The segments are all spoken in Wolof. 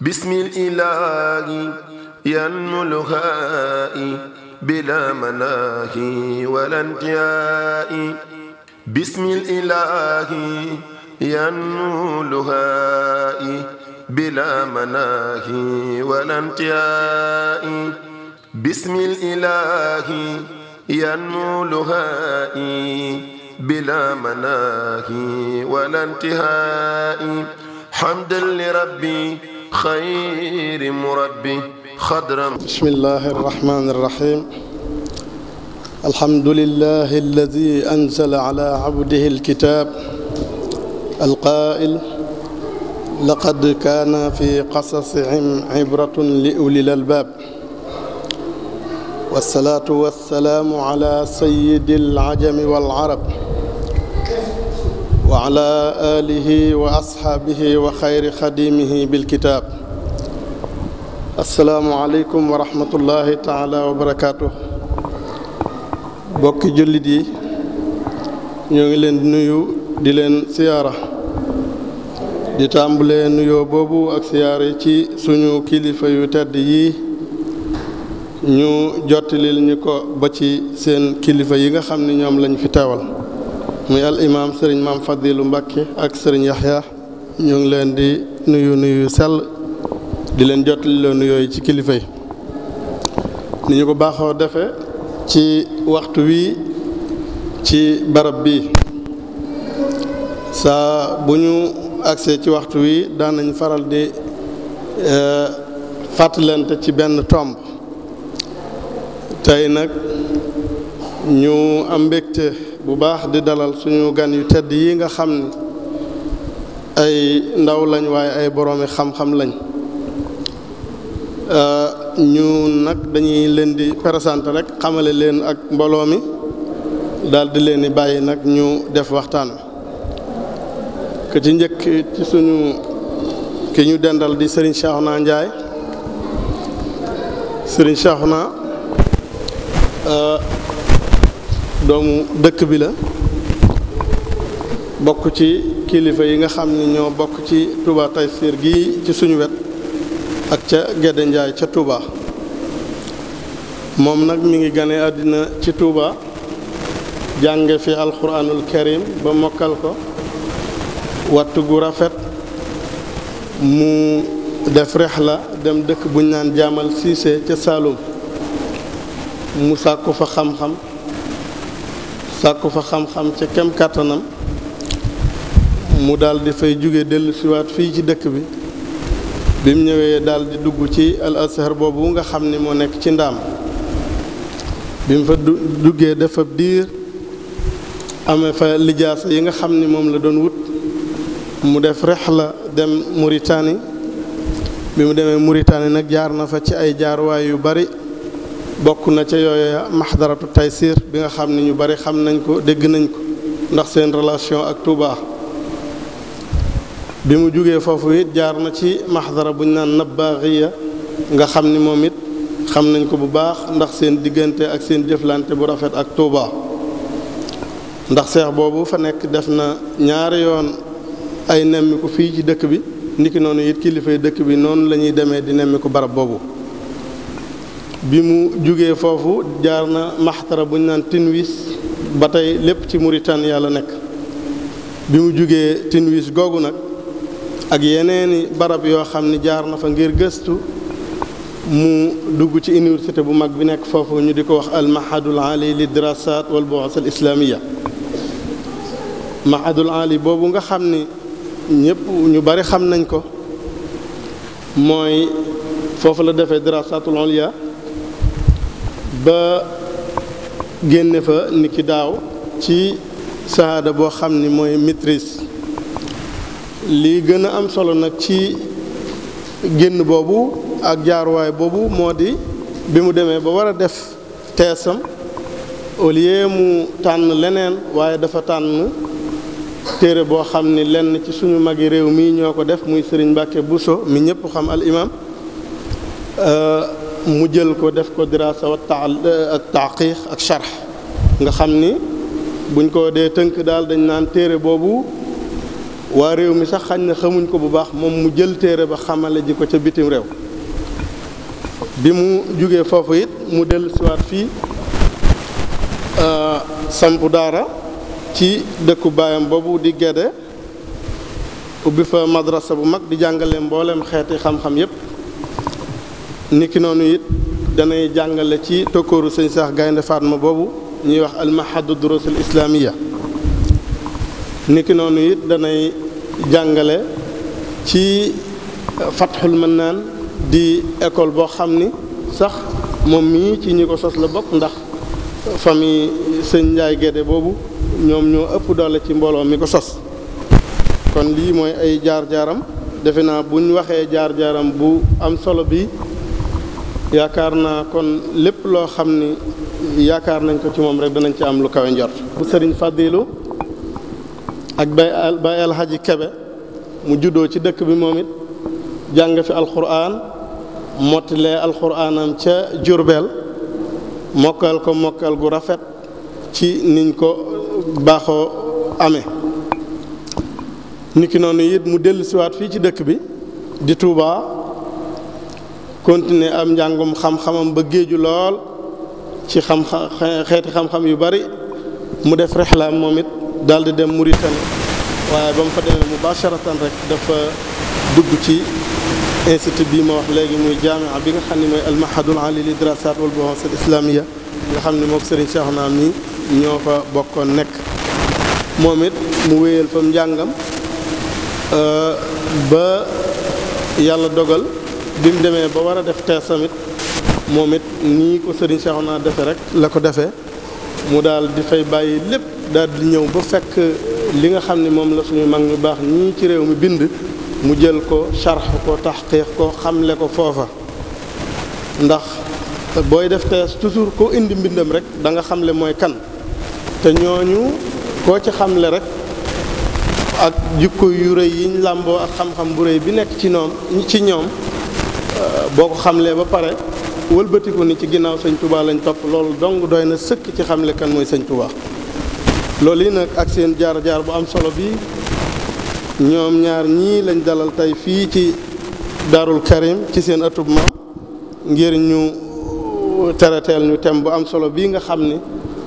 بسم الإله ينمو الهاء بلا مناهي ولا انتهاء بسم الإله ينمو الهاء بلا مناهي ولا انتهاء بسم الإله ينمو الهاء بلا مناهي ولا انتهاء حمدا لربي xayri murabbi xadram bismillahi arrahmani irrahim alhamdulillahi alladi anzala ala abdihi alkitab alqaa'il laqad kaana fi qasasihim ibratun li ulil albaab wassalaatu wassalaamu ala sayyidil ajami wal arab wa ala alihi wa ashaabihi wa xayri xadimihi bilkitaab asalaamualeykum wa rahmatullahi taala wa barakaatu bokki jullit yi ñoo ngi leen di nuyu di leen siyaara di tàmbalee nuyoo boobu ak siyaare ci suñu kilifa yu tedd yi ñu jottilil ñu ko ba ci seen kilifa yi nga xam ni ñoom lañu fi teewal muy al imaam sëriñ maam Fadilu Mbàkke ak sëriñ Yaxya ñu ngi leen di nuyu nuyu sell di leen jottali loo nuyooyu ci kilifa yi ni ñu ko baaxoo defe ci waxtu wi ci barab bi saa bu ñu agsee ci waxtu wi daan nañ faral di e, fàttalante ci benn tomb tey nag ñu am mbégte bu baax di dalal suñu gan yu tedd yi nga xam ni ay ndaw lañ waaye ay boroomi xam-xam lañ euh, ñu nag dañuy leen di présenté rek xamale leen ak mbooloo mi daal di leen di bàyyi nag ñu def waxtaan ke ci njëkk ci suñu ki ñu dendal di Serigne Cheikhouna Ndiaye Serigne Cheikhouna euh, doomu dëkk bi la bokk ci kilifa yi nga xam ne ñoo bokk ci Touba Taysiir gi ci suñu wet ak ca Gédé Njaay ca Touba moom nag mi ngi gane àddina ci Touba jànge fi alxuraanul karim ba mokkal ko wattu gu rafet mu def la dem dëkk buñ naan jaamal siise ca Saalum mu sàkku fa xam-xam sàkku fa xam-xam ca kem kàttanam mu daal di fay jóge dellusiwaat fii ci dëkk bi bi mu ñëwee daal di dugg ci al boobu nga xam ni moo nekk ci ndaam bi mu fa duggee dafa diir amee fa lijaasa yi nga xam ni moom la doon wut mu def rihla dem muritaani bi mu demee Mauritanie nag jaar na fa ci ay jaarwaay yu bari bokk na ca yooya maxdaratu taysir bi nga xam ne ñu bari xam nañ ko dégg nañ ko ndax seen relation ak Touba bi mu jógee foofu it jaar na ci maxdara buñ naan nabbaaxiya nga xam ni moom it xam nañ ko bu baax ndax seen diggante ak seen jëflante bu rafet ak Touba ndax seex boobu fa nekk def na ñaari yoon ay nemmiku fii ci dëkk bi niki noonu it kilifay dëkk bi noonu la ñuy demee di nemmiku barab boobu bi mu jógee foofu jaar na maxtara bu naan Tinwis ba tey lépp ci Mauritanie yàlla nekk bi mu jógee Tinwis googu nag ak yeneeni barab yoo xam ni jaar na fa ngir gëstu mu dugg ci université bu mag bi nekk foofu ñu di ko wax al mahadul ali li dirasat wal bu'as al islamiya mahadul ali boobu nga xam ni ñëpp ñu bari xam nañ ko mooy foofu la defee dirasatul ulya ba génne fa ni ki daaw ci saada boo xam ni mooy maîtrise li gën a am solo nag ci génn boobu ak jaaruwaay boobu moo di bi mu demee ba war a def teesam au lieu mu tànn leneen waaye dafa tànn téere boo xam ni lenn ci suñu magi réew mii ñoo ko def muy Serigne Mbacke Bousso mi ñëpp xam al euh, mu jël ko def ko dirasa wa euh, ak taaqiq ak sharx nga xam ni buñ ko dee tënk daal dañ naan téere boobu waa réew mi sax xañ na xamuñ ko bu baax moom mu jël téere ba xamale ji ko ca bitim réew bi mu jógee foofu it mu dellu siwaat fii euh, samp daara ci dëkku baayam boobu di gedde ubbi fa madrasa bu mag di jàngale mbooleem xeeti xam-xam yépp niki noonu it danay jàngale ci tokkooru sëñ Sax Gaynde Fatma boobu ñuy wax almahadu duruus al islaamiya niki noonu it danay jàngale ci fatxul mannaan di école boo xam ni sax moom mii ci ñi ko sos la bokk ndax famille sëñ Njaay Gédé boobu ñoom ñoo ëpp doole ci mbooloo mi ko sos kon lii mooy ay jaar jaaram defe naa bu ñu waxee jaar jaaram bu am solo bi yaakaar naa kon lépp loo xam ni yaakaar nañ ko ci moom rek dinañ ci am lu kawe bu sëriñ Fadilu ak bay bay alxaji Kebe mu juddoo ci dëkk bi moom it jàng fi alxuraan mottilee alxuraanam ca Jurbel mokkal ko mokkal gu rafet ci niñ ko baaxoo ame niki noonu it mu dellusiwaat fii ci dëkk bi di Tuubaa continuer am njàngum xam-xamam ba géeju lool ci xam-xam xeeti xam-xam yu bari mu def rexlaam moom it daal di dem Mauritanie waaye ba mu fa demee mubasharatan rek dafa dugg ci institut bii ma wax léegi muy jaamia bi nga xam ne mooy almahadul ali li dirasat wal buhus al islamia nga xam ne mook Serigne Cheikhouna mi ñoo fa bokkoon nekk moom it mu wéyal fa njàngam euh, ba yàlla dogal bi demee ba war a def tees tamit moom it nii ko sëriñ naa defe rek la ko defee mu daal di fay bàyyi lépp dal di ñëw ba fekk li nga xam ne moom la suñu mag ñu baax ñii ci réew mi bind mu jël ko charx ko taxqiq ko xamle ko foofa ndax booy def tees toujours koo indi mbindam rek da nga xamle mooy kan te ñooñu koo ci xamle rek ak jikko yu rëy yiñ làmboo ak xam-xam bu rëy bi nekk ci noom ci ñoom boo ko xamlee ba pare wëlbatiku ni ci ginnaaw sañ tubaa lañ topp loolu dong doy na sëkk ci xamle kan mooy sëñ Touba loolu yi nag ak seen jaar-jaar bu am solo bii ñoom ñaar ñii lañ dalal tey fii ci Daarul Karim ci seen ëttub maam ngir ñu tereteel ñu thème bu am solo bii nga xam ni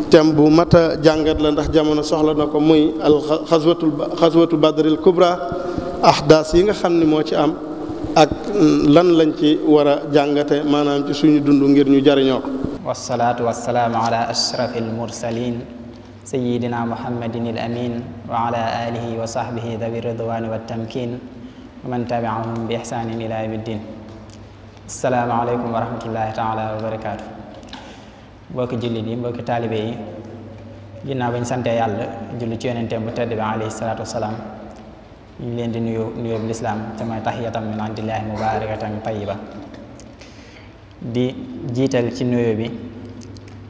thème bu mat jàngat la ndax jamono soxla na ko muy al xaswatul xaswatu badril kubra ahdaas yi nga xam ni moo ci am ak lan lañ ci war a jàngate maanaam ci suñu dund ngir ñu jariñoo ko wasalaatu wasalaamu ala ashraf almursalin sayidina muhammadin al amin wa ala alihi wa sahbihi dawi ridwani wa tamkin wa man tabiahum bi ihsanin ila yawmi ddin assalaamu aleykum wa rahmatullahi taala wa barakaatu mbokki jullit yi mbokki taalibe yi ginnaaw bañ sante yàlla julli ci yonenteem bu tedd bi alayhi ñu leen di nuyu nuyu bu lislaam te mooy taxiyatan min indillaahi mubarakatan tayyiba di jiital ci nuyu bi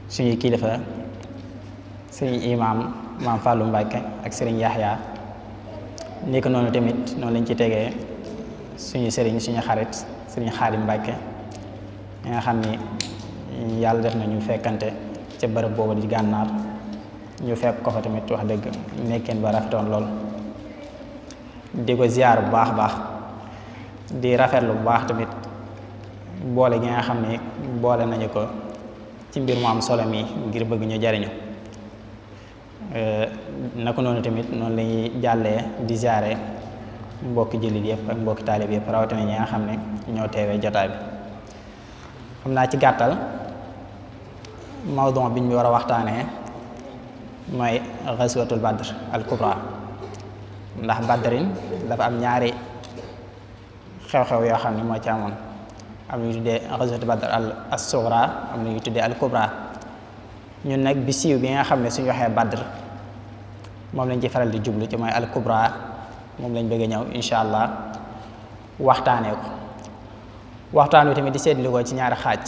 suñu kilifa sëriñ imaam maam Fallou Mbacke ak sëriñ Yaxya ni noonu tamit noonu lañ ci tegee suñu sëriñ suñu xarit sëriñ Xaadim mbàkke mi nga xam ni yàlla def na ñu fekkante ca bërëb boobu di gànnaar ñu fekk ko fa tamit wax dëgg nekkeen ba rafetoon lool di ko ziar bu baax baax di rafetlu bu baax tamit boole gi nga xam ne boole nañu ko ci mbir mu am solo mi ngir bëgg ñu jariñu eh, naka noonu tamit noonu lañuy jàllee di ziare mbokki jullit yëpp ak mbokki taalib yëpp rawatina ñi nga xam ne ñoo teewee jotaay bi xam naa ci gàttal mawdon bi war a waxtaanee mooy xaswatul badr al ndax badrin dafa am ñaari xew-xew yoo xam ne moo ci amoon am ñu tuddee ghazwatu badr al as am ñu tuddee al kubra ñun nag bi bi nga xam ne suñu waxee badr moom lañ ci faral di jublu ci mooy al kubra moom lañ bëgg a ñëw incha allah waxtaanee ko waxtaan wi tamit di seetlu ko ci ñaari xaaj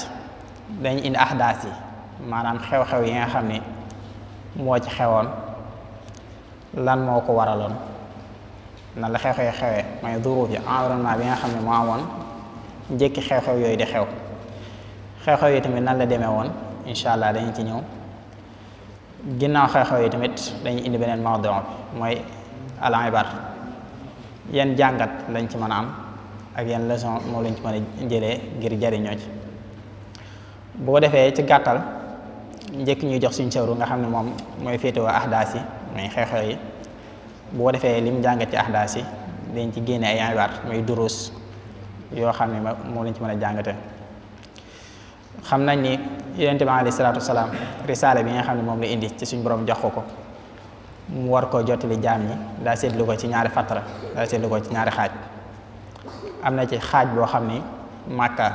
dañ indi ahdaas yi maanaam xew-xew yi nga xam ne moo ci xewoon lan moo ko waraloon nan la xew-xew xewee mooy duruuf yi environnement bi nga xam ne moo amoon njëkki xew-xew yooyu di xew xew-xew yi tamit nan la demee woon incha allah dañu ci ñëw ginnaaw xew-xew yi tamit dañuy indi beneen mawdu mooy al ibar yan jàngat lañ ci mën a am ak yan leçon moom lañ ci mën a jëlee ngir jariñoo ci boo defee ci gàttal njëkk ñuy jox suñ sëru nga xam ne moom mooy féetewoo ahdaas yi muy xew-xew yi boo defee lim jàngat ci ahdaas yi dañ ci génne ay anwaar muy duruus yoo xam ne moom lañ ci mën a jàngate xam nañ ni yonent bi alayhi salaatu wasalaam risaale bi nga xam ne moom la indi ci suñu boroom jox ko mu war koo jottali jaam ñi daa seetlu ko ci ñaari fatra daa seetlu ko ci ñaari xaaj am na ci xaaj boo xam ni Màkka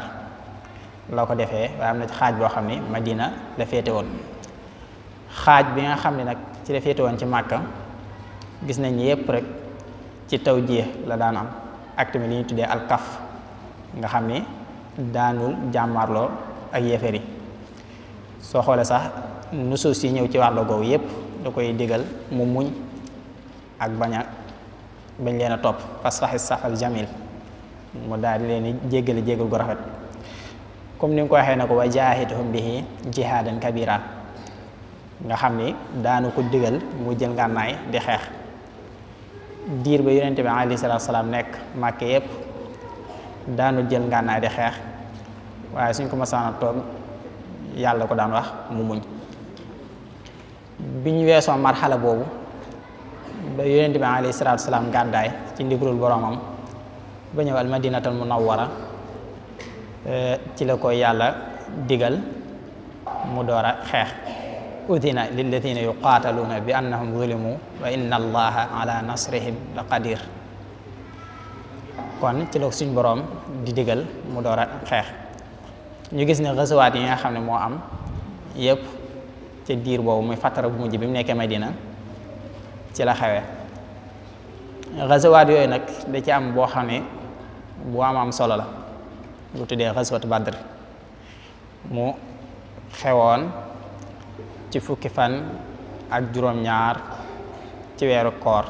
la ko defee waaye am na ci xaaj boo xam ni Madina la féete woon xaaj bi nga xam ne nag ci la féete woon ci Màkka gis nañ yépp rek ci taw jie la daan am ak tamit li ñu tuddee alkaf nga xam ni daanul jàmmarloo ak yéefar yi soo xoolee sax nusuus yi ñëw ci wàllu googu yépp da koy digal mu muñ ak baña a bañ leen a topp parce que safal jamil mu daal di leen jéggale jéggal gu rafet comme ni nga ko waxee na ko wa jaahidhum bihi jihaadan kabira nga xam ni daanu ko digal mu jël ngànnaay di xeex diir ba yonente bi alayhi salaatu salaam nekk màkke yépp daanu jël ngànnaay di xeex waaye suñ ko masaana yàlla ko daan wax mu muñ bi ñu weesoo marxala boobu ba yonente bi alayhi salaam gàddaay ci ndigalul boromam ba ñëw almadinatul munawwara eh, ci la ko yàlla digal mu door xeex udina lilladina yuqaataluuna bi annahum zulimu wa inna allaha ala nasrihim la qadir kon ci la suñ boroom di digal mu door a xeex ñu gis ne xasawaat yi nga xam ne moo am yépp ci diir boobu muy fattara bu mujj bi mu nekkee ma dina ci la xewee xasawaat yooyu nag da ci am boo xam ne bu am am solo la bu tuddee xasawat Badr mu xewoon ci fukki fan ak juróom-ñaar ci weeru koor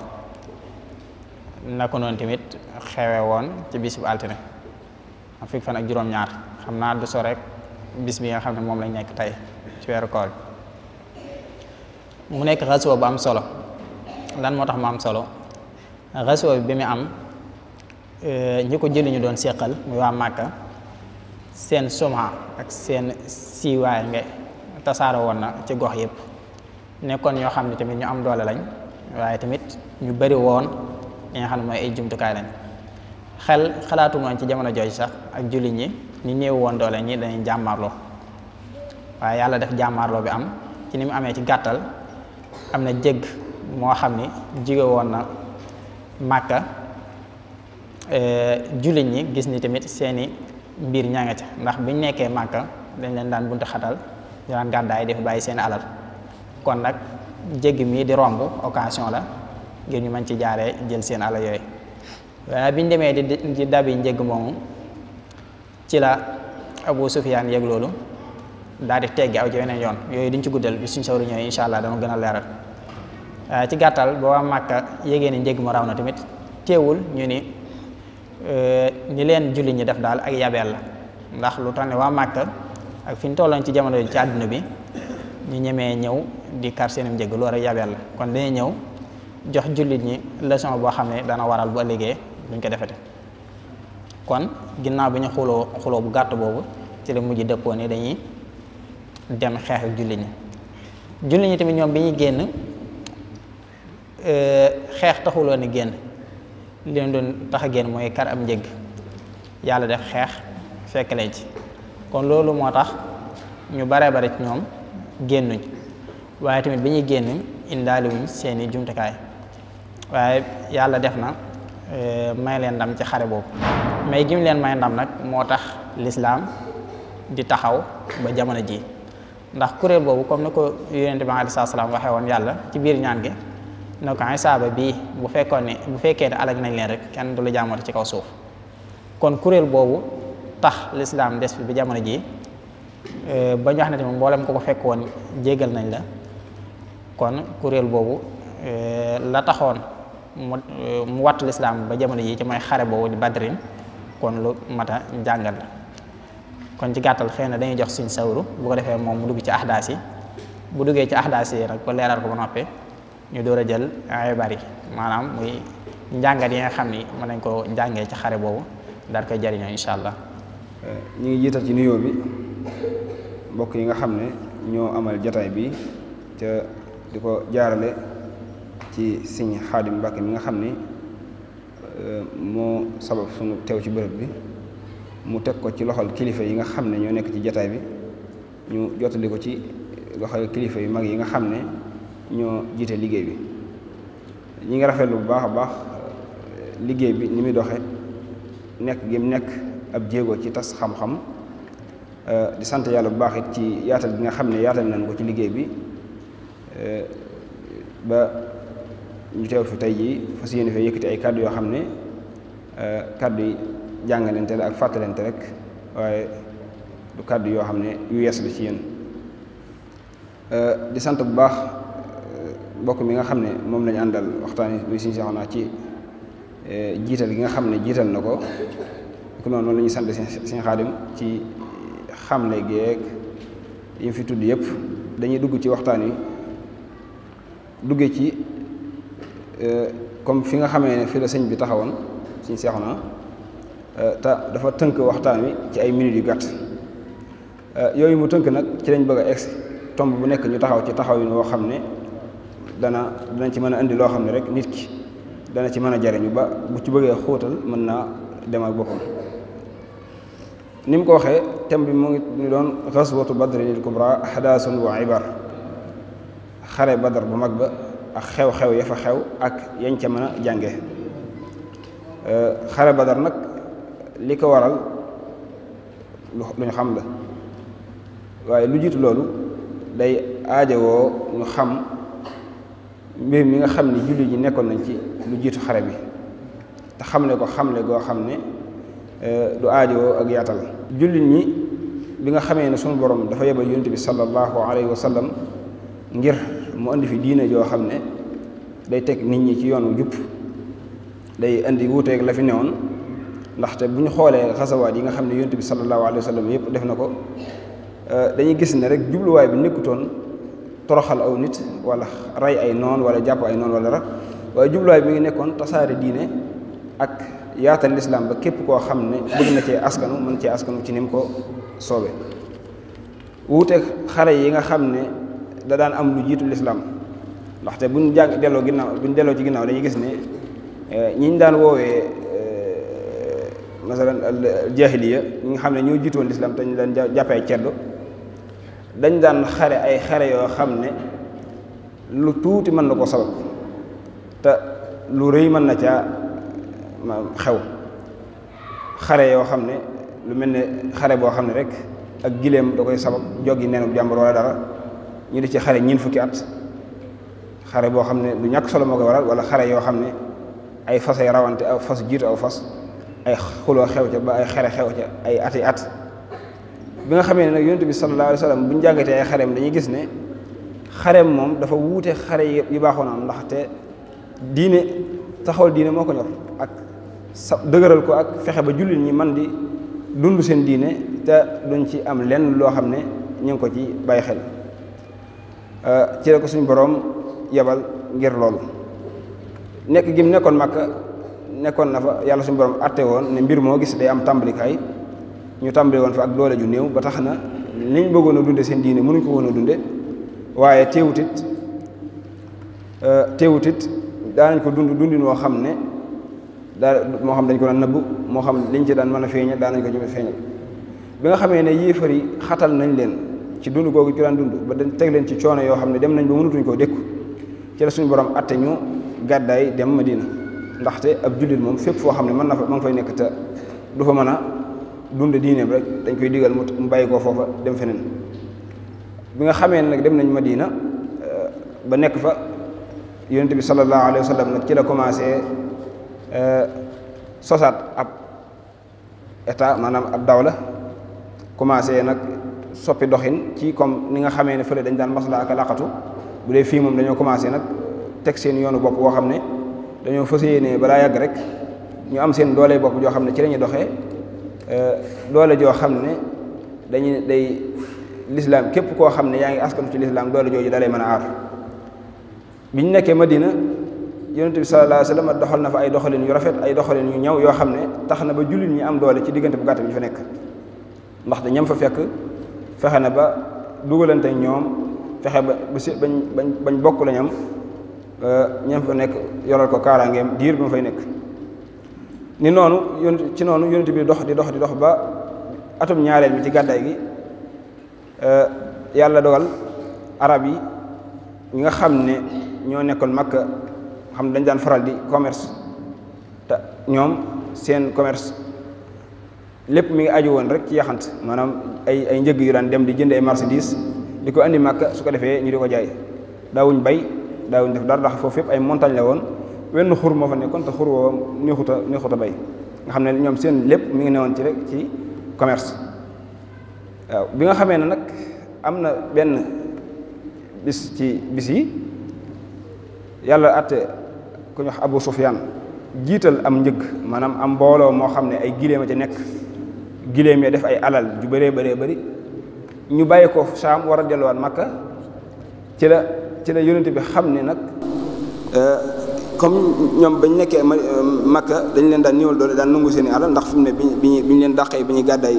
naka noonu tamit xewe woon ci bis bu altine am fukki xam naa du so rek bis bi nga xam ne moom lañ nekk tey ci weeru koor mu nekk xasuwa bu am solo lan moo tax mu am solo xasuwa bi mu am eh, ñi ko jëli doon seqal muy waa Màkka seen suma ak seen siiwaay nga tasaaroo woon na ci gox yëpp nekkoon ñoo xam ne tamit ñu am doole lañ waaye tamit ñu bari woon li xam ne mooy ay jumtukaay lañ xel xalaatu woon ci jamono jooju sax ak jullit ñi ñu néew woon doole ñi dañuy jàmmaarloo waaye yàlla def jàmmarloo bi am ci ni mu amee ci gàttal am na jégg moo xam ni jige woon na màkka e, jullit ñi gis ni tamit seeni mbir ñaa nga ca ndax biñ nekkee màkka dañ leen daan buntu xatal ñu daan gàddaay def bàyyi seen alal kon nag jéggi mii di romb occasion la ngir ñu mañ ci jaaree jël seen alal yooyu waaye bi ñu demee di di dabi njëgg moomu ci la Abu Sufyaan yëg loolu daal di teggi aw ci weneen yoon yooyu diñ ci guddal bi suñ sawru ñëwee incha allah dama gën a leeral ci gàttal boo waa Màkka yégée ni njëgg mu raw na tamit teewul ñu ni euh, ni leen julli ñi def daal ak yabeel la ndax lu tax ne waa Màkka ak fi ñu tolloon ci jamono ci àdduna bi ñu ñemee ñëw di kar seenum njëgg loolu rek yabeel la kon dañuy ñëw jox jullit ñi leçon boo xam ne dana waral bu ëllëgee duñ ko defete kon ginnaaw bi ñu xuloo xuloo bu gàtt boobu ci la mujj dëppoo ni dañuy dem xeex ak jullit ñi jullit ñi tamit ñoom bi ñuy génn euh, xeex taxuloo ni génn li leen doon tax a génn mooy kar am njëgg yàlla def xeex fekk leen ci kon loolu moo tax ñu bare bare ci ñoom génnuñ waaye tamit bi ñuy génn indaale seeni jumtukaay waaye yàlla def na eh, may leen ndam ci xare boobu may gim leen may ndam nag moo tax lislaam di taxaw ba jamono ji ndax kuréel boobu comme ni ko yonente bi aleyhi salaam waxee woon yàlla ci biir ñaan gi na ko bii bu fekkoon ne bu fekkee ne alag nañ leen rek kenn du la jaamote ci kaw suuf kon kuréel boobu tax lislaam des fi bi jamono ji euh, ba ñu wax ne tamit ko ko fekk woon jégal nañ la kon kuréel boobu euh, la taxoon mu euh, mu wattu lislaam ba jamono ji ci mooy xare boobu di badrin kon lu mata a la kon ci gàttal xëy na dañuy jox suñ sawru bu ko defee moom mu dugg ci ahdaas yi bu duggee ci ahdaas yi nag ba leeral ko ba noppee ñu door a jël ay bari maanaam muy njàngat yi nga xam ni mën nañ ko njàngee ci xare boobu daal koy jariñoo incha allah ñu ngi jiital ci nuyoo bi mbokk yi nga xam ne ñoo amal jataay bi te di ko jaarale ci Sëriñ Xaadim Mbàkke mi nga xam ne euh, moo sabab sunu teew ci bërëb bi mu teg ko ci loxol kilifa yi nga xam ne ñoo nekk ci jataay bi ñu jottali ko ci loxol kilifa yu mag yi nga xam ne ñoo jiite liggéey bi ñi ngi rafet lu baax a baax euh, liggéey bi ni muy doxe nekk gi mu nekk ab jéegoo ci tas xam-xam euh, di sant yàlla bu baax ci yaatal gi nga xam ne yaatal nañ ko ci liggéey bi euh, ba ñu teew fi tey jii fas yéene fee yëkkati ay kàddu yoo xam ne euh, kàddu yi jàngalante ak fàttalante rek du kàddu yoo xam ne yu bi la ci yéen di sant bu baax mbokk mi nga xam ne moom lañu àndal waxtaan muy suñu soxnaa ci jiital gi nga xam ne jiital na ko ku noonu noonu la ñuy sant sëñ xaadim ci xamle geeg yi mu fi tudd yëpp dañuy dugg ci waxtaan wi dugge ci euh, comme fi nga xamee ne fi la sëñ bi taxawoon sëñ seexu na euh, te dafa tënk waxtaan wi ci ay minutes yu gàtt euh, yooyu mu tënk nag ci lañ bëgg a egsi tomb bu nekk ñu taxaw ci taxaw yi woo xam ne dana dana ci mën a indi loo xam ne rek nit ki dana ci mën a jariñu ba bu ci bëggee xóotal mën naa demal ak boppam ni mu ko waxee thème bi mu ngi doon xaswatu badrinil kubra xadaasun wa ibar xare badar bu mag ba ak xew-xew ya fa xew ak yañ ca mën a jànge euh, xare badar nag li ko waral lu ñu xam la waaye lu jiitu loolu day aajowoo ñu xam mbir mi nga xam ne julli ñi nekkoon nañ ci lu jiitu xare bi te xam ne ko xam ne goo xam ne Eh, du aajowoo ak yaatal jullit ñi bi nga xamee ne sunu borom dafa yebal yonent bi sallallahu alayhi wa sallam ngir mu indi fi diine joo xam ne day teg nit ñi ci yoonu jub day indi wuuteeg la fi newoon ndaxte bu ñu xoolee xasawaat yi nga xam ne yonent bi sallallahu alayhi wa sallam yëpp def na ko eh, dañuy gis ne rek jubluwaay bi nekkutoon toroxal aw nit wala rey ay noon wala jàpp ay noon wala dara waaye jubluwaay bi ngi nekkoon tasaare diine ak yaatal lislaam ba képp koo xam ne bëgg na cee askanu mën cee askanu ci ni ko soobe wuuteeg xare yi nga xam ne da daan am lu jiitu lislaam ndaxte buñ jàng delloo ginnaw bu buñ delloo ci ginnaaw dañuy gis ne eh, ñiñ daan woowee eh, masalan al jahiliya ñi nga xam ne ñoo jiitoon lislaam te ñu daan jàppe ay ceddo dañ daan xare ay xare yoo xam ne lu tuuti mën na ko sabab te lu rëy mën na caa xew xare yoo xam ne lu mel ne xare boo xam ne rek ak gileem da koy sabab joggi neenu jàmbur wala dara ñu di ci xare ñiin fukki at xare boo xam ne lu ñàkk solo moo koy waral wala xare yoo xam ne ay fas ay rawante aw aw fas ay xuloo xew xew ca ay ati at bi nga xamee ne nag yonent bi sallallahu alayhi wa sallam bu ñu ay xareem dañuy gis ne xareem moom dafa wuute xare yu baaxoon am ndaxte diine taxawal diine moo ko ñor sa dëgëral ko ak fexe ba jullit ñi man di dund seen diine te duñ ci am lenn loo xam ne ñu ngi ko ci bàyyi xel euh, ci ko suñu boroom yebal ngir loolu nekk gi mu nekkoon Makka nekkoon na fa yàlla suñu boroom atte woon ne mbir moo gis day am tàmbalikaay ñu tàmbali woon fa ak doole ju néew ba tax na liñ bëggoon a dunde seen diine mënuñ ko woon a dunde waaye teewutit euh, teewutit daanañ ko dund dundin woo xam ne daal moo xam dañ ko daan nëbb moo xam liñ ci daan mën a feeñal daan nañ ko jëme bi nga xamee ne yéefar yi xatal nañ leen ci dund googu ci daan dund ba dañ teg leen ci coono yoo xam ne dem nañ ba mënutuñ koo dékku ci suñu borom atte ñu gàddaay dem Madina ndaxte ab jullit moom fépp foo xam ne mën na fa ma nga fay nekk te du fa mën a dund diineem rek dañ koy digal mu bàyyi foofa dem feneen nga xamee ne nag dem nañ Madina euh, ba nekk fa yonent bi sallallahu alayhi wa sallam nag ci la commencé Euh, sosaat ab état maanaam ab daw la commencé nag soppi doxin ci comme ni nga xamee ne fële dañ daan masla ak laqatu bu dee fii moom dañoo commencé nag teg seen yoonu bopp boo xam ne dañoo fas yéene balaa yàgg rek ñu am seen doole bopp joo xam ne ci lañuy doxee euh, doole joo xam ne dañuy day lislaam képp koo xam ne yaa ngi askanu ci lislaam doole jooju dalay mën a aar biñ nekkee Madina yonent bi sallallahu alayhi wa sallam doxal na fa ay doxalin yu rafet ay doxalin yu ñaw yoo xam ne tax na ba jullit ñi am doole ci diggante bu gàtt bi ñu fa nekk ndax da fa fekk fexe na ba dugalante ñoom fexe ba ba si bañ bañ bañ bokk la ñam ñam fa nekk yoral ko kaaraangeem diir bi mu fay nekk ni noonu yonent ci noonu yonent bi dox di dox di dox ba atum ñaareel bi ci gàddaay gi euh, yàlla dogal arab yi ñi nga xam ne ñoo nekkoon makka xam ne dañ daan faral di commerce te ñoom seen commerce lépp mu ngi aju woon rek ci yaxant maanaam ay ay njëg yu daan dem di jënd ay marchandise di ko indi màkk su ko defee ñu di ko jaay daawuñ bay daawuñ def dara ndax foofu yëpp ay montagne la woon wenn xur moo fa nekkoon te xur woo neexut a neexut a bay nga xam ne ñoom seen lépp mi ngi newoon ci rek ci commerce waaw bi nga xamee ne nag am na benn bis ci bis yi yàlla àtte ko ñu wax Abu Sufyaan jiital am njëg maanaam am mbooloo moo xam ne ay giléem a ca nekk giléem ya def ay alal ju bëree bëree bari ñu bàyyi ko saam war a delluwaat makka ci la ci la yonent bi xam ne nag euh, comme ñoom bañ nekkee euh, makka dañ leen daan néewal doole daan nangu seen i alal ndax fi mu ne bi ñu leen dàqee bi ñu gàddaay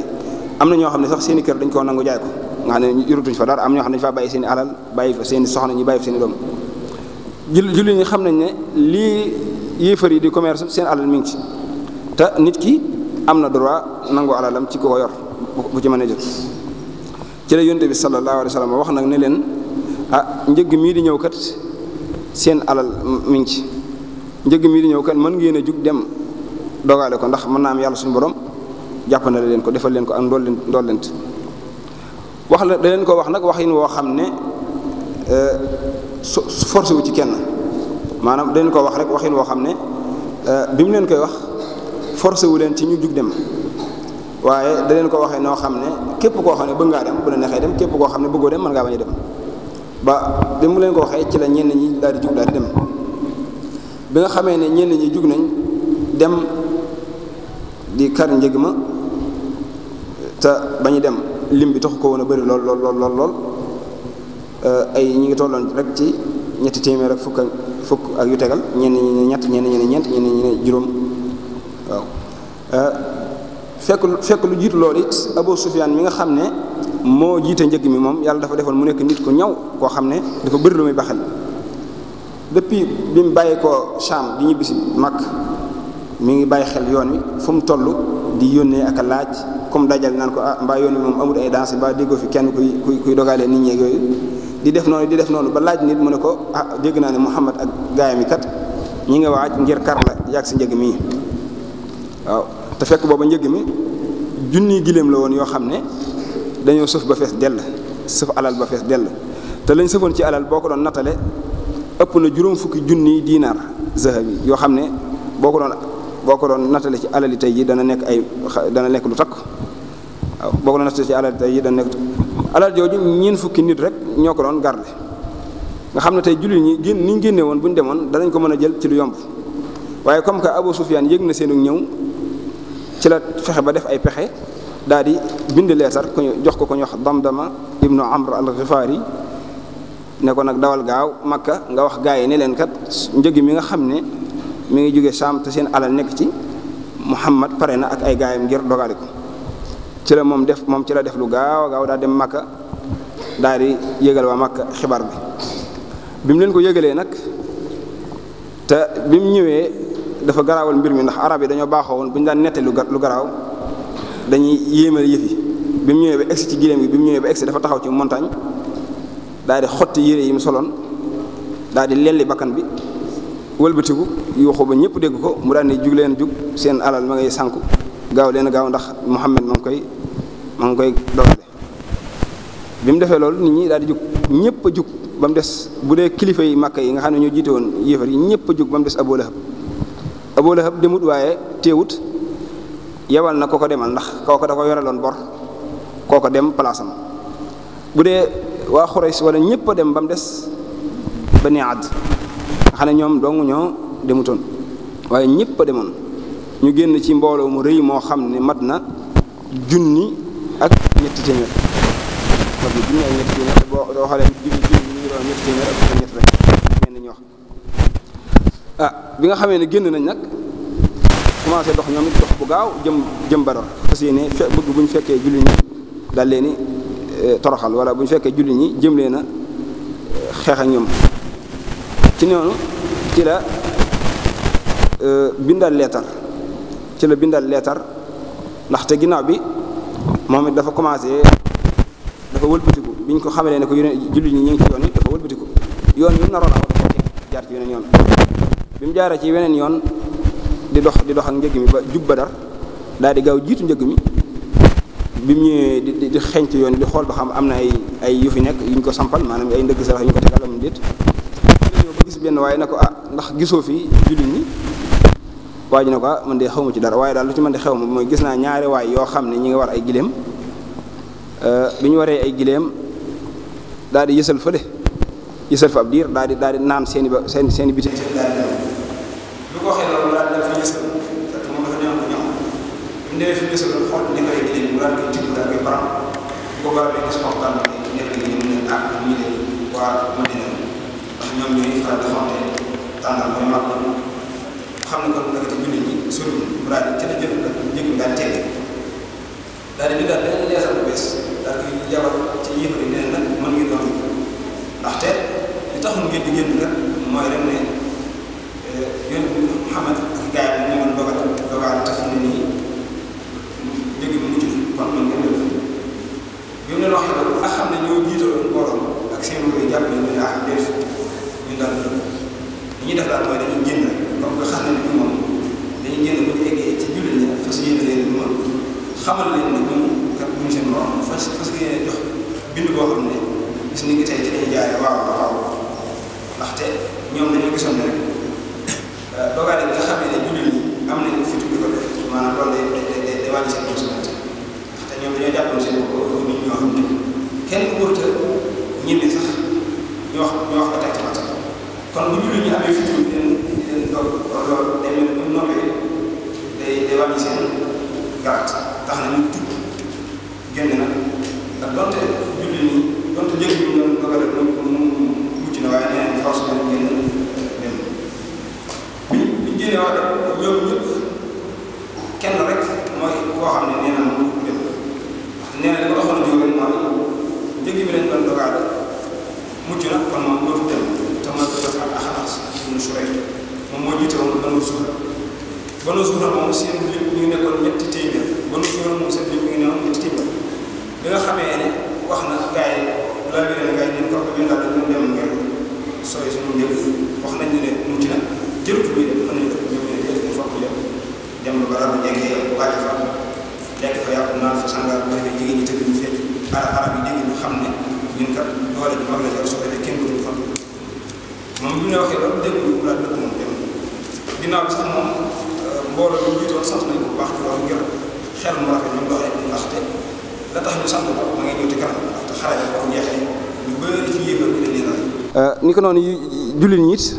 am na ñoo xam ne sax seen i kër dañ koo nangu jaay ko nga xam ne yorutuñ fa dara am ñoo xam ne dañ faa bàyyi seen alal bàyyi fa seen soxna ñu bàyyi fa seen julli ñi xam nañ ne lii yéefar yi di commerce seen alal mi ngi ci te nit ki am na droit nangu alalam ci ku ko yor bu ci mën a jot ci la yonte bi sallallahu alayhi wa sallam wax nag ne leen ah njëgg mii di ñëw kat seen alal mi ngi ci njëgg mii di ñëw kat mën ngeen a jug dem dogaale ko ndax mën naa am yàlla suñu borom jàpp na jàppandale leen ko defal leen ko ak ndolleen ndollent wax la leen ko wax nag wax waxin woo xam ne euh, su forcé wu ci kenn maanaam dañ ko wax rek waxin woo xam ne euh, bi mu leen koy wax forcé wu leen ci ñu jug dem waaye da leen ko waxee noo xam ne képp koo xam ne bëgg ngaa dem bu dem képp koo xam ne bëggoo dem mën ngaa dem ba bi mu leen ko waxee ci la ñenn ñi daal di jug daal dem bi nga xamee ne ñenn ñi jug nañ dem di kar njëg ma te bañu dem lim bi taxu ko woon bari bëri lool lool lool lool Euh, ay ñu ngi tolloon rek ci ñett téeméer ak fukk ak fukk ak yu tegal ñenn ñi ñett ñenn ñi ne ñeent ñenn juróom waaw euh, fekk lu jiitu loolu it Abu Sufyaan mi nga xam ne moo jiite njëg mi moom yàlla dafa defoon mu nekk nit ku ñaw koo xam ne dafa bëri lu muy baxal depuis bi mu bàyyi ko Sham di ñibbisi mag mu ngi bàyyi xel yoon mi fu mu toll di yónnee ak laaj comme dajal naan ko ah mbaa yoon wi moom amul ay danse mbaa déggoo fi kenn kuy kuy dogalee nit ñeeg yooyu di def noonu di def noonu ba laaj nit mu ne ko ah dégg naa ne Muhammad ak gaayam yi kat ñi nga waaj ngir kar la yàgg si njëg mii waaw te fekk booba njëg mi junni giléem la woon yoo xam ne dañoo sëf ba fees dell sëf alal ba fees dell te lañ sëfoon ci alal boo ko doon nattale ëpp na juróom fukki junni diinaar zahab yi yoo xam ne boo ko doon boo ko doon nattale ci alali tey yi dana nekk ay dana nekk lu takk waaw boo ko doon nattale ci alali tey yi dana nekk alal jooju ñeen fukki nit rek ñoo ko doon garde nga xam ne tey jullit ñi génn ni génne woon bu ñu demoon danañ ko mën a jël ci lu yomb waaye comme que Abu Sufyaan yëg na seenu ñëw ci la fexe ba def ay pexe daal di bind leesar ku jox ko ko ñu wax Damdama ibnu Amr al-Xifaari ne ko nag dawal gaaw Makka nga wax gaa yi ne leen kat njëg mi nga xam ne mu ngi jóge Saam te seen alal nekk ci Muhammad pare na ak ay gaayam ngir dogali ko ci la moom def moom ci la def lu gaaw a gaaw daa dem Makka daal di yégal waa Makka xibaar bi bi mu leen ko yégalee nag te bi mu ñëwee dafa garaawal mbir mi ndax arab yi dañoo baaxoo woon bu ñu daan nettali lu garaaw dañuy yéemal yëf bi mu ñëwee ba egsi ci giléem gi bi mu ñëwee ba egsi dafa taxaw ci montagne daal di xotti yére yi mu soloon daal di lelli bakkan bi wëlbatiku yuuxu ba ñëpp dégg ko mu daan di jug leen jug seen alal ma ngay sànku gaaw leen gaaw ndax Muhammad ma ngi koy ma ngi koy dogale bi mu defee lool nit ñi daal di jug ñëpp jug ba mu des bu dee kilifa yi makk yi nga xam ne ñoo jiite woon yéefar yi ñëpp a des Abu Lahab Abu demut waaye teewut na ko ko demal ndax kooko dafa yoreloon bor kooko dem palaasam bu dee waa Xurays ñëpp dem ba mu des Bani Ad nga ñoom dong ñoo demutoon waaye ñëpp a demoon. ñu génn ci mbooloo mu rëy moo xam ne mat na junni ak ñetti téeméer mat na junni ak ñetti téeméer boo doo xoolee junni junni ñu ngi doon ñetti téeméer ak ah, bi nga xamee ne génn nañ nag commencé dox ñoom it dox bu gaaw jëm jëm bador parce que ne fe bëgg bu ñu fekkee julli ñi dal leen eh, toroxal wala bu ñu fekkee julli ñi jëmlee na a eh, xeex ak ñoom ci noonu ci la eh, bindal leetar ci la bindal leetar ndaxte ginnaaw bi moom it dafa commencé dafa wëlbatiku bi ñu ko xamalee ne ko yeneen jullit ñi ñu ngi ci yoon yi dafa wëlbatiku yoon yu naroon aw dafa jaar ci yeneen yoon bi mu jaaree ci weneen yoon di dox di dox ak njëg mi ba jub ba Badar daal di gaaw jiitu njëg mi bi mu ñëwee di di xeeñtu yoon di xool ba xam am na ay ay yu fi nekk yu ñu ko sampal maanaam ay ndëgg sarax yu ñu ko tegal am déet ñëw ba gis benn waaye na ko ah ndax gisoo fi jullit waa ji ne ko ah, man de xaw ma ci dara waaye daal lu ci man di xew ma mooy gis naa ñaari waay yoo xam ne ñi ngi war ay giléem euh, bi ñu waree ay giléem daal di yësal daal di daal naan seen i ba seeni seen i daal di bu ko ah, ñoom bi ñooy faral di xamante mooy mag xam ne kon nag te julli ñi sori mu daal ci la jël nag njëkk mu daal tegge daal di daal beneen leesal bu bees daal koy jabal ci yëpp di neen nag mën ngeen doon ndaxte li taxul ngeen di génn nag mooy rek ne eh, yéen Muhammad ak gaay bi ñu mën dogal dogal te fu ne nii njëkk bi mujj kon mën ngeen def bi mu leen waxee loolu nga xam ne ñoo jiitaloon borom ak seen wéy jàpp ne ñu ne ah déet ñu daal li ñuy def daal mooy dañuy génn xam ne ni moom dañuy génn bu ñu ci jullit ñi fas yéene leen lu moom xamal leen ne ñun kat seen morom fas fas yéene jox bind boo xam ne gis ni ngi tey ci dañuy jaare waaw waaw ndaxte ñoom dañoo gisoon ne rek euh, dogaale bi xam ne jullit ñi am nañu fi tudd ñoo xam ne kenn wóorut a ñibbi sax ñu wax ñu teg kon bu jullit ñi amee fi loolu loolu day mel ni bu noppee day day wàññi seen gàtt tax na ñu tudd génn na ndax donte julli ni donte njëkk bi ñoom dogal rek moom moom mucc na waaye nee nañ force dañu génn dem bi bi génne waa rek ñoom ñëpp kenn rek mooy koo xam ne nee naa moom dem ndax nee na li ko taxoon a jóg rek mooy njëkk Zuhra Banu Zuhra moom seen lim ñu nekkoon ñetti téeméer Banu Zuhra moom seen lim ñu ne woon ñetti téeméer bi nga xamee ne wax na gars yi laa wér na gars yi ko bi nga xam ne dem ngeen sooy suñu njëkk wax nañ ne mu ci nag jëlut bi def mën nañu ko ñoom ñu jël ñu fokk dem dem ba barab jege wàcc fa lekk fa yàqu naan fa sàngaar bu defee jigéen ñi tëdd ñu fekk ara arab yi dégg ñu xam ne ñun kat doole ji mag la jar soo defee kenn du ñu fa moom bi ñu waxee loolu dégg ñu laaj la ginnaaw bi sax moom euh, mbooloo bi ñu jiitoon euh, ni ko noonu jullit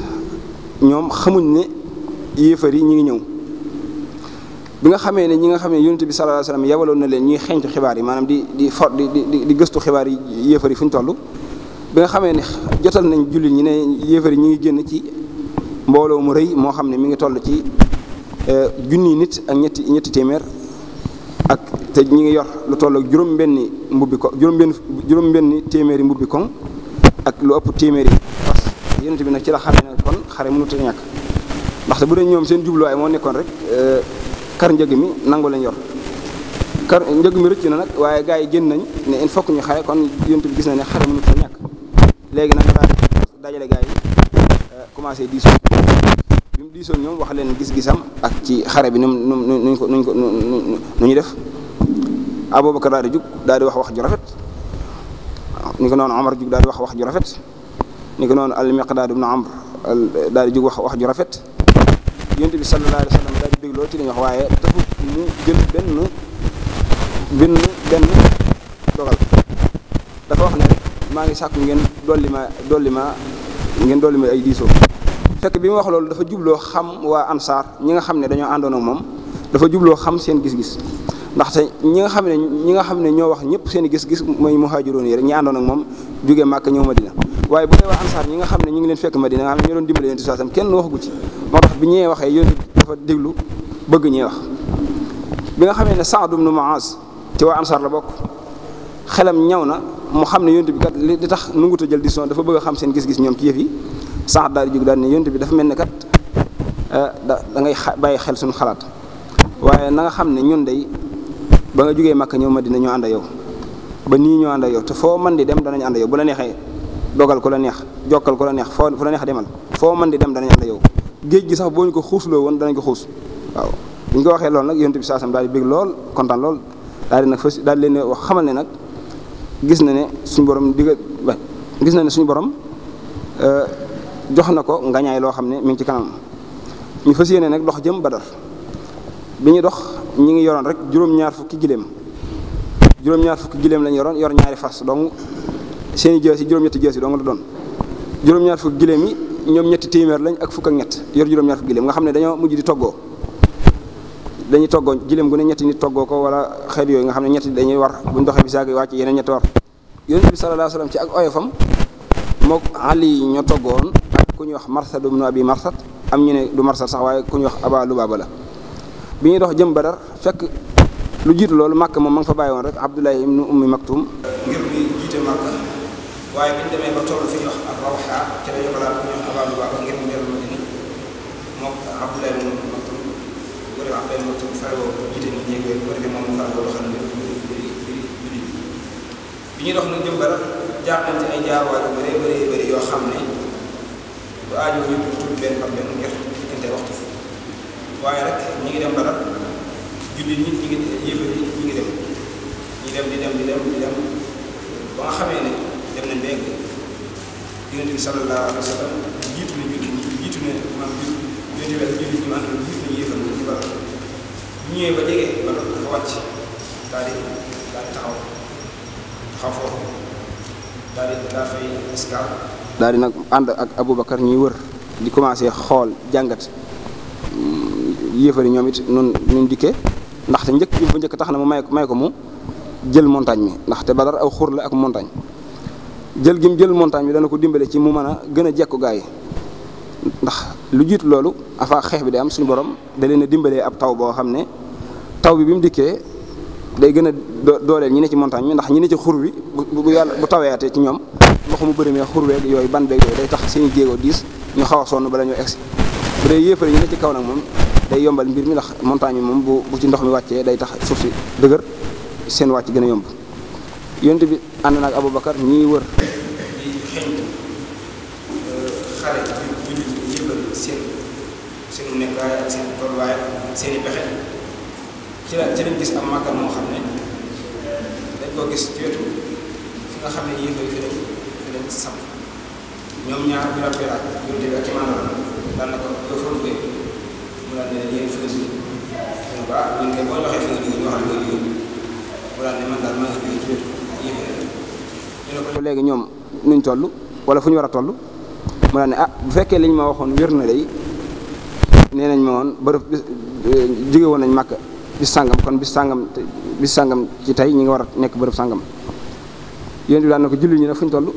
ñoom xamuñ ne yéefar yi ñu ngi ñëw bi nga xamee ni ñi nga xam ne yonent bi sallallahu alayhi wasallam yabaloon na leen ñuy xeeñtu xibaar yi maanaam di di gëstu xibaar yi yéefar yi fu ñu toll bi nga xamee ne jotal nañ jullit ñi ne yéefar yi ñu ngi génn ci mbooloo mu rëy moo xam ne mi ngi toll ci euh, junni nit ak ñetti ñetti téeméer ak te ñi ngi yor lu toll ak juróom-benni mbubbi ko juróom-benn juróom téeméeri mbubbi koŋ ak lu ëpp téeméeri fas yonent bi nag ci la xamee ne kon xare mënut a ñàkk ndaxte bu dee ñoom seen jubluwaay moo nekkoon rek euh, kar njëg mi nangu lañ yor kar njëg mi rëcc na nag waaye gars yi génn nañ ne il faut ñu xare kon yonent bi gis na ne xare mënut a ñàkk léegi nag daal dajale gars yi commencé diisoo bi mu diisoon ñoom wax leen gis-gisam ak ci xare bi nu nu nuñ ko nuñ ko nu ñu def Aboubacar daal di jug daal di wax wax ju rafet ni ko noonu Omar jug daal di wax wax ju rafet ni ko noonu al Miqdaad ibn Amr daal di jug wax wax ju rafet yonent bi sallallahu alayhi wa sallam daal di dégg loolu ci li ñu wax waaye dafa mu jël benn benn benn dogal dafa wax ne maa ngi sàkku ngeen dolli ma dolli ma. ngeen dolli mi ay diisoo fekk bi mu wax loolu dafa jubloo xam waa ansaar ñi nga xam ne dañoo àndoon moom dafa jubloo xam seen gis-gis ndaxte ñi nga xam ne ñi nga xam ne ñoo wax ñëpp seen gis-gis mooy muhaajiroon yi rek ñi àndoon ak moom jógee Màkka ñëw Madina waaye bu dee waa ansaar ñi nga xam ne ñu ngi leen fekk Madina nga xam ne ñoo doon dimbale yonent saasam kenn waxagu ci moo tax bi ñee waxee yonent dafa déglu bëgg ñee wax bi nga xamee ne Saad ibn Muaz ci waa ansaar la bokk xelam ñaw na mu xam ne yonent bi kat li tax nungut a jël décision dafa bëgg a xam seen gis-gis ñoom ci yëf yi sax daal di jóg daal ne yonent bi dafa mel ne kat eh, da da ngay bàyyi xel suñu xalaat waaye nanga xam ne ñun day ba nga jógee Màkka ñëw Madina ñoo ànd ak yow ba nii ñoo ànd ak yow te foo mën di dem danañu ànd ak yow bu la neexee dogal ko la neex jokkal ko la neex foo fu la neex demal foo man di dem danañu ànd ak yow géej gi sax boo ñu ko xuusloo woon danañ ko xuus waaw ñu ko waxee loolu nag yonent bi saasam daal di bég lool kontaan lool daal daal leen wax xamal ne nag gis na ne suñu borom digal gis na ne suñu borom euh, jox na ko ngañaay loo xam ne mi ngi ci kanam ñu fas yéene nag dox jëm ba Badar bi ñu dox ñu ngi yoroon rek juróom-ñaar fukki giléem juróom-ñaar fukki giléem lañu yoroon yor ñaari fas donc seeni jëes yi juróom-ñetti jëes yi dong la doon juróom-ñaar fukki giléem yi ñoom ñetti téeméer lañ ak fukk ak ñett yor juróom-ñaar fukki giléem nga xam ne dañoo mujj di toggoo dañuy toggoo jëleem gu ne ñetti nit toggoo ko wala xeet yooyu nga xam ne ñetti dañuy war buñ doxee bisaag yi wàcc yeneen ñetti war yonent bi sallallahu alayhi wasallam ci ak oyofam mook Ali ñoo ku ñuy wax Marsad ibn Abi Marsad am ñu ne du Marsad sax ku ñuy wax Aba Lubaaba la ñuy dox jëm Badar fekk lu loolu Màkka moom ma nga fa bàyyi woon rek Abdullahi ibn Ummi Maktum ngir muy jiite Màkka waaye biñ demee ba toll fi ñuy wax ak Rawxa ca la yobalaat ku ñuy wax Aba Lubaaba ngir mu dellu Madina moom Abdullahi faroo jiite nit ñi yooyu bu ko defee moom mu faroo doxal mbir mbir mbir mbir bi ñuy dox nag jëm bara jaar nañ ci ay jaarwaay yu bëree bëree bëri yoo xam ne du aajo ñu tudd benn par benn ngir diggante waxtu waaye rek ñu ngi dem bara jullit ñi ñu ngi yëfër yi ñu ngi dem ñu dem di dem di dem di dem ba nga xamee ne dem nañ beeg yonent bi sallallahu alayhi wa sallam jiitu na jullit ñi jiitu na maanaam jiitu na jullit ñi maanaam jiitu na yëfër ñu ci bara bu ñëwee ba jege ba doon dafa wàcc daal nag ànd ak abu Aboubacar ñuy wër di commencé xool jàngat mm, yéefari ñoom it nun nun dikkee ndaxte njëkk bi bu njëkk tax na mu may may ko mu jël montagne mi ndaxte Badar aw xur la ak montagne jël gi mu jël montagne bi dana ko dimbale ci mu mën a gën a jekku gaa yi ndax. lu jiit loolu afaa xeex bi day am suñu borom da leen dimbalee ab taw boo xam ne taw bi bi mu dikkee day gën a dooleel ñi ne ci montagne bi ndax ñi ne ci xur wi bu bu yàlla bu taweyaatee ci ñoom ndox mu bëri mee xur weeg yooyu ban beeg yooyu day tax seen jéego diis ñu xaw a sonn bala ñoo egsi bu dee yéefar yi ne ci kaw nag moom day yombal mbir mi ndax montagne bi moom bu bu ci ndox mi wàccee day tax suuf si dëgër seen wàcc gën a yomb yonent bi ànd naag Abubakar ñiy wër jumtuwaay ak ci la ci lañ gis am màggal moo xam ne dañ koo gis ci wetu fi nga xam ne yéex a fi ñoom ñaar ne ñu ñu baax ne man daal maa ngi jógee ci wetu yéex a ñu ne ko léegi ñoom nuñ toll wala fu ñu war a toll mu daan ne ah bu fekkee liñ ma waxoon wér na day nee nañ ma woon bërëb eh, jóge nañ màkk bis sàngam kon bis sàngam bis sàngam ci tey ñu ngi war a nekk bërëb sàngam yéen bi na ko julli ñu ne fu ñu toll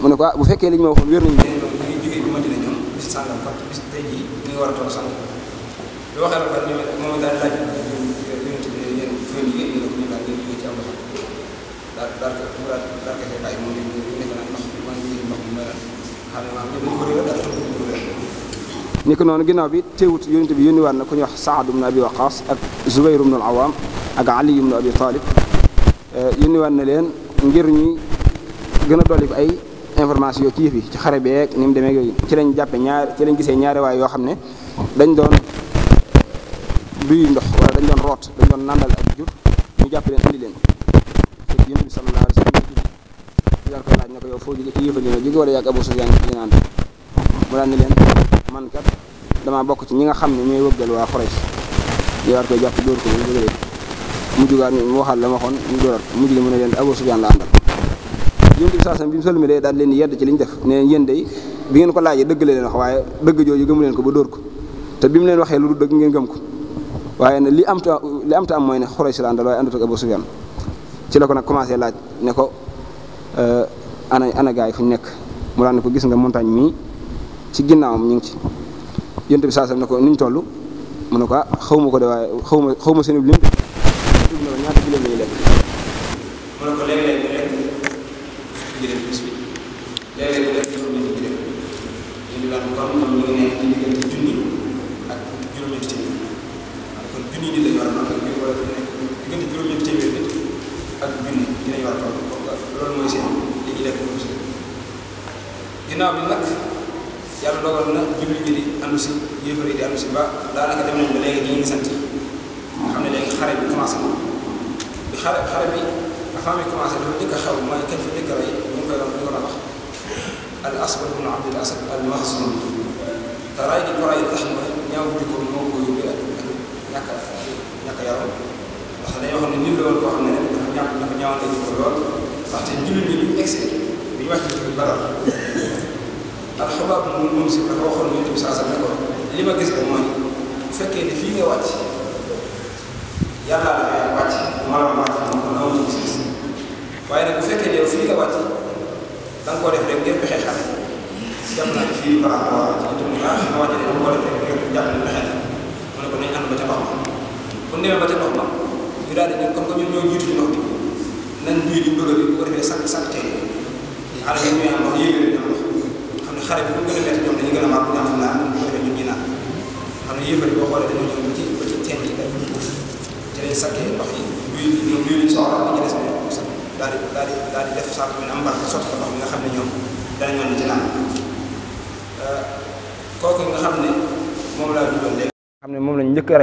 mu ne ko ah bu fekkee li ñu waxoon wér nañu beneen ñu ngi jógee bi ma dina bis sàngam kon bis tey jii ñi nga war a toll sàngam ni ko noonu ginnaaw bi teewut yonent bi yónniwaat na ko ñuy wax Saad ibn Abi Waqaas ak Zubayr ibn al ak Ali ibn Abi Talib eh, yónniwaat na leen ngir ñuy gën a dolli ay information ci yëf yi ci xare beeg ni mu ci lañ jàppe ñaar ci lañ gisee ñaari yoo xam ne dañ doon ndox wala doon root dañ doon nàndal ñu jàpp leen indi leen fekk yonent bi sallallahu alayhi wa sallam ko laaj ne yi nga jóge wala yàgg Abu naan mu daan ne leen man kat dama bokk ci ñi nga xam ne ñooy wëggal waa Quraysh ñu war koy jàpp dóor mu jógee mu jugaat ñu la ma waxoon ñu dóoraat mujj li mu ne leen Abu Sufyaan la àndal yonent bi saasam bi mu sëlmi dee daal leen yedd ci li ñu def ne leen yéen day bi ngeen ko laajee dëgg la leen wax waaye dëgg jooju gëmu leen ko ba dóor ko te bi mu leen waxee lu dul dëgg ngeen gëm ko waaye ne li am ta am ta am mooy ne Quraysh la àndal waaye àndut ak Abu ci la ko nag commencé laaj ne ko euh, ana ana gaay fu ñu nekk mu daan ne ko gis nga montagne mii ci ginnaawam mu ngi ci yonent bi saasam ne ko nuñ toll mu ne ko ah xaw ma ko de waaye xaw ma xaw ma seen lim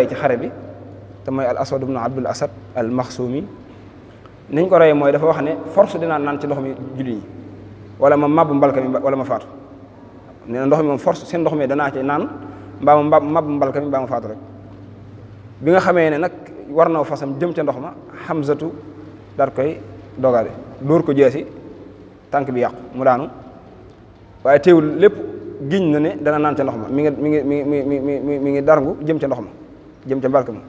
ci xare bi te mooy al aswad ibnu abdul asad al maxsuumi niñ ko reyee mooy dafa wax ne force dinaa naan ci ndox mi julli ñi wala ma mabbu mbalka mi wala ma faatu nee na ndox mi moom force seen ndox mi danaa ci naan mbaa ma mabbu mbalka mi mbaa ma faatu rek bi nga xamee ne nag war na fasam jëm ca ndox ma xamsatu daal koy dogale dóor ko jeesi tànk bi yàqu mu daanu waaye teewul lépp giñ na ne dana naan ca ndox ma mi ngi mi ngi mi ngi mi ngi mi ngi darngu jëm ca ndox ma jëm ca mbalka ma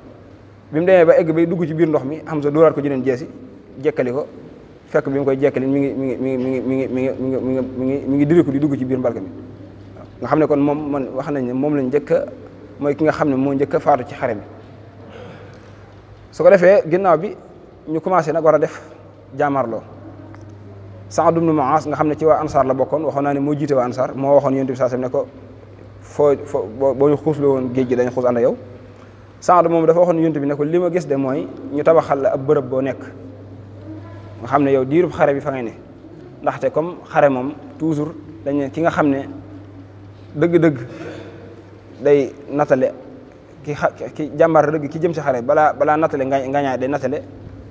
bi mu demee ba egg bay dugg ci biir ndox mi Hamza dóoraat ko jeneen jeesi jekkali ko fekk bi mu koy jekkali mi ngi mi ngi mi ngi mi ngi mi ngi mi ngi mi ngi mi ngi diriku di dugg ci biir nga xam ne kon moom man wax nañ ne moom lañ njëkk mooy ki nga xam ne moo njëkk a faatu ci xare bi su ko defee ginnaaw bi ñu commencé nag war a def jaamarloo Saad ibn Muaas nga xam ne ci waa ansaar la bokkoon waxoon naa ne moo jiite waa ansaar moo waxoon yonent bi saa sam ne ko foo foo boo ñu xuusloo woon géej gi dañ xuus yow Saad moom dafa waxoon yonent bi ne ko li ma gis de mooy ñu tabaxal la ab bërëb boo nekk nga xam ne yow diirub xare bi fa ngay ne ndaxte comme xare moom toujours dañ ki nga xam ne dëgg-dëgg day natale ki ki jàmbaar dëgg ki jëm si xare balaa balaa nga ngañaay day natale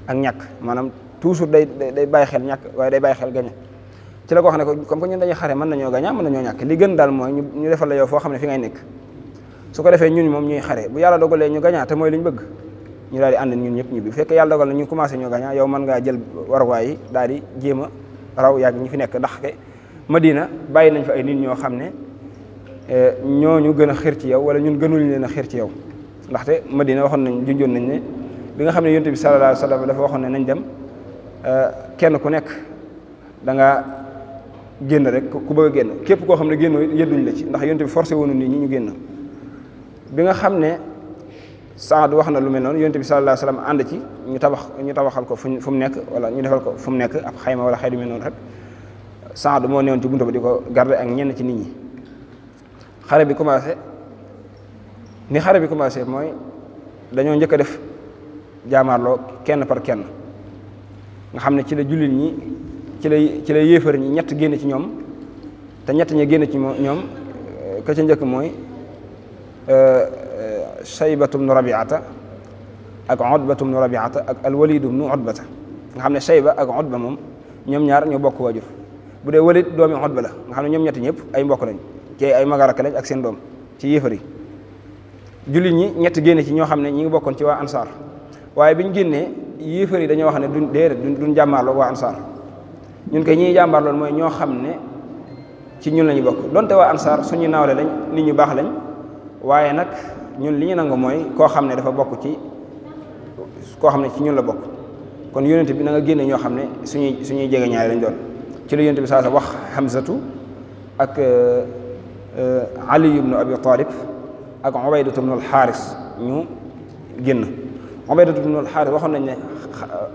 ak ñàkk maanaam toujours day day bàyyi xel ñàkk waaye day bàyyi xel gañe ci la ko wax ne ko comme que ñun dañuy xare mën nañoo gañaa mën nañoo ñàkk li gën daal mooy ñu defal la yow foo xam ne fi ngay nekk su ko defee ñun moom ñuy xare bu yàlla dogalee ñu gañaa te mooy li ñu bëgg ñu daal di ànd ñun ñëpp ñu bi bu fekkee yàlla dogal na ñu commencé ñoo gañaa yow mën ngaa jël waruwaay yi daal di jéema raw yàgg ñu fi nekk ndax ke Madina bàyyi nañ fa ay nit ñoo xam ne eh, ñooñu gën a xir ci yow wala ñun gënuñ leen a xir ci yow ndaxte Madina waxoon nañ junjoon nañ ne bi nga xam ne yonent bi sallallahu alayhi wa sallam dafa waxoon ne nañ dem eh, kenn ku nekk danga nga génn rek ku génn képp koo xam ne génnoo yëdduñ la ci ndax yonent bi forcé woonu ñi ñu génn bi nga xam ne Saad wax na lu mel noonu yonent bi sallallahu alayhi ànd ci ñu tabax ñu tabaxal ko fu mu nekk wala ñu defal ko fu mu nekk ab xayma wala xay du mel noonu rek Saad moo newoon ci buntu ba di ko garder ak ñenn ci nit ñi xare bi commencé ni xare bi commencé mooy dañoo njëkk a def jaamaarloo kenn par kenn nga xam ne ci la jullit ñi ci la ci la yéefar ñi ñett génn ci ñoom te ñett ña génn ci ñoom ka ca njëkk mooy shaybatu bnu rabiata ak odbatu bnu rabiata ak alwalidu bnu odbata nga xam ne shayba ak ba moom ñoom ñaar ñoo bokk waajur bu dee walid doomi odba la nga xam ne ñoom ñett ñëpp ay mbokk lañ kee ay magaraka lañ ak seen doom ci yéefar yi jullit ñi ñett génne ci ñoo xam ne ñi ngi bokkoon ci waa ansaar waaye bi ñu génnee yéefar yi dañoo wax ne duñ déedéet duñ jàmmaarloo waa ansaar ñun kay ñi jàmbaar mooy ñoo xam ne ci ñun la ñu bokk donte waa ansaar suñu naawle lañ nit ñu baax lañ waaye nag ñun li ñu nangu mooy koo xam ne dafa bokk ci koo xam ne ci ñun la bokk kon yonent bi na génne ñoo xam ne suñuy suñuy jege ñaari lañ doon ci la yonent bi saa sa wax Hamzatu ak euh, Ali ibnu Abi ak Ubaydatu ibnu al-Xaaris ñu génn Ubaydatu ibnu al-Xaaris waxoon nañ ne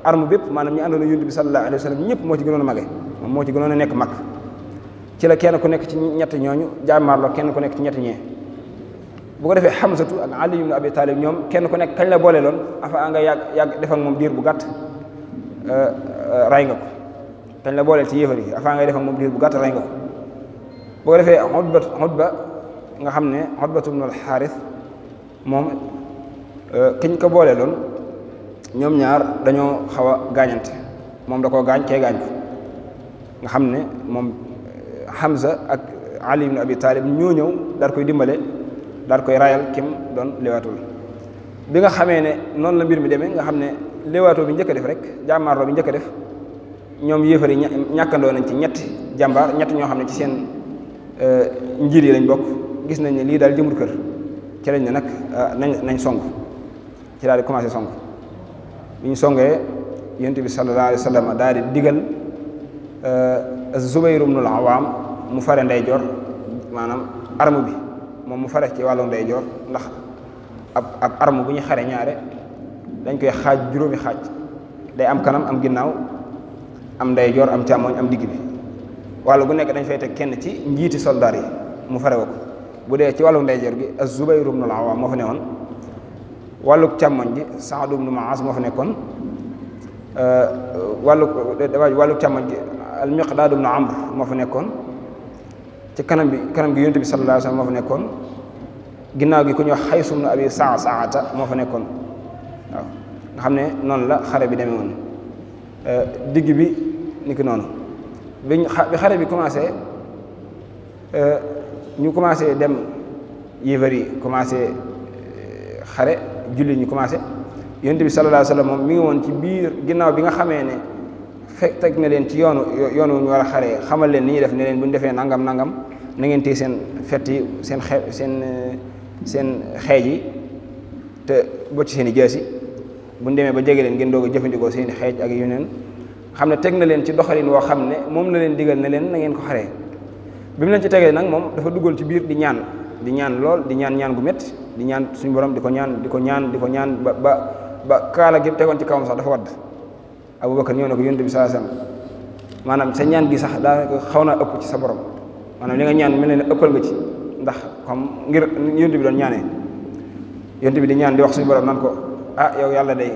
arme bépp maanaam ñu àndoon na yonent bi sallallahu alayhi wa ñëpp moo ci gënoon a mage moo ci gënoon a nekk mag ci la kenn ku nekk ci ñett ñooñu jàmmaarloo kenn ku nekk ci ñett ñee bu ko defee xamsatu ak ali ibnu abi taalib ñoom kenn ku nekk kañ la boole loon afa nga yàgg yàgg def ak moom diir bu gàtt euh, euh, ray nga ko kañ la booleel ci yéefar yi afa nga def ak bu gàtt ray nga ko bu ko defee xutba nga xam ne xutbatu ibnu alxaaris moom euh, kañ ko boole loon ñoom ñaar dañoo xaw a gaañante moom da ko gaañ kee gaañ ko nga xam ne moom Hamza ak Ali ibn Abi Talib ñëw dar koy dimbale daal koy rayal kim doon léwaatool bi nga xamee ne noonu la mbir mi demee nga xam ne léwaatoo bi njëkk def rek jàmmaarloo bi njëkk a def ñoom yéefar yi ñàkkandoo nañ ci ñetti jàmbaar ñett ñoo xam ne ci seen e, njiir yi lañ bokk gis nañ ne lii daal jëmul kër ci ne nag e, nañ nañ song ci daal di commencé song bi songee yonent bi sallallahu alayhi daal di diggal e, Zubayr ibn al-Awwam mu fare ndeyjoor maanaam arme bi mu fare ci wàllu ndeyjoor ndax ab ab arme bu ñu xare ñaare dañ koy xaaj juróomi xaaj day am kanam am ginnaaw am ndeyjoor am càmmoñ am digg bi wàllu bu nekk dañ fay teg kenn ci njiiti soldaar yi mu fare ko bu dee ci wàllu ndeyjoor gi az-Zubayr ibn al-Awwam moo fa newoon wàllu càmmoñ gi Sa'd ibn Mu'az moo fa nekkoon wàllu euh, wàllu càmmoñ gi al-Miqdaad ibn Amr moo fa nekkoon ci kanam bi kanam gi yonent bi sallallahu alayhi moo fa nekkoon ginnaaw gi ko ñuy wax xaysum na abi saa saata moo fa nekkoon waaw nga xam ne noonu la xare bi demee woon euh, digg bi ni noonu bi xare bi commencé euh, ñu commencé dem yéefar yi commencé euh, xare julli ñu commencé yonent bi sallallahu alayhi wa sallam moom mi ngi woon ci biir ginnaaw bi nga xamee ne fekk teg na leen ci yoonu yoonu ñu war a xaree xamal leen ni ñuy def ne leen bu ñu defee nangam nangam na ngeen seen fett yi seen xe seen seen xeej yi te bocc seen i jaasi bu demee ba jege leen ngeen doog a jëfandikoo seen xeej ak yu neen xam ne teg na leen ci doxalin woo xam ne moom la leen digal ne leen na ngeen ko xare bi mu leen ci tegee nag moom dafa duggal ci biir di ñaan di ñaan lool di ñaan ñaan gu mett di ñaan suñu borom di ko ñaan di ko ñaan di ko ñaan ba ba ba kaala gi tegoon ci kawam sax dafa wadd Abubakar ñëw na ko yonent bi saa sam maanaam sa ñaan gi sax daa xaw naa ëpp ci sa borom maanaam li nga ñaan mel ne ëppal nga ci ndax comme ngir yonent bi doon ñaanee yonent bi di ñaan di wax suñu borom nan ko ah yow yàlla day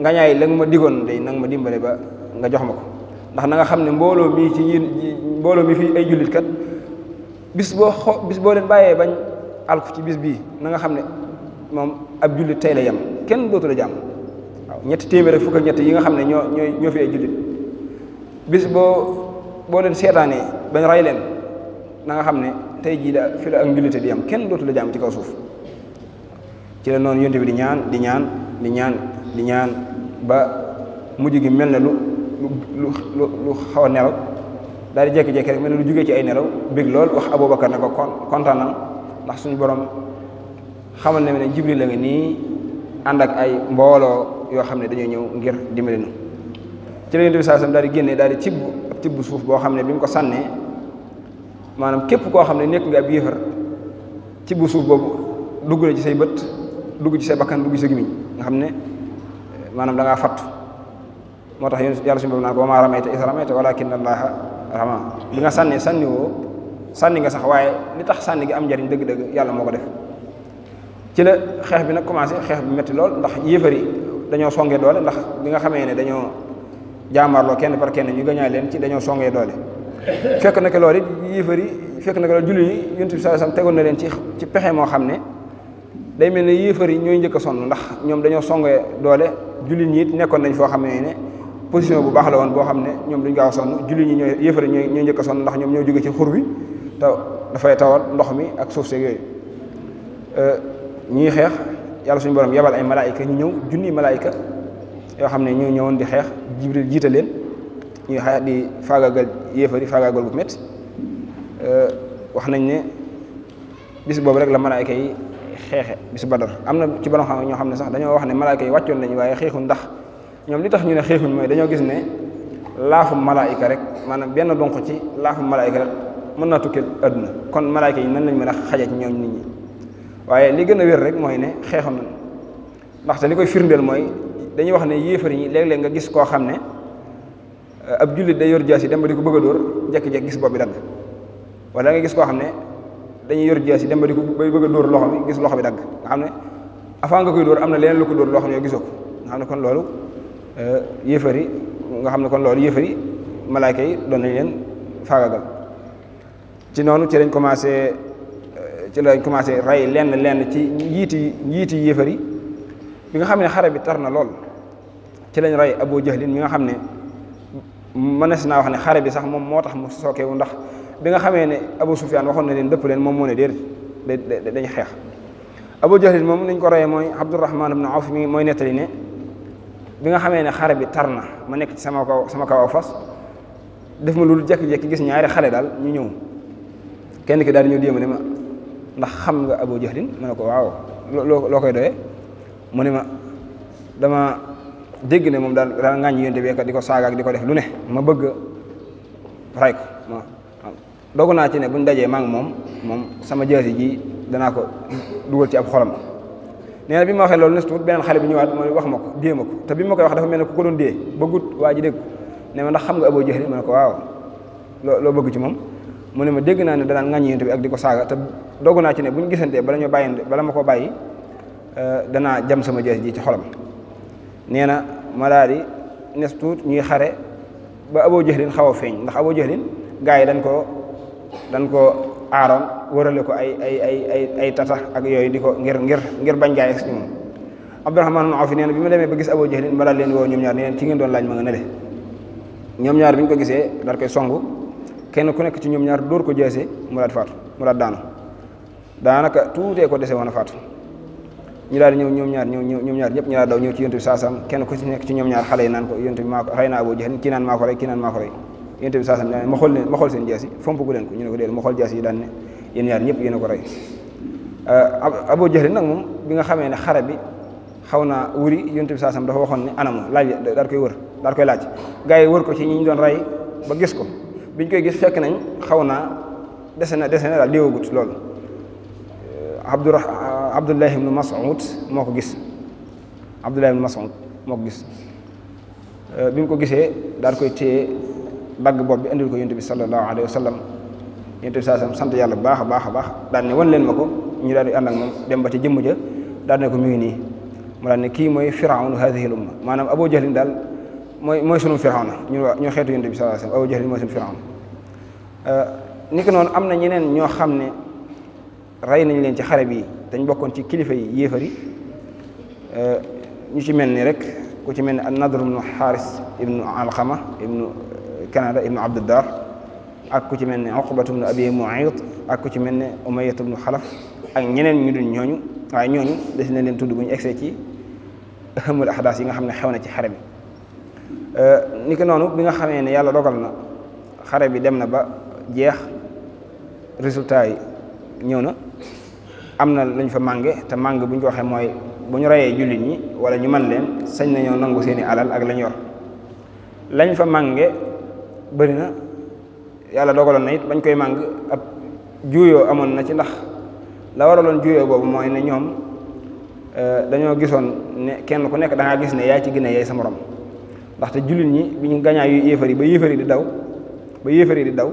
nga ñaay la nga ma digoon day nanga ma dimbale ba nga jox ma ko ndax na nga xam ne mbooloo mii ci mbooloo mi fi ay jullit kat bis boo xo bis boo leen bàyyee bañ alku ci bis bi na nga xam ne moom ab jullit tey la yem kenn dootu la jàmm ñett ñetti téeméer ak fukk ak ñett yi nga xam ne ñoo ñoo ñoo fi ay jullit bis boo boo leen seetaanee ba ray leen na xam ne tey jii la fi la ak njullite di am kenn dootu la ci kaw suuf ci la noonu yonte bi di ñaan di ñaan di ñaan ba mu gi mel na lu lu lu xaw a nelaw daal di jékki-jékki rek mel ne lu jógee ci ay nelaw bég lool wax Abubakar ne ko kontaan na ndax suñu borom xamal ne Jibril la nga nii ànd ak ay mbooloo yoo xam ne dañuy ñëw ngir dimbali nu ci la Yonent bi saasam daal di génne daal di tibb ab suuf boo xam ne bi mu ko sànnee maanaam képp koo xam ne nekk nga ab yéefar tibb suuf boobu dugg na ci say bët dugg ci say bakkan dugg ci sa gimiñ nga xam ne maanaam dangaa ngaa fattu moo tax yàlla suñu borom naan ko wa maa ramayta iz ramayta walaakinna Allaaha ramaa bi nga sànnee sànni woo sànni nga sax waaye li tax sànni gi am njariñ dëgg-dëgg yàlla moo ko def ci la xeex bi nag commencé xeex bi métti lool ndax yéefar yi dañoo songee doole ndax bi nga xamee ne dañoo jaamarloo kenn par kenn ñu gañaay leen ci dañoo songee doole fekk na ko loolu it yéefar yi fekk na julli yi yonent bi sallallahu alayhi tegoon na leen ci ci pexe moo xam ne day mel ne yéefar yi ñooy njëkk a sonn ndax ñoom dañoo songee doole julli ñi nekkoon nañ foo xam ne ne position bu baax la woon boo xam ne ñoom duñ gaaw a sonn julli ñi ñooy yéefar yi ñooy ñooy njëkk a sonn ndax ñoom ñoo jóge dafay tawat ndox mi ak suuf yooyu euh, ñuy xeex yàlla suñu borom yebal ay malaayka ñu ñëw junni malaayka yoo xam ne ñu ñëwoon di xeex jibril jiite leen ñuy xeex di faagaagal yéefari faagaagal bu métti euh, wax nañ ne bis boobu rek la malaayka yi xeexe bisu badar am na ci borom xam ñoo xam ne sax dañoo wax ne malaayka yi wàccoon nañu waaye xeexuñ ndax ñoom li tax ñu ne xeexuñ mooy dañoo gis ne laafu malaayka rek maanaam benn donq ci laaxum malaayka rek mën naa tukkee àdduna kon malaayka yi nan lañ mën a xaje ci ñoom waaye li gën a wér rek mooy ne xeexoon nañ ndaxte li koy firndeel mooy dañuy wax ne yéefar yi léeg-léeg nga gis koo xam ne euh, ab jullit day yor jaas yi dem ba ko bëgg a dóor jekki-jekki gis bopp bi dagg wala nga gis koo xam ne dañuy yor jaas yi dem bay bëgg a dóor gis loxo bi dagg nga xam ne avant nga koy dóor am na leneen lu ko dóor loo xam ne gisoo ko nga xam ne kon loolu euh, yéefar yi nga xam ne kon loolu yéefar yi malaayka yi doon nañ leen faagagal ci noonu ci lañ commencé ci lañ commencé rey lenn lenn ci njiiti njiiti yéefar yi bi nga xam ne xare bi tar na lool ci lañ rey Abu Jahlin mi nga xam ne mënees naa ne xare bi sax moom moo tax mu sookewu ndax bi nga xamee ne Abu Sufyaan waxoon na leen dëpp leen moom moo ne déer dañ xeex Abu Jahlin moom niñ ko reyee mooy Abdurrahman ibn Awf mi mooy nettali ne bi nga xamee ne xare bi tar na ma nekk ci sama kaw sama kaw aw fas def ma lu jékki-jékki gis ñaari xale daal ñu ñëw kenn ki daal di ñëw déema ne ma ndax xam nga aboo jahlin mu ne ko waaw loo loo koy doyee mu ne ma dama dégg ne moom daan daan ngaañ yonte bi di ko saaga ak di ko def lu ne ma bëgg ray ko dogu naa ci ne bu buñ dajee man moom moom sama jaasi ji danaa ko dugal ci ab xolam nee na bi ma waxee loolu nes tuut beneen xale bi ñëwaat mooy wax ma ko dée ma ko te bi ma koy wax dafa mel ne ku ko doon dée bëggut waa ji dégg ne ma ndax xam nga abu jahlin mu ne ko waaw loo bëgg ci moom mu ne ma dégg naa ne danaan ŋàññi yonent bi ak di ko saaga te dogu naa ci ne bu ñu gisantee bala bala ma ko bàyyi euh, danaa jam sama jees ji ci xolam nee na ma daal di nes tuut ñuy xare ba aboo jëxlin xaw feeñ ndax aboo jëxlin gars yi dañ ko dañ ko aaroon wërale ko ay ay ay ay ay tata ak yooyu di ko ngir ngir ngir bañ gaay si moom a ibn Awf nee na bi ma demee ba gis aboo jëxlin ma daal leen woo ñoom ñaar ne leen ci ngeen doon laaj ma nga ne le ñoom ñaar bi ñu ko gisee daal koy songu kenn ku nekk ci ñoom ñaar dóor ko jaase mu daal faatu mu daal daanu daanaka tuutee ko dese woon a faatu ñu daal di ñëw ñoom ñaar ñëw ñoom ñaar ñëpp ñu daw ñëw ci yonent bi saasam kenn ku nekk ci ñoom ñaar xale yi naan ko yonent bi maa ko rey na Abu Jahl kii ma xool seen jaasi fomp ko ko ñu ne ko déedéet ma xool jaasi daan ne yéen ñaar ñëpp yéen a ko rey euh, Abu nag moom bi nga xamee ne xare bi xaw naa wuri yonent bi saasam dafa waxoon ni anam laaj daal koy wër daal koy laaj gars yi wër ko ci ñi ñu doon rey ba gis ko biñ koy gis fekk nañ xaw naa dese na dese na daal déewagut loolu eh, abdura abdullah ibnu mas'ud moo ko gis abdullah ibnu mas'ud moo ko gis eh, bi mu ko gisee daal koy téye dagg bopp bi indil ko yonent bi sallallahu alayhi wa sallam yonent bi sallallahu sant yàlla bu baax a baax a baax daal ne wan leen ma ko ñu daal di ànd ak moom dem ba ci jëmm ja daal ne ko mu ngi nii mu daal ne kii mooy firawnu haadihi l umma maanaam aboo jahlin daal mooy mooy sunu firawna ñu ñu xeetu yonent bi sallallahu alayhi wasallam Abu Jahl mooy sunu firawna euh, ni am na ñeneen ñoo xam ne rey nañ leen ci xare bi dañ bokkoon ci kilifa yi yéefar euh, ñu ci mel ni rek ku ci mel ni an-Nadr ibnu Xaaris ibnu Alqama ibnu euh, Kanada ibnu Abdiddar ak ku ci mel ni Uqbatu ibnu Abi Muayt ak ku ci mel ni Umayyatu ibnu Xalaf ak ñeneen ñu dul ñooñu waaye ñooñu des na leen tudd bu ñu egsee ci ahamul ahdaas yi nga xam ne xew na ci xare bi Euh, ni ki noonu bi nga xamee ne yàlla dogal na xare bi dem na ba jeex résultat yi ñëw na am na lu fa mànge te màng bu ñu ko waxee mooy bu ñu reyee jullit ñi wala ñu man leen sañ nañoo nangu seeni alal ak lañ yor lañ fa mànge bëri na yàlla dogaloon na it bañ koy màng ab juuyoo amoon na ci ndax la waraloon juuyoo boobu mooy ne ñoom euh, dañoo gisoon ne kenn ku nekk da gis ne yaa ci gën a yey sa moroom ndaxte jullit ñi bi ñu gañaa yu yéefar yi ba yéefar yi di daw ba yéefar yi di daw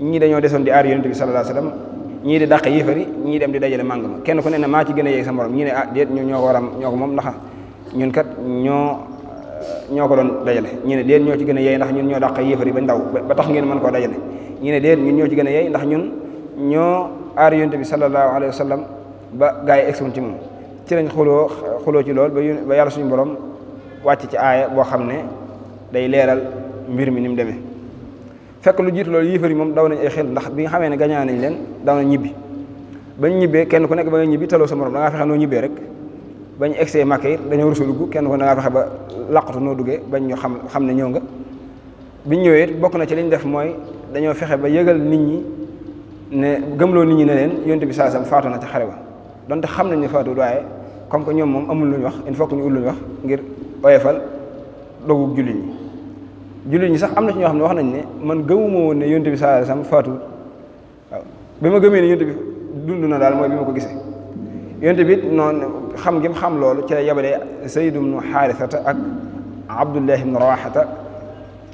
ñii dañoo desoon di aar yonent bi sallallahu alayhi wasallam ñii di dàq yéefar yi ñii dem di dajale màng ma kenn ku ne ne maa ci gën a sa morom ñii ne ah déet ñoo ko war a ñoo ko moom ñun kat ñoo ñoo ko doon dajale ñii ne déet ñoo ci gën a yeey ndax ñun ñoo dàq yéefar yi bañ ba tax ngeen mën koo dajale ñii ne déet ñun ñoo ci gën a yeey ndax ñun ñoo aar yonent bi sallallahu alayhi wasallam ba gaa yi egsi woon ci moom ci lañ xuloo xuloo ci lool ba yàlla suñu borom wàcc ci aaya boo xam ne day leeral mbir mi ni mu demee fekk lu jiit loolu yéefar yi moom daw nañ ay xel ndax bi nga xamee ne gañaa nañ leen daw nañ ñibbi bañ ñibbee kenn ku nekk ba nga ñibbi taloo sa morom da ngaa fexe ñibbee rek bañ egsee màkk yi dañoo rusa dugg kenn ku ne da fexe ba laqatu noo duggee bañ ñu xam xam ne ñëw nga biñ ñëwee bokk na ci liñ def mooy dañoo fexe ba yëgal nit ñi ne gëmloo nit ñi ne leen yonte bi saasam faatu na ci xare ba donte xam nañ ne faatu waaye comme que ñoom moom amul luñ wax il ñu ul luñ wax ngir oyofal dogu jullit ñi jullit ñi sax am na ci ñoo xam ne wax nañ ne man gëmuma woon ne yonte bi sallallahu alayhi wasallam faatu bi ma gëmee ne yonte bi dund na daal mooy bi ma ko gisee yonte bi noonu xam gi xam loolu ci la yabalee Zayd ibn Haarisata ak Abdullahi ibn Rawaxata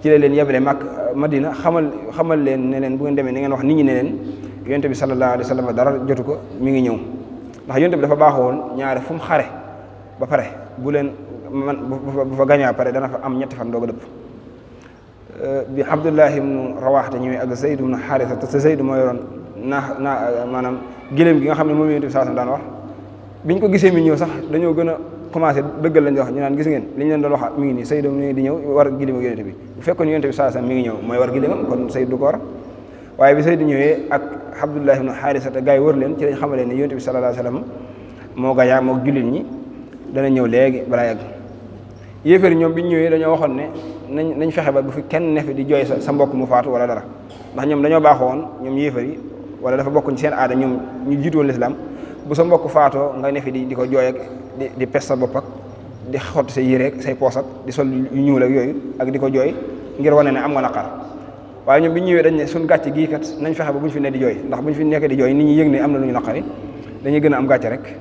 ci la leen yabalee mag Madina xamal xamal leen ne leen bu ngeen demee ni ngeen wax nit ñi ne leen yonte bi sallallahu alayhi wasallam dara jotu ko mi ngi ñëw ndax yonte bi dafa baaxoon ñaare fu mu xare ba pare bu leen man bu fa gañoo pare dana fa am ñetti fan doog a dëpp euh, bi abdullahi ibnu rawaxte ñëwee ak zayd ibnu xaarisa te zayd moo yoroon naa naa maanaam giléem gi nga xam ne moom yonent bi saasam daan wax ñu ko gisee mi ñëw sax dañoo gën a commencé dëggal lañ wax ñu naan gis ngeen li ñu leen doon waxaat mi ngi nii sayd mi ngi di ñëw war giléem ak yonent bi bu fekkoon yonent bi saasam mi ngi du ko war waaye bi sayd ñëwee ak abdullahi ibnu xaarisa te gars yi wër leen ci lañ xamalee ne yonent bi sallallahu alayhi wa sallam moo gayaa moo jullit ñi dana ñëw léegi balaa yàgg yéefar ñoom bi ñu ñëwee dañoo waxoon ne nañ nañ fexe ba bu fi kenn nefe di jooy sa sa mbokk mu faatu wala dara ndax ñoom dañoo baaxoon ñoom yéefar yi wala dafa bokkuñ seen aada ñoom ñu jiitu woon lislaam bu sa mbokk faatoo nga nefe di di ko jooy ak di pes sa bopp ak di xott say yére ak say poos di sol yu ñuul yooyu ak di ko jooy ngir wane ne am nga naqar waaye ñoom ñëwee dañ suñ gàcce gii kat nañ fexe ba bu ñu di jooy ndax bu ñu fi nekk di jooy nit ñi yëg ne am na lu ñu naqari dañuy gën a am gàcce rek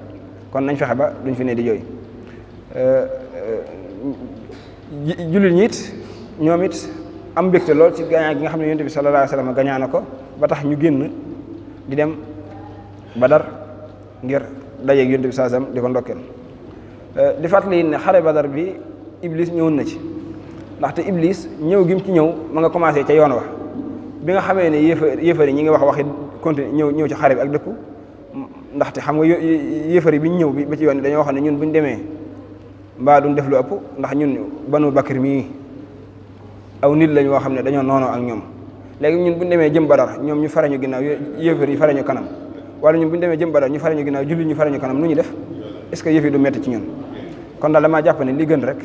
kon nañ fexe ba duñ fi ne di jooy euh, euh, jullit ñi it ñoom it am mbégte lool ci gañaa gi nga xam ne yonent bi sallallahu alayhi wasallam gañaa na ko ba tax ñu génn di dem Badar ngir dajee yonent bi sallallahu alayhi wasallam di ko ndokkeel euh, di fàttali ne xare Badar bi Iblis ñëwoon na ci ndaxte Iblis ñëw gim ci ñëw ma nga commencé ca yoon wa bi nga xamee ne yéefar yéefar yi ñi ngi wax waxi continué ñëw ñëw ci xare bi ak dëkku ndaxte xam nga yéefar yi bi ñu ñëw bi ba ci yoon bi dañoo wax ne ñun bu ñu demee. mbaa duñ def lu ëpp ndax ñun banu Bakr mii aw nit lañ woo xam ne dañoo noonoo ak ñoom léegi ñun buñ demee jëm badar ñoom ñu farañu ginnaaw yéefar yi farañu kanam wala ñun buñ demee jëm badar ñu fare ginnaaw julli ñu farañu kanam nu ñu def est ce que yëf yi du metti ci ñun kon daal damaa jàpp ne li gën rek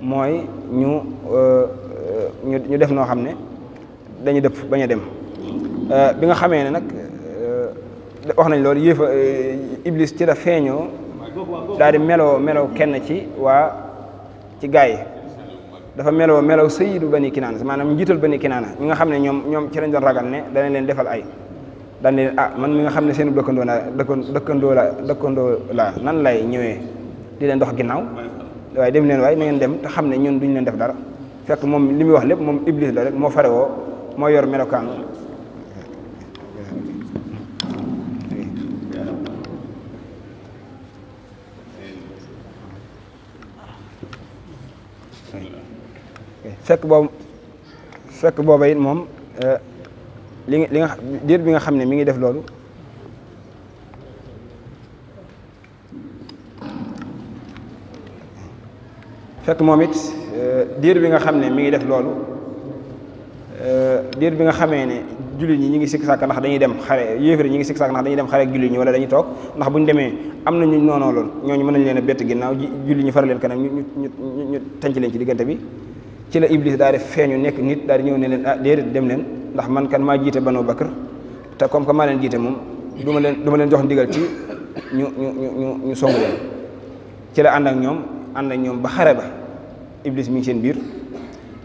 mooy ñu euh, ñu def noo xam ne dañu dëpp bañ a dem euh, bi nga xamee ne nag euh, wax nañ loolu yéefa iblis ci la feeñoo daal di meloo meloo kenn ci waa ci gaa yi dafa meloo meloo sayidu bani kinaana maanaam njiital ba bani kinaana mi nga xam ne ñoom ñoom ci lañ doon ragal ne danañ leen defal ay daan leen ah man mi nga xam ne seen dëkkandoo la dëkkandoo laa dëkkandoo la nan lay ñëwee di leen dox ginnaaw waaye dem leen waaye na ngeen dem te xam ne ñun duñ leen def dara fekk moom li muy wax lépp moom iblis la rek moo farewoo moo yor melokaanu fekk boobu fekk booba it moom euh, li li nga diir bi nga xam ne mi ngi def loolu fekk moom it euh, diir bi nga xam ne mi ngi def loolu euh, diir bi nga xamee ne jullit ñi ñi ngi sikk sàkk ndax dañuy dem xare yéefar ñi ngi sikk sàkk ndax dañuy dem xare ak ñi wala dañu toog ndax bu ñu demee am na ñu noonoo lool ñooñu mën nañ leen bett ginnaaw jullit ñu faral leen kanam ñu ñu ñu ñu tenc leen ci diggante bi ci la Iblis daal di feeñu nekk nit daal di ñëw ne leen ah déedéet dem leen ndax man kan maa jiite banoo Bakr te comme que maa leen jiite moom du ma leen du ma leen jox ndigal ci ñu ñu ñu ñu ci la ànd ak ñoom ànd ak ñoom ba xare ba Iblis mi ngi biir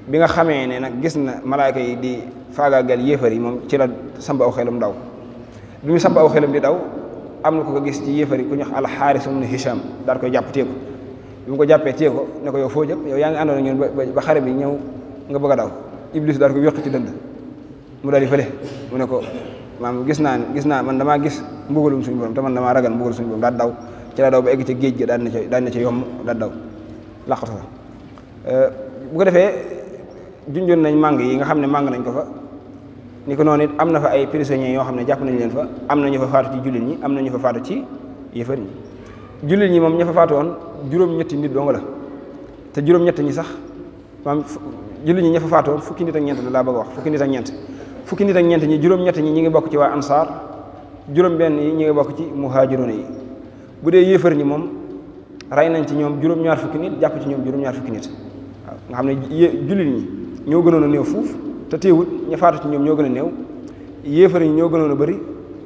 bi nga xamee ne nag gis na malaayka yi di faagaagal yéefar moom ci la samp aw xelam daw bi mu samp aw xelam di daw am na ko ko gis ci yéefar yi ku ñu wax alxaaris ibn Hisham daal koy jàpp teeku bi mu ko jàppee téye ko ne ko yow foo jëm yow yaa ngi àndoon ak ñun ba xare bi ñëw nga bëgg a daw iblis daal ko yokk ci dënd mu daal di fële mu ne ko maam gis naa gis naa man damaa gis mbugalum suñu borom te man damaa ragal mbugal suñu borom daal daw ci la daw ba egg ca géej gi daan na ca daan na ca yomb daal daw laqatu fa euh, bu ko defee junjoon nañ màng yi nga xam ne màng nañ ko fa ni noonu it am na fa ay prisonniers yoo xam ne jàpp nañ leen fa am nañu fa faatu ci jullit ñi am nañu fa faatu ci yëfër ñi jullit ñi moom ña fa faatu woon juróom-ñetti nit dong la te juróom-ñett ñi sax maam jullit ñi ña fa faatu woon fukki nit ak ñeent laa bëgg a wax fukki nit ak ñeent fukki nit ak ñeent ñi juróom-ñett ñi ñi ngi bokk ci waa ansaar juróom-benn yi ñi ngi bokk ci muhaajiroon yi bu dee yéefar ñi moom rey nañ ci ñoom juróom-ñaar fukki nit jàpp ci ñoom juróom-ñaar fukki nit waaw nga xam ne jullit ñi ñoo gënoon a néew fuuf te teewul ña faatu ci ñoom ñoo gën a néew yéefar ñi ñoo gënoon a bëri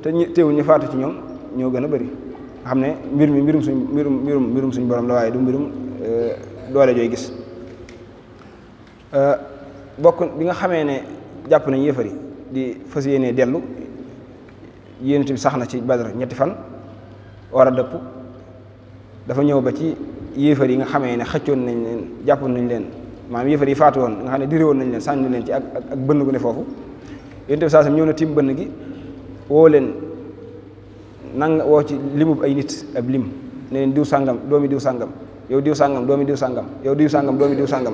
te teewul ña faatu ci ñoom ñoo gën a bëri xam ne mbir mi mbirum suñ mbirum mbirum mbirum suñ borom la waaye du mbirum e, doole jooy gis e, bokk bi nga xamee ne jàpp nañ yëfari di fas yéenee dellu yéen bi sax na ci Badar ñetti fan war a dëpp dafa ñëw ba ci yéefar yi nga xamee ne xëccoon nañ leen jàppoon nañ leen maanaam yéefar yi faatu woon nga xam ne diriwoon nañ leen sànni leen ci ak bënn gu ne foofu yéen saa sam ñëw na tiim bënn gi woo leen nanga woo ci limub ay nit ab lim ne leen diw sàngam doomi diw sàngam yow diw sàngam doomi diw sàngam yow diw sàngam doomi diw sàngam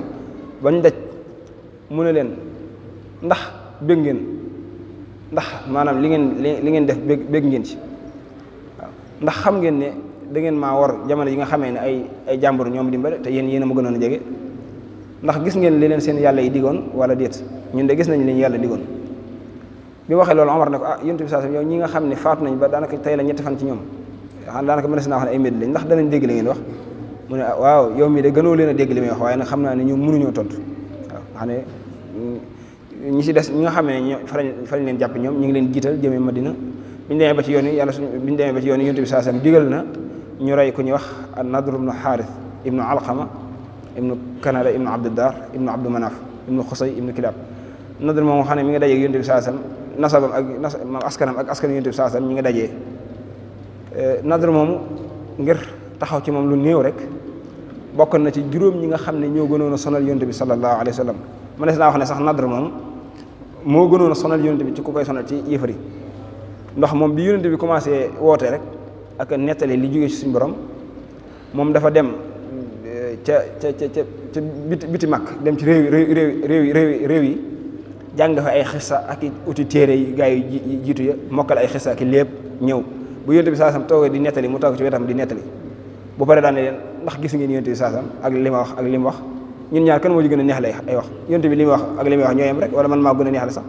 bañ daj mu ne leen ndax bég ngeen ndax maanaam li ngeen li ngeen def bég bég ngeen ci ndax xam ngeen ne da ngeen maa war jamono yi nga xamee ne ay ay jàmbur ñoom dimbale te yéen yéen a ma gënoon a jege ndax gis ngeen li leen seen yàlla yi digoon wala déet ñun de gis nañ leen yàlla digoon bi waxee loolu Omar ne ko ah yonent bi saa yow ñi nga xam ne faatu nañ ba daanaka tey la ñetti fan ci ñoom ah, daanaka mënees naa wax ne ay méd ndax danañ dégg li ngeen wax mu ne ah, waaw yow mii de gënoo leen a dégg li may wax waaye nag xam naa ne ñoom mënuñoo tontu waaw nga xam ne mm, ñi si des ñi nga xam ne farañ leen jàpp ñoom ñu ngi leen jiital jëmee Madina biñu demee ba ci yoon yi yàlla suñu biñu demee ba ci yoon yi yonent bi saa digal na ñu rey ku ñuy wax Nadr ibnu Xaaris ibnu Alqama ibnu Kanada ibnu Abdudar ibnu Abdu Manaf ibnu Xusay ibnu Kilab Nadr moom nga xam ne mi ngi dajeeg yonent bi saa nasabam ak maam askanam ak askan yonent bi saa mu ñi ngi dajee eh, nadr moomu ngir taxaw ci moom lu néew rek bokkoon na ci juróom ñi nga xam ne ñoo gënoon sonal yonent bi sallallahu alayhi wa sallam mu ne naa wax ne sax nadr moom moo gënoon sonal yonent bi ci ko koy sonal ci yëfari ndax moom bi yonent bi commencé woote rek ak nettali li jógee ci suñu borom moom dafa dem eh, ca ca ca ca biti mag dem ci réew réew réew réew yi jàng fa ay xissa ak i uti téere yi gaa yi jiitu ya mokkal ay xissa ak i lépp ñëw bu yonent saa saasam toogee di nettali mu toog ci wetam di nettali bu paree daan ne leen ndax gis ngeen yonent saa saasam ak li ma wax ak li mu wax ñun ñaar kan moo ci gën a neex lay ay wax yonent bi li wax ak li muy wax ñoo yem rek wala man maa gën a neexle sax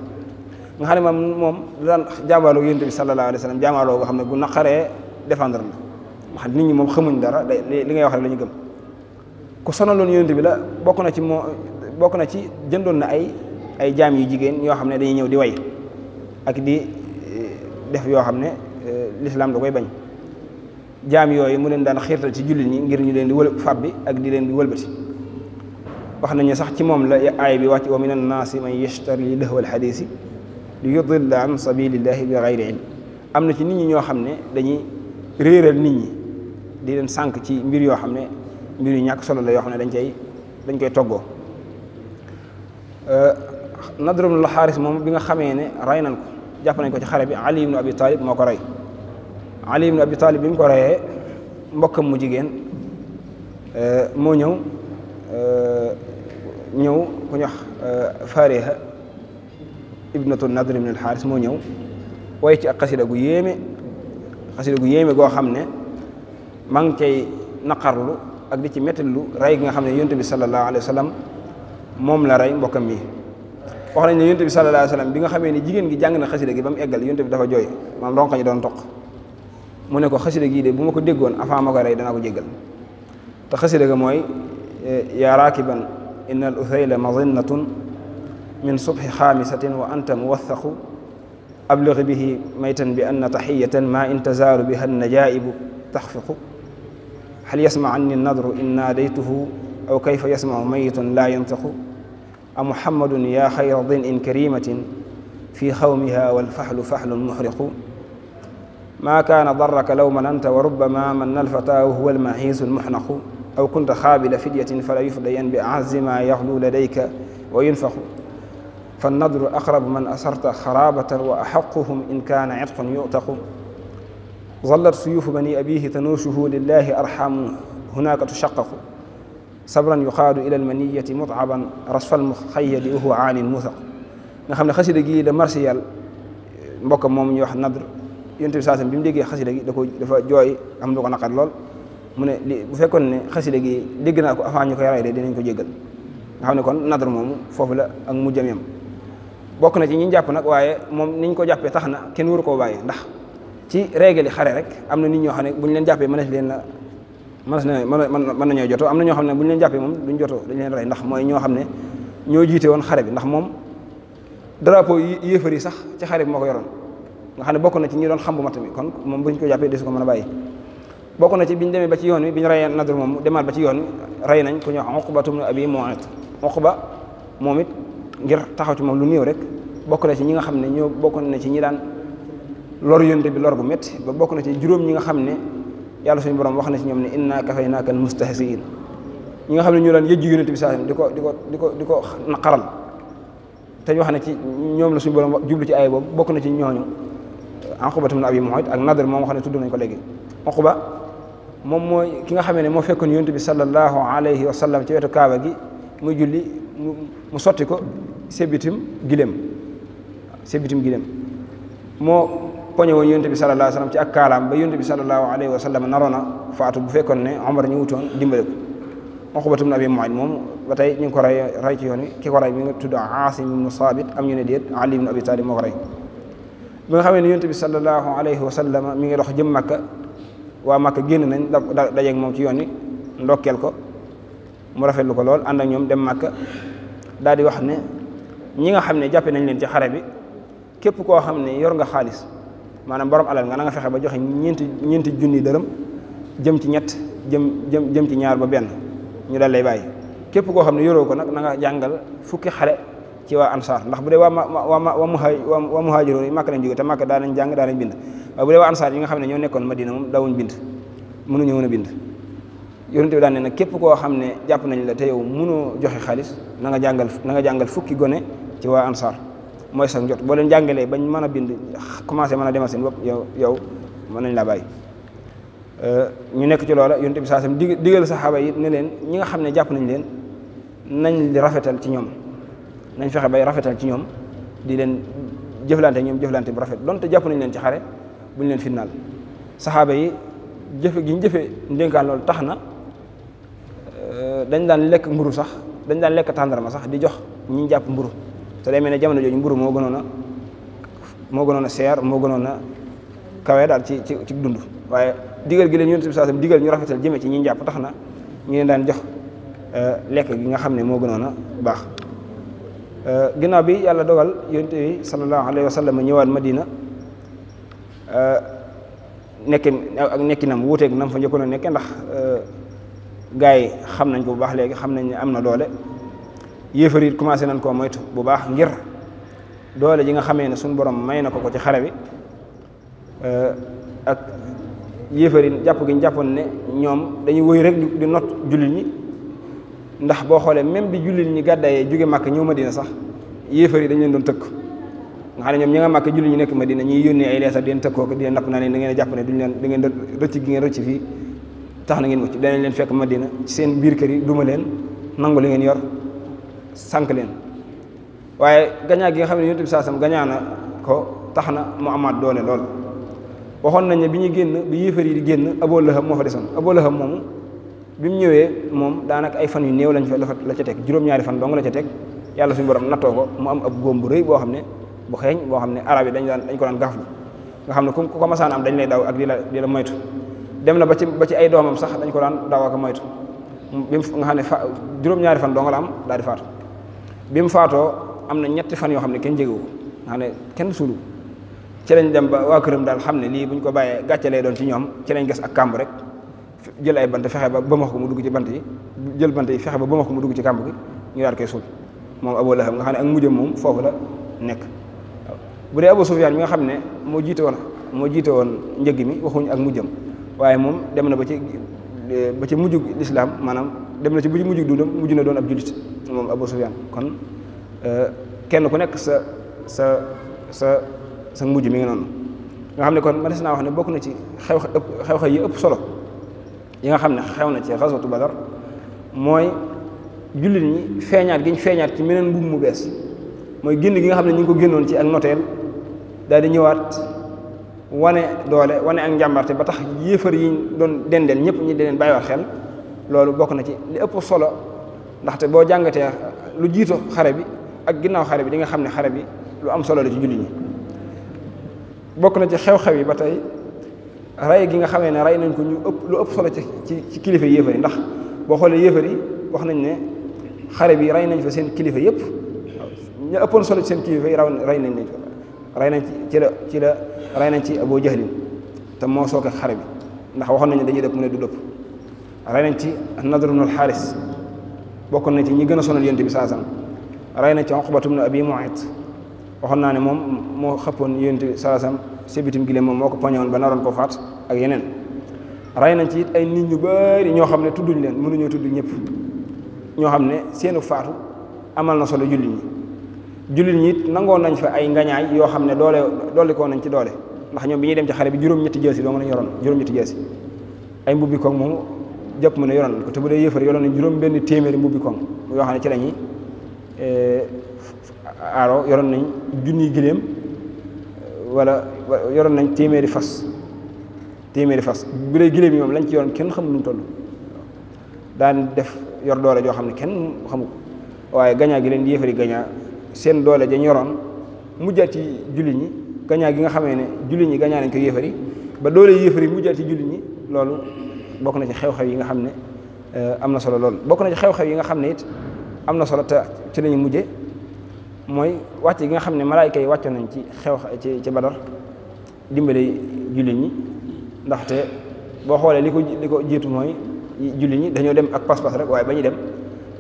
nga xam ne moom moom daan jaamaaloo yonent bi sallallahu alayhi wa sallam jaamaaloo boo xam ne bu naqaree défendre la nga nit ñi moom xamuñ dara li ngay wax rek la ñu gëm ku sonaloon yonent bi la bokk na ci moo bokk na ci jëndoon na ay ay jaam yu jigéen ñoo xam ne dañuy ñëw di way ak di eh, def yoo xam ne eh, lislaam da koy bañ jaam yooyu mu leen daan xiirtal ci jullit ñi ngir ñu leen di wël fab bi ak di leen di wëlbati wax nañu sax ci moom la aay bi wàcc wa min annaasi man yashtari lahwal xadiisi li yudilla an sabilillahi bi gayri ilm am na ci nit ñi ñoo xam ne dañuy réeral nit ñi di leen sànq ci mbir yoo xam ne mbir yu ñàkk solo la yoo xam ne dañ cay dañ koy toggoo eh, Nadr ibn al-Xaaris moom bi nga xamee ne ray nañ ko jàpp nañ ko ci xare bi Ali ibn Abi Talib moo ko rey Ali ibn Abi Talib bi mu ko reyee mbokkam mu jigéen euh, moo ñëw euh, ñëw ku ñuy wax euh, Fariha ibnatu Nadr ibn xaaris moo ñëw waaye ci ak xasida gu yéeme xasida gu yéeme goo xam ne maa ngi cay naqarlu ak di ci metti lu rey ki nga xam ne yonent bi sallallahu alayhi moom la rey mbokkam mi wax nañ ne yonte bi sallallahu alayhi wasallam bi nga xamee gi jàng na xasida gi ba mu eggal yonte dafa jooy maam ronko ñi doon toq mu ne ko xasida gii de bu ma ko déggoon avant ma ko rey danaa ko jéggal te xasida ga mooy eh, yaa raakiban inna al uthayla mazinnatun min subhi xaamisatin wa anta muwathaqu abligh bihi maytan bi anna taxiyatan ma in tazaaru biha najaibu taxfiqu hal yasma anni nadru in naadaytuhu aw kayfa yasmau mayitun laa yantiqu amuhammadun yaa xayra din in karimatin fi xawmiha walfaxlu faxlun muxriqu maa kaana darraka law mananta wa rubama man nalfataa wa huwa almaxiisu almuxnaqu aw kunta xaabila fidyatin fala yufdayan bi azi ma yaxlu ladayka wa yunfaxu fannadru aqrabu man asarta xaraabatan wa axaquhum in kaana itqun yutaqu zallat suyuufu bani abihi tanuushuhu lillahi arxamu hunaaka tushaqaqu sabran yuxaadu ila almaniyati mutaban rasfal muxayadi wa huwa aanin musaq nga xam ne xasida gii da marsiyal mbokk moom ñu wax nadr yonte bi bi mu déggee xasida gi da ko dafa jooy am lu ko naqar lool mu ne li bu fekkoon ne xasida gi dégg naa ko avant ñu koy ray de dinañ ko jegal nga xam ne kon nadr moomu foofu la ak mujjam yam bokk na ci ñi jàpp nag waaye moom niñ ko jàppee tax na kenn waru koo bàyyi ndax ci régle yi xare rek am na nit ñoo xam ne bu ñu leen jàppee mënees leen na mën a mën nañoo jotoo am na ñoo xam ne bu ñu leen a moom duñ jotoo dañ leen rey ñoo xam ne ñoo jiite woon xare bi ndax moom drapeau yi yéefar yi sax ci xare bi moo ko yoroon nga xam ne bokk na ci ñi doon xam bu mat mi kon moom buñ ko jàppee desu ko mën a bàyyi bokk na ci biñu demee ba ci yoon wi bi ñu reyee Nadr moom demaat ba ci yoon wi rey nañ ku ñuy wax Uqba ibn Abi moom it ngir taxaw ci moom lu néew rek bokk na ci ñi nga xam ne ñoo bokk na ci ñi daan lor yonte bi lor bu metti ba bokk na ci juróom ñi nga xam ne yàlla suñu borom wax na ci ñoom ne inna kafaynaaka mustahziin ñi nga xam ne ñu daan yëjju yonent bi saa di ko di ko di ko di ko naqaral te ñu wax na ci ñoom la suñu borom jublu ci ay boobu bokk na ci ñooñu Uqbatu ibn Abi Mu'ayt ak Nadr moom nga xam ne tudd nañ ko léegi Uqba moom mooy ki nga xamee ne moo fekkoon yonent bi sallallahu alayhi wa sallam ci wetu kaaba gi muy julli mu sotti ko sebitim gileem sebitim gileem moo poñe woon yonte bi sallallahu alayhi wa sallam ci ak kaalaam ba yonte bi sallallahu alayhi wa sallam naroon a faatu bu fekkoon ne Omar ñu wutoon dimbale ko Uqbatu ibn Abi Mu'ayt moom ba tey ñu ngi ko rey rey ci yoon wi ki ko mi ngi tudd Aasim ibn Saabit am ñu ne déet Ali ibn Abi Talib moo ko rey bi nga xamee ne yonte bi sallallahu alayhi mi ngi dox jëm Makka waa Makka génn nañ dajeeg moom ci yoon wi ndokkeel ko mu rafetlu ko lool ànd ak ñoom dem Makka daal di wax ne ñi nga xam ne jàppe nañ leen ci xare bi képp koo xam ne yor nga xaalis maanaam borom alal nga nanga fexe ba joxe ñeenti ñeenti junni dërëm jëm ci ñett jëm jëm jëm ci ñaar ba benn ñu dal lay bàyyi képp koo xam ne yoroo ko nag na nga jàngal fukki xale ci waa ansaar ndax bu dee waa waa muhaajiroon yi màkk lañ jóge te màkk daa nañ jàng daa nañ bind waaye bu dee waa ansaar yi nga xam ne ñoo nekkoon madina moom daawuñ bind mënuñu mën a bind yonente bi daan nag képp koo xam ne jàpp nañ la te yow mënoo joxe xaalis na nga jàngal na nga jàngal fukki gone ci waa ansaar mooy sax njot boo leen jàngalee bañ mën a bind commencé mën a demal seen bopp yow yow mën nañ la bàyyi euh, ñu nekk ci loola yonent bi saa sam dig digal saxaaba yi ne leen ñi nga xam ne jàpp nañ leen nañ rafetal ci ñoom nañ fexe bay rafetal ci ñoom di leen jëflante ñoom jëflante bu rafet donte jàpp nañ leen ci xare bu ñu leen fitnaal saxaaba yi jëfe gi jëfe ndénkaan loolu tax na euh, dañ daan lekk mburu sax dañ daan lekk tàndarma sax di jox ñi jàpp mburu te day mel ne jamono jooju mburu moo gënoon a moo gënoon a seer moo gënoon a kawe daal ci ci ci dund waaye digal gi leen yonent bi sallallahu alayhi digal ñu rafetal jëme ci ñi njàpp tax na ñu leen daan jox eh, lekk gi nga xam ne moo gënoon a baax eh, ginnaaw bi yàlla dogal yonent bi sallallahu alayhi wasallam ñëwaat Madina eh, nekkin ak nekki nekkinam wuuteeg nam fa njëkkoon a nekke ndax gars yi xam nañ ko bu baax léegi xam nañ ne am na doole yéefar yi commencé nañ koo moytu bu baax ngir doole ji nga xamee ne suñu borom may na ko ko ci xare bi eh, ak yéefar jàpp gi ñu jàppoon ne ñoom dañuy wëy rek di not jullit ñi ndax boo xoolee même bi jullit ñi gàddaayee jóge màkk ñëw Madina sax yéefar yi dañ leen doon tëkk nga xam ne ñoom ñi nga màkk jullit ñi nekk Madina ñuy yónnee ay leesar di leen tëkkoo di leen napp naa leen da ngeen jàpp ne duñ leen da ngeen rëcc gi ngeen rëcc fii tax na ngeen mucc danañ leen fekk Madina ci seen biir kër yi duma leen nangu li ngeen yor sànq leen waaye gañaa gi nga xam ne yonent bi saasam gañaa na ko tax na mu amaat doole lool waxoon nañ ne bi ñuy génn bi yéefar yi di génn Abu Lahab moo fa desoon la Lahab moomu bi mu ñëwee moom daanaka ay fan yu néew lañ fa la ca teg juróom fan dong la ca teg yàlla suñu borom nattoo mu am bu rëy boo xam ne bu xeeñ boo xam ne arab yi dañ daan dañ ko daan gaaflu nga xam ne ku ko masaan am dañ lay daw ak di la di la moytu dem na ba ci ba ci ay doomam sax dañ ko daan daw ak moytu bi nga xam ne fa juróom-ñaari fan dong la am daal di faatu bi mu faatoo am na ñetti fan yoo xam ne kenn jegewu ko nga xam ne kenn suulu ci lañ dem ba waa këram daal xam ne lii buñ ko bàyyee gàcce lay doon ci ñoom ci lañ ges ak kàmb rek jël ay bant fexe ba ba max ko mu dugg ci bant yi jël bant fexe ba ba max ko dugg ci kàmb gi ñu daal koy suul moom Abu Lahab nga xam ne ak mujjam moom foofu la nekk bu dee Abu Sufyaan mi nga xam ne moo jiite woon moo jiite woon njëg mi waxuñu ak mujjam waaye moom dem na ba ci ba ci mujj lislaam maanaam dem na ci bu ci mujj dundam mujj na doon ab jullit moom Abu Sufyaan kon euh, kenn ku nekk sa sa sa sa mujj mi ngi noonu nga xam ne kon ma des naa wax ne bokk na ci xew xew yi ëpp solo yi nga xam ne xew na ci xaswatu Badar mooy jullit ñi feeñaat gi ñu feeñaat ci meneen mbubb mu bees mooy génn gi nga xam ne ñu ngi ko génnoon ci ak noteel daal di ñëwaat wane doole wane ak njàmbarte ba tax yéefar yi doon dendeel ñëpp ñu deneen bàyyiwaat xel loolu bokk na ci li ëpp solo ndaxte boo jàngatee lu jiito xare bi ak ginnaaw xare bi di nga xam ne xare bi lu am solo la ci jullit ñi bokk na ci xew-xew yi ba tey rey gi nga xamee ne rey nañ ko ñu ëpp lu ëpp solo ci ci kilifa yéefar ndax boo xoolee yéefar wax nañ ne xare bi rey nañ fa seen kilifa yëpp ñu ëppoon solo ci seen kilifa yi raw rey nañ nañ rey nañ ci ci la ci la rey nañ ci Abu Jahlin te moo sooke xare bi ndax waxoon nañ ne dañuy dëpp mu ne du dëpp rey nañ ci nadr ibnu alxaaris bokk na ci ñi gën a sonal yonent bi saasam rey nañ ci uqbatu ibnu abi muayt waxoon naa ne moom moo xëppoon yonent bi saasam sébitum gile moom moo ko poñoon ba naroon ko faat ak yeneen rey nañ ci it ay nit ñu bari ñoo xam ne tudduñ leen mënuñoo tudd ñëpp ñoo xam ne seenu faatu amal na solo jullit ñi jullit ñi it nangoon nañ fa ay ngañaay yoo xam ne doole doolikoo nañ ci doole ndax ñoom bi ñuy dem ci xare bi juróom-ñetti si doo mën a yoroon juróom-ñetti ay mbubbi moom jàpp ma ne yoroon nañ ko te bu dee yëfar yoroon nañ juróom benn téeméeri mbubbi koŋ yoo xam ne ci la ñuy eh, yoroon nañ junniy giléem wala yoroon nañ téeméeri fas téeméeri fas bu dee giléem yi moom lañ ci yoroon kenn xamu lu mu daan def yor doole joo xam ne kenn xamu waaye gañaa gi leen di yëfari gañaa seen doole dañ yoroon mujjaat ci julli ñi gañaa gi nga xamee ne julli ñi gañaa nañ ko yëfari ba doole yëfari mujjaat ci julli ñi loolu bokk na ci xew-xew yi nga xam ne eh, am na solo lool bokk na ci xew-xew yi nga xam ne it am na solo te ci lañu mujje mooy wàcc gi nga xam ne malaayka kay wàccoon nañ ci xew ci ci badar dimbale jullit ñi ndaxte boo xoolee li ko li ko jiitu mooy julli ñi dañoo dem ak pas-pas rek waaye ba ñu dem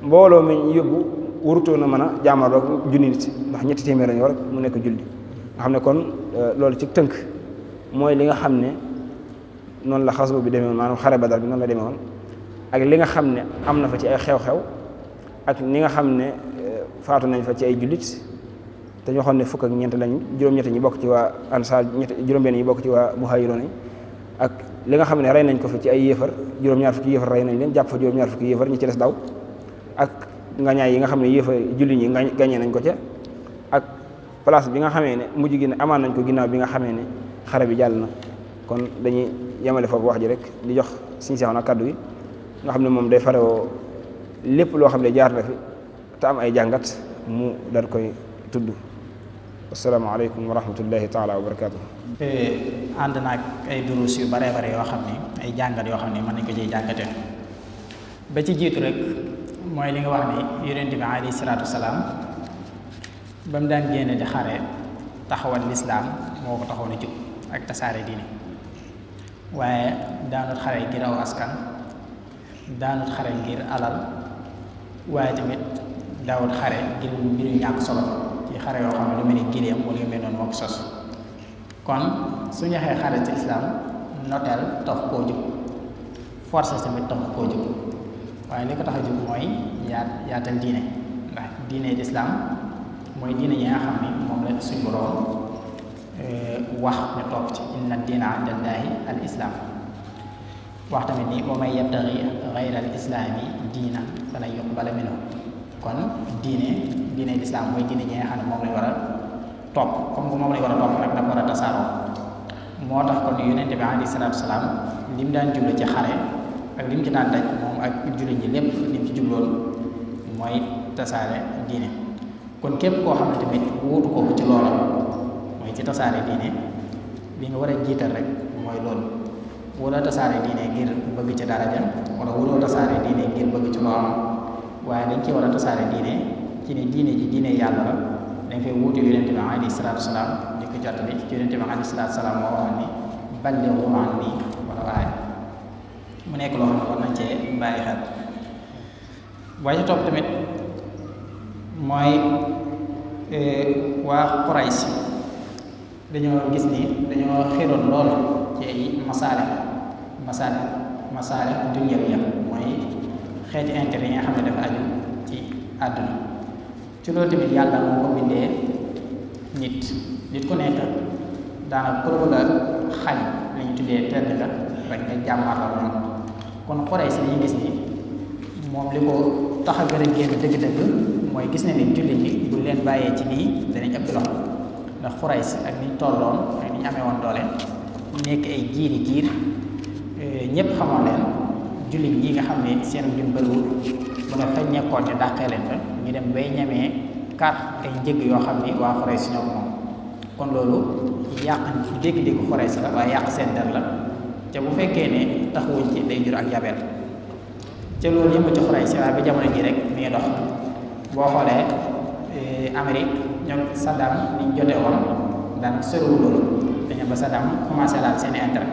mbooloo ma ñu yóbbu warutoo na mën a jaamarloo junni nit ndax ñetti téeméer lañu mu nekk julli nga xam ne kon eh, loolu ci tënk mooy li nga xam ne noonu la xasru bi demee woon maanaam xare badar bi noonu la demee ak li nga xam ne am na fa ci ay xew-xew ak ni nga xam ne eh, faatu nañ fa ci ay jullit te ñoo xam ne fukk ak ñeent lañ juróom-ñett ñi bokk ci waa ansaar ñett benn ñi bokk ci waa muhaayiroon ak li nga xam ne rey nañ ko fa ci ay yéefar juróom-ñaar fukki yéefar rey nañ leen jàpp fa juróom-ñaar fukki yéefar ñi ci des daw ak ngañaay yi nga xam ne yéefar jullit ñi gañee nañ ko ca ak place bi nga xamee ne mujj gi amaan nañ ko ginnaaw bi nga xamee ne xare bi jàll na kon dañuy yemale foofu wax ji rek di jox suñu seexoon na kàddu yi nga xam ne moom day farewoo lépp loo xam ne jaar na fi te am ay jàngat mu dar koy tudd asalaamaaleykum wa rahmatullahi taala wa barakaatu. ànd naag ay duruus yu bare bare yoo xam ay jàngat yoo xam ne man nañ ko ciy jàngate ba ci jiitu rek mooy li nga wax ni yonent bi salaam ba mu daan génne di xare taxawal lislaam moo ko taxaw na jóg ak tasaare diini waaye daanut xare ngir aw askan daanut xare ngir alal waaye tamit daawut xare ngir mbiru ñàkk solo ci xare yoo xam ne lu mel ni gileem wala yu mel noonu moo sos kon su ñu waxee xare ci islam noteel tax koo jub forcé tamit tax koo jub waaye li ko tax a jub mooy yaat yaatal diine ndax diine lislaam mooy diine yi xam ne moom la suñu borom wax ñu topp ci inna diina inda llaahi al islaam wax tamit ni wa may yabtagi gayra al islaami diina falan yuqbala minhu kon diine diine lislaam mooy diine ñi nga xam ne moom lañ war a topp comme que moom lañ war a topp moo tax kon yonente bi alayhi salaatu daan jublu ci xare ak lim ci daan daj moom ak ñi lépp lim ci jubloon mooy tasaare diine kon képp koo xam ne tamit wuutu ko ci loola mooy ci tasaare diine bi nga war a jiital rek mooy lool wala tasaare diine ngir bëgg ci dara ja wala wuloo tasaare diine ngir bëgg ci loo am waaye dañ ci war a tasaare diine ci ne diine ji diine yàlla la dañ koy wuute yonente bi alayhi salaatu salaam di ko jottali ci mu nekk loo xam ne tamit mooy eh, waa Quraysh dañoo gis ni dañoo xiroon lool ci ay masaale masaale masaale dunyawiya mooy xeeti intérêt yi nga xam ne dafa aju ci àdduna ci loolu tamit yàlla moo ko bindee nit nit ku nekk daanaka pour la xañ li ñu tuddee tedd nga rek nga jàmmarloo ñoom kon Quraysh si ñu gis ni moom li ko tax a gën génn dëgg-dëgg mooy gis na ni jullit yi bu leen bàyyee ci nii danañ ëpp loxo ndax xurays ak niñ tolloon ak niñ amee woon doole ñu nekk ay giiri giir eh, ñépp xamoon leen jullit ñi nga xam ne seen jum bëriwul mu ne fañ nekkoon ñu dàqee leen fa ñu dem bay ñamee kaat ay njëg yoo xam ni waa xurays ñoo ko moom kon loolu yàq dégg-dégg xurays la waaye yàq seen der la te bu fekkee ne taxawuñ ci day jur ak yabeel ca loolu yëpp ci xurays waaye ba jamono ji rek mi ngi dox boo xoolee eh, Amérique ñoom Saddam niñ jote woon daan soriwul loolu dañu ba Saddam commencé laal seen intérêt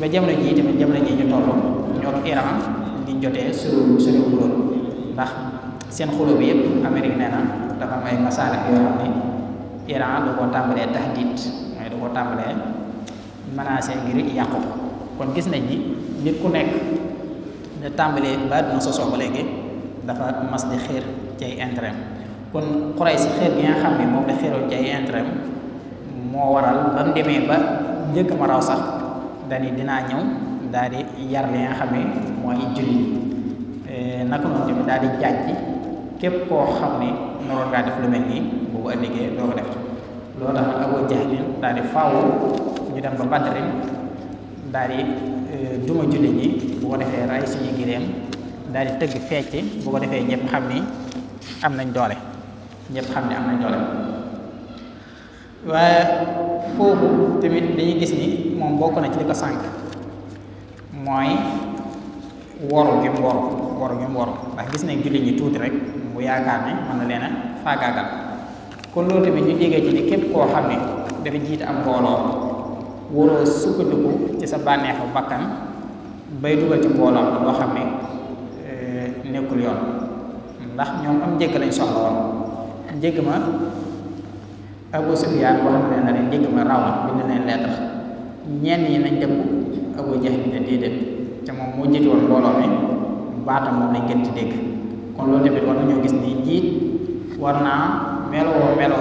ba jamono jii tamit jamono jii ñu toll ñoo ko Iran liñ jotee soriwul soriwul loolu ndax seen xuloo bi yëpp Amérique nee dafa am ay yoo xam ne Iran da koo tàmbalee tahdid mooy da koo tàmbalee menacé ngir yàqu ko kon gis nañ ni nit ku nekk da tàmbalee ba dina sosoo ba léegi dafa mas di xiir ci ay kon xuray si xeet gi nga xam ne moom la xeeroon ci ay moo waral ba mu demee ba njëkk ma raw sax dani dinaa ñëw daal di yar li nga xam moo mooy julli eh, naka noonu daal di jàjj képp koo xam ne noroon ngaa def lu mel nii boobu ëllëgee doo ko def loolu tax Abu daal di faaw ñu dem ba Badrin daal di eh, duma julli ñi bu ko defee ray si giréem daal di tëgg fecc boo ko defee ñëpp xam ni am nañ doole ñëpp xam ne am na doole waaye foofu tamit dañuy gis ni moom bokk na ci li ko sànq mooy woru gi mu woru woru gi ndax gis nañ jullit ñi tuuti rek mu yaakaar ne mën na leen faagaagal kon loolu tamit ñu jege ci ne képp koo xam ne dafa jiite am mbooloo waroo sukkandiku ci sa bànneexu bakkan bay dugal ci mbooloo loo xam ne eh, nekkul yoon ndax ñoom am njëkk lañ soxla woon njëgg ma Abu Sufyaan wax na leen na leen njëgg ma raw na bind leen lettre ñenn ñi nañ dem Abu Jahl ne déedéet te moom moo jiitu woon mbooloo mi baatam moom lañ gën ci dégg kon loolu tamit gis ni njiit war naa meloo meloo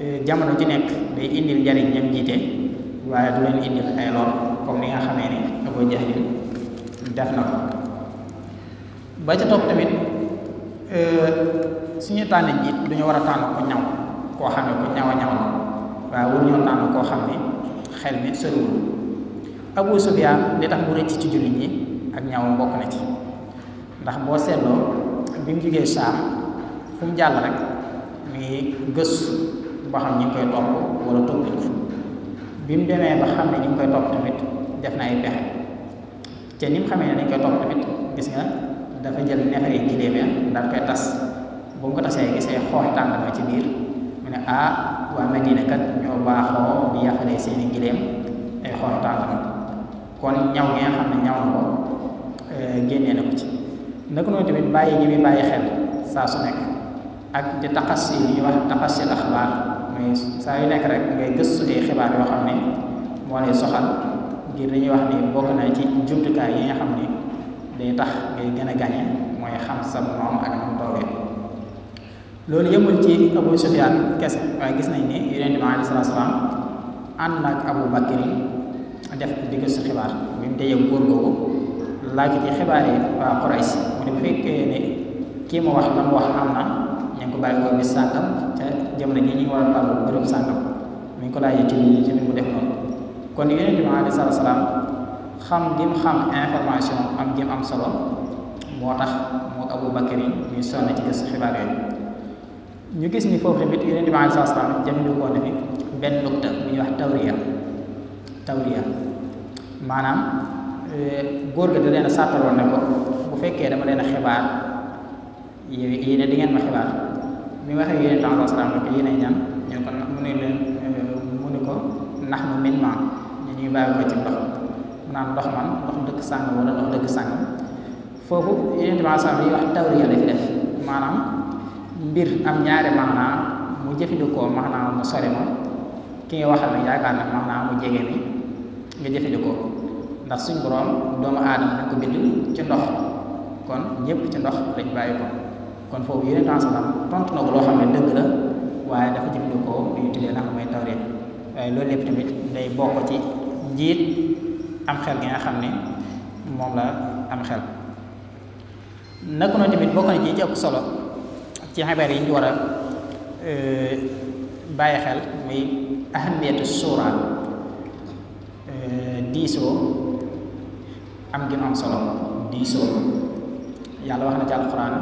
e, jamono ji nekk day indil njariñ ñam jiite waaye du leen indil ay lor comme ni nga xamee ni Abu Jahl def na ko ba ca topp tamit e, suñu tànn jiit dañu war a tànn ku ñaw koo xam ne ku ñaw ñaw na waaye waruñoo tànn koo xam ne xel mi soriwul Abu Sufyaan li tax mu rëcc ci jullit ñi ak ñawam mbokk na ci ndax boo seetloo bi mu jógee Saam fu mu jàll rek mi ngi gëstu xam koy topp bi mu demee ba xam ne ñi ngi koy topp tamit def na ay pexe te ni mu xamee ne dañ koy topp tamit gis nga dafa jël neefere giléem daal koy tas bu mu ko tasee gisee xoox tàndarma ci biir mu ne ah waa Medina kat ñoo baaxoo di yàqalee seeni gileem ay xoox tàndarma kon ñaw ngeen nga xam ne ñaw na ko eh, génnee na ko ci naka noonu tamit bàyyi gi muy bàyyi xel saa su nekk ak di taqas yi ñuy wax taqas yi axbaar mais saa yu nekk rek ngay gëstu ay xibaar yoo xam ne moo lay soxal ngir dañuy wax ni bokk na ci jumtukaay yi nga xam ne day tax ngay gën a gañe mooy xam sa moom ak moom toogee loolu yëmul ci Abu Sufyaan kese waaye gis nañ ni Yonent bi aleyhi salaatu salaam ànd ak Abu Bakr def digg si xibaar bi mu dee góor googu laaj ci xibaar yi waa mu ne bu fekkee ne kii ma wax la mu wax am na ñu ko bàyyi ko bis sàngam te jamono ji ñu ngi war a bàyyi bërëb sàngam mi ko laajee ci biir ci mu def noonu kon Yonent bi aleyhi salaatu salaam xam gi xam information am gi am solo moo tax moo Abu Bakr ñu sonn ci gëstu xibaar yooyu. ñu gis ni foofu tamit yeneen di maanaam saa salaam jëfandiku koo tamit benn nukta bu ñuy wax tawriya tawriya maanaam euh, góor ga da leen sàttaloon ne ko bu fekkee dama leen a xibaar yéen di ngeen ma xibaar mi waxee ak yeneen temps salaam ne ko yéen ñan ñu ko mu ne leen euh, mu ne ko nax mu min ñu ñuy bàyyi ko ci ndox mu naan ndox man ndox dëkk sàng wala ndox dëkk sàng foofu yeneen di maanaam yi wax tawriya la def maanaam. mbir am ñaari maanaa mu jëfandikoo maanaa mu sore ma ki nga waxal ne yaakaar na naa mu jege ni nga jëfandikoo ndax suñ boroom doomu aadama dañ ko bind ci ndox kon ñëpp ci ndox lañ bàyyi ko kon foofu yeneen tensnam tontu loo xam ne dëgg la waaye dafa jëfandikoo li ñu tuddee mooy tawreet waaye loolu lépp tamit bokk ci njiit am xel gi nga xam ne moom la am xel naka noonu tamit bokk na ci ci solo ci xibaar yi ñu war euh, bàyyi xel muy ahamiyatu suura euh, diisoo am gi am solo diisoo yàlla wax na ci alquran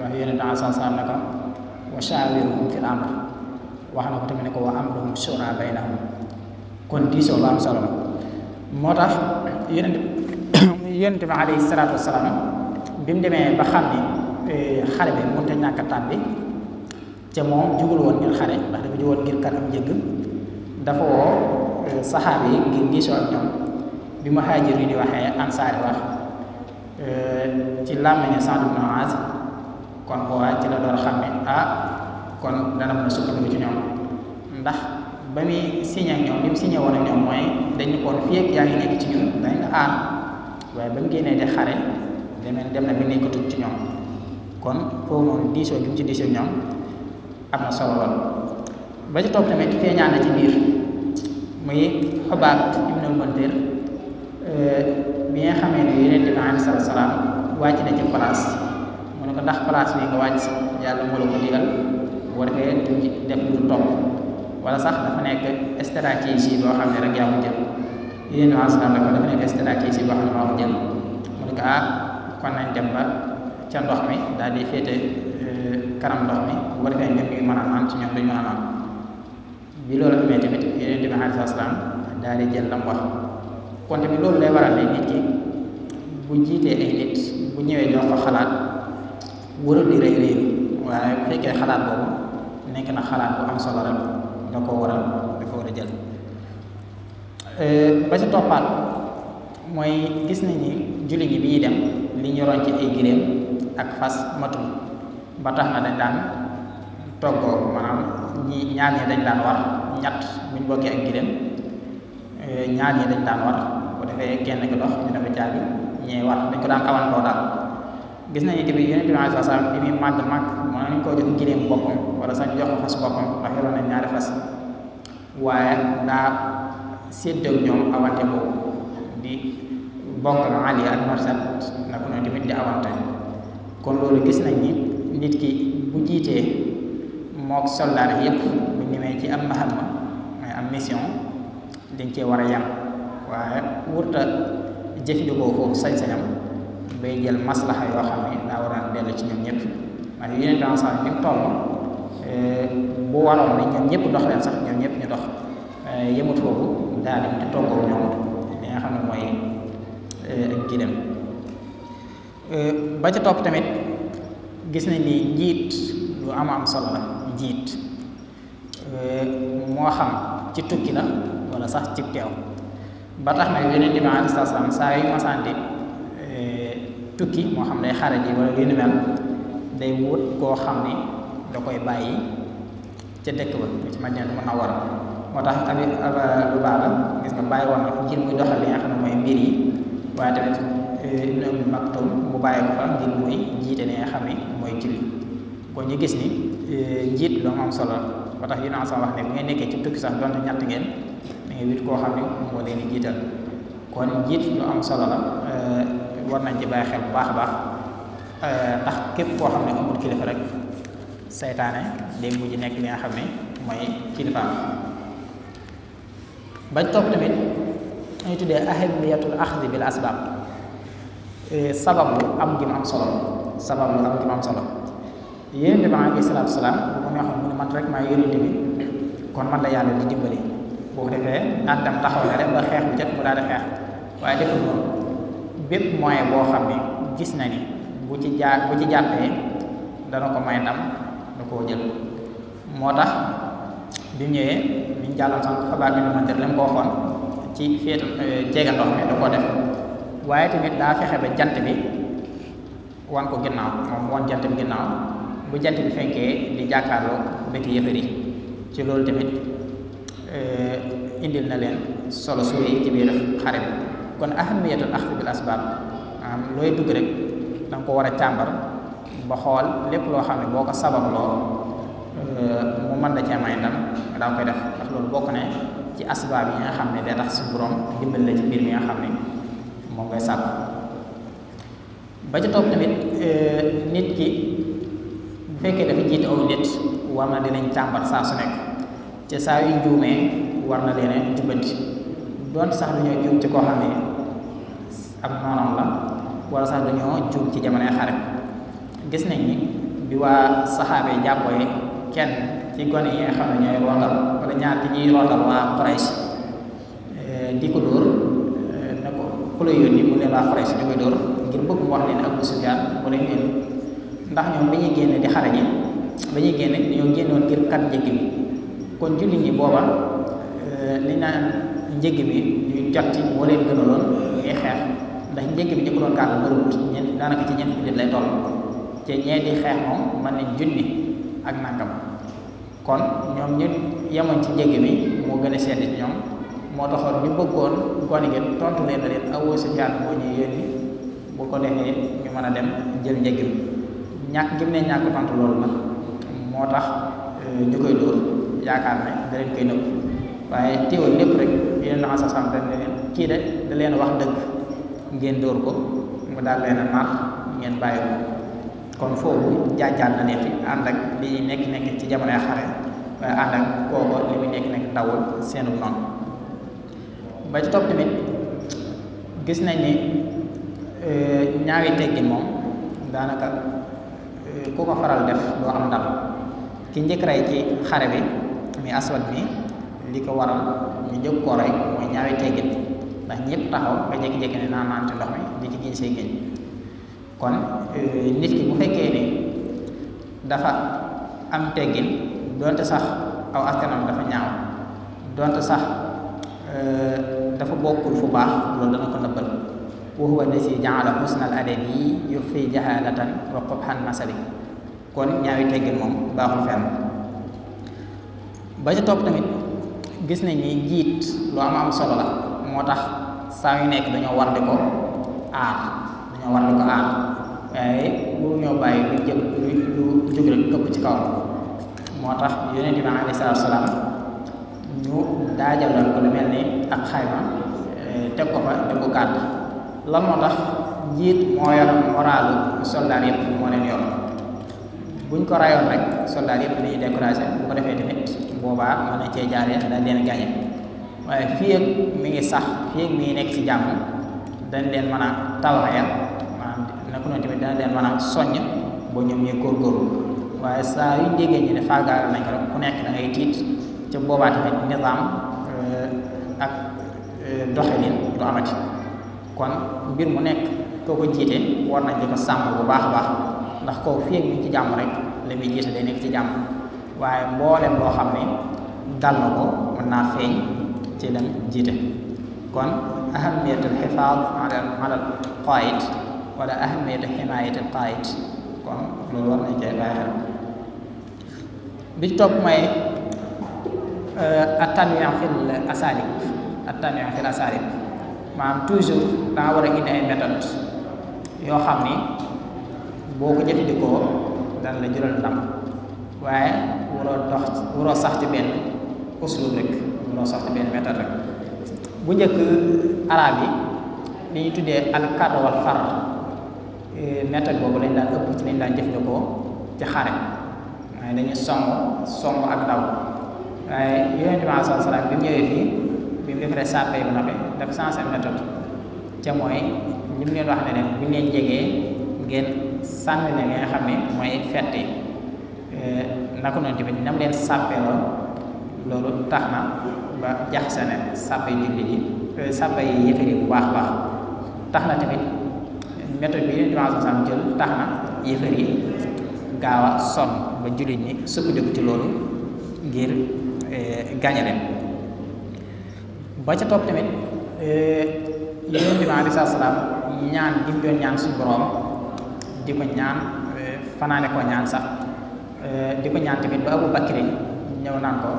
wax yonent bi saa saa ne ko wa shaawirhum fil amr wax na ko tamit ne ko wa amruhum suura baynahum kon diisoo lu am solo moo tax yonent yonent bi alayhi salaatu wasalaam bi mu demee ba xam ne Eh, xare bi mënut a ñàkk a tàbbi ca moom jugul woon ngir xare ndax dafa jugoon ngir kat am njëgg dafa woo eh, saxaaba yi ngir diisoo ak ñoom bi muhaajir yi di waxee ansaari wax eh, ci làmmiñu Sa'd ibn Mu'aaz ci la door xam ne ah kon dana mën a sukkandiku ndax ba muy signé ak ñoom mu signé woon ñoom mooy dañu koon fii ak yaa ngi nekk ci ñun dañ la aar ah. waaye ba mu génnee di xare demee dem na bi nekkatut ci ñoom kon foofu moom diisoo gi ci diisoo ñoom am na solo lool ba ci topp tamit feeñaan na ci biir muy Xubaab ibnul Mundir eh, bi nga xamee ni yeneen di alayhi salaatu salaam wàcc na ci place mu ne ko ndax place bi nga wàcc yàlla moo la ko digal war nga def lu topp wala sax dafa nekk stratégie boo xam ne rek yaa ko jël yeneen di alayhi salaam dafa nekk stratégie boo xam ne moo ko jël mu ne ko ah kon nañ dem ba ca ndox mi daal di féete euh, kanam ndox mi bu ko defee ñoom ñuy mën a naan ci ñoom duñ mën a naan bi loolu amee tamit yeneen tamit alayhi salaam daal jël lam wax kon tamit loolu lay waral ne nit ki bu jiitee ay nit bu ñëwee ñoo fa xalaat warul di rëy rëy waaye bu fekkee xalaat boobu nekk na xalaat bu am solo rek nga ko waral dafa war a jël euh, ba ci toppaat mooy gis nañu julli gi bi ñuy dem li ñu ci ay giréem ak fas matul ba tax na dañ daan toggoo maanaam ñi ñaar ñi dañ daan war ñett buñ bokkee ak giléem eh, ñaar ñi dañ daan war bu defee kenn ki dox ñu dafa caabi ñee war dañ ko daan awan koo daal gis nañu tamit yonent jox giléem boppam wala sax jox fas boppam ndax yoroon nañ ñaari fas waaye daa séddew ñoom awante boobu di bokk Ali ak Marsad na ko noonu tamit di awante kon loolu gis nañ nit ki bu jiitee mook soldaar yépp bu ñëwee ci am mahamma mooy am mission dañ cee war a yam waaye wurta jëfandikoo foofu sañ-sañam bay jël maslaxa yoo xam ne daa waroon dellu ci ñoom ñëpp waaye yeneen dansa ñu toll eh, bu waroon ne ñoom ñëpp dox leen sax ñoom ñëpp ñu dox eh, yemut foofu daal di toggoo ñoom li nga xam ne mooy eh, ak Euh, ba ca topp tamit gis nañ ni njiit lu am am solo la njiit euh, moo xam ci tukki la wala sax ci teew ba tax na yeneen di ma alayhi salaam saa yu masante euh, tukki moo xam day xare ji wala luy mel day wut koo xam ne da koy bàyyi ca dëkk ba ci Madina mën na war moo tax tamit lu baax la gis nga bàyyi woon na ngir muy doxal li nga xam ne mooy mbir yi waaye tamit ñoom Maktoum bàyyi ko fa ngir muy jiite ne xam mooy julli ñu gis ni eh, am solo tax yu naa sama wax ne bu ci tukki sax donte ñett ngeen da ngay koo xam ne moo leen jiital kon njiit lu am solo eh, war nañ ci bàyyi xel bu baax a baax eh, ndax képp koo xam ne amul kilifa rek saytaane day mujj nekk mooy kilifa bañ topp tamit dañuy tuddee ahamiyatul axdi bil asbaab Eh, sabab lu am gi am solo sabab lu am gi am solo yéen bi maa ngi salaatu salaam ne man rek maa yonent bi kon man la yàlla di dimbali boo ko defee àddam taxaw na rek ba xeex bu jot mu daal di xeex waaye deful moom bépp moyen boo xam ne gis na ni bu ci jaar bu ci jàppee dana ko may ndam da koo jël moo tax bi mu ñëwee bi ñu jàlloon sax xabaar bi nu ma la mu ko waxoon ci féet eh, jege ndox mi da koo def waaye tamit daa fexe ba jant bi wan ko ginnaaw moom wan jant bi ginnaaw bu jant bi fenkee di jàkkaarloo bëti yëfër yi ci loolu tamit eh, indil na leen solo su rëy ci xare bi kon ahamiyatul axdi bil asbaab looy dugg rek ko war a càmbar ba xool lépp loo xam ne boo ko sabab loo eh, mu mën na cee may ndam daa koy def ndax loolu bokk ne ci asbaab bi nga xam ne day tax su borom dimbal la ci mbir mi nga xam ne moom ngay sàkk ba ca topp tamit e, nit ki bu fekkee dafa jiite aw nit war na dinañ càmbar saa su nekk ca saa yu juumee war na leen jubbanti doon sax dañoo juum ci koo xam ne ab noonam la wala sax dañoo juum ci jamonoy xare gis nañ bi waa saxaabe jàppee kenn ci gone yi nga xam ne ñooy rootal wala ñaar ci ñuy rootal waa Quraysh e, di ko dóor ku la yónni mu ne la Quraysh da koy dóor ngir bëgg mu wax leen Abu Sufyaan wala ñu indi ndax ñoom ba ñuy génne di xarañe ba ñuy génne ñoo génnoon ngir kat njëgg bi kon julli ñi booba euh, li naan njëgg bi ñu jot ci moo leen gënaloon ñuy xeex ndax njëgg bi ñu ko doon kàll ci ñetti jullit lay toll te ñee di xeex moom mën ne junni ak nàngam kon ñoom ñu yemoon ci njëgg bi moo gën a sedd ñoom moo taxoon ñu bëggoon ko ngeen tontu leen na leen awoo sa jaan moo ñuy yónni bu ko defee ñu mën a dem jël njëgim ñàkk gim ne ñàkk tontu loolu nag moo tax euh, ñu koy dóor yaakaar ne da koy nëbb waaye teewal sa kii de da leen wax dëgg ngeen dóor ko mu daal leen a ngeen bàyyi ko kon foofu jaajaat na leen fi ànd ak li nekk nekk ci jamonoy xare waaye ànd ak kooku li muy nekk nekk dawul seenu noonu ba ci topp tamit gis nañ ni euh, ñaawi teggin moom daanaka euh, ku ko faral def doo am ndam ki njëkk rey ci xare bi mi aswad mi li ko waral ñu njëkk koo rey mooy ñaawi teggin ndax ñëpp taxaw nga jékki-jékki ne naan naan ci ndox mi di ci géej say géej kon euh, nit ki bu fekkee ni dafa am teggin donte sax aw askanam dafa ñaaw donte sax dafa bokkul fu baax loolu dana ko nëbbal wa huwa lasi jaala xusnal adabi yu fi jahalatan wa masali kon ñaawi teggin moom baaxul fenn ba ca topp tamit gis nañ ni njiit lu am am solo la moo tax saa yu nekk dañoo war di ko aar dañoo war di ko aar waaye bu ñoo bàyyi lu jëm lu jóg këpp ci kaw moo tax yonent bi alayhi salaatu salaam ñu daajal daajaloon ko lu mel ni ak xayma eh, teg ko fa teg ko gàtt lan moo tax njiit moo yor moralu soldaar yëpp moo leen yor buñ ko rayoon rek soldaar yëpp dañuy découragé bu ko defee tamit boobaa mën na cee jaaree dañ leen gaañe waaye fii ak mi ngi sax fii ak mi ngi nekk ci jàmm dañ leen mën a tawayal maanaam naka noonu tamit mën a soññ ba ñoom ñu góorgóorlu waaye saa yu déggee ñu ne faagaagal nañ ko ku nekk da ngay tiit ca boobaa tamit nizaam euh, ak euh, doxalin du amati kon mbir mu nekk kooku ko jiite war nañ di ko sàmm bu baax a baax ndax koo fii ak ci jàmm rek la muy jiite day nekk ci jàmm waaye mboolem loo xam ne dal na ko mën naa feeñ ci lam jiite kon ahamiyatul xifaad ala ala qaayid wala ahamiyatu ximaayatil qaayid kon loolu war nañ cee bàyyi xel bi topp mooy Euh, attanwin fil asalib attanwin fil asalib maanaam toujours danga war a indi ay méthode yoo xam ni boo ko jëfandikoo dana la jural ndam waaye waroo dox waroo sax ci benn uslub rek waroo sax ci benn méthode rek bu njëkk arab yi li ñu tuddee alkad wal far euh, méthode boobu lañ daan ëpp ci lañ daan jëfandikoo ci xare waaye dañuy song song ak daw waaye yonent bi alayhi salaam bi mu ñëwee fii bi mu defaree sàppe bu noppee dafa sensé méthode ca mooy li mu leen wax ne leen bu ñu leen jegee ngeen sànni leen li nga xam ne mooy fett yi eh, naka noonu tamit nam leen sàppe lool loolu tax na ba jaxase ne sàppe yu julli ji eh, sàppe yi yëfër yi bu baax baax tax na tamit méthode bi yonent bi alayhi salaam jël tax na yëfër yi gaaw a sonn ba jullit ñi sukkandiku ci loolu ngir gaañe leen ba ca topp tamit eh, yonent bi aleyhi salaatu salaam ñaan gi mu doon ñaan suñu boroom di ko ñaan eh, fanaane koo ñaan sax eh, di ko ñaan tamit ba Abu Bakri ñëw naan ko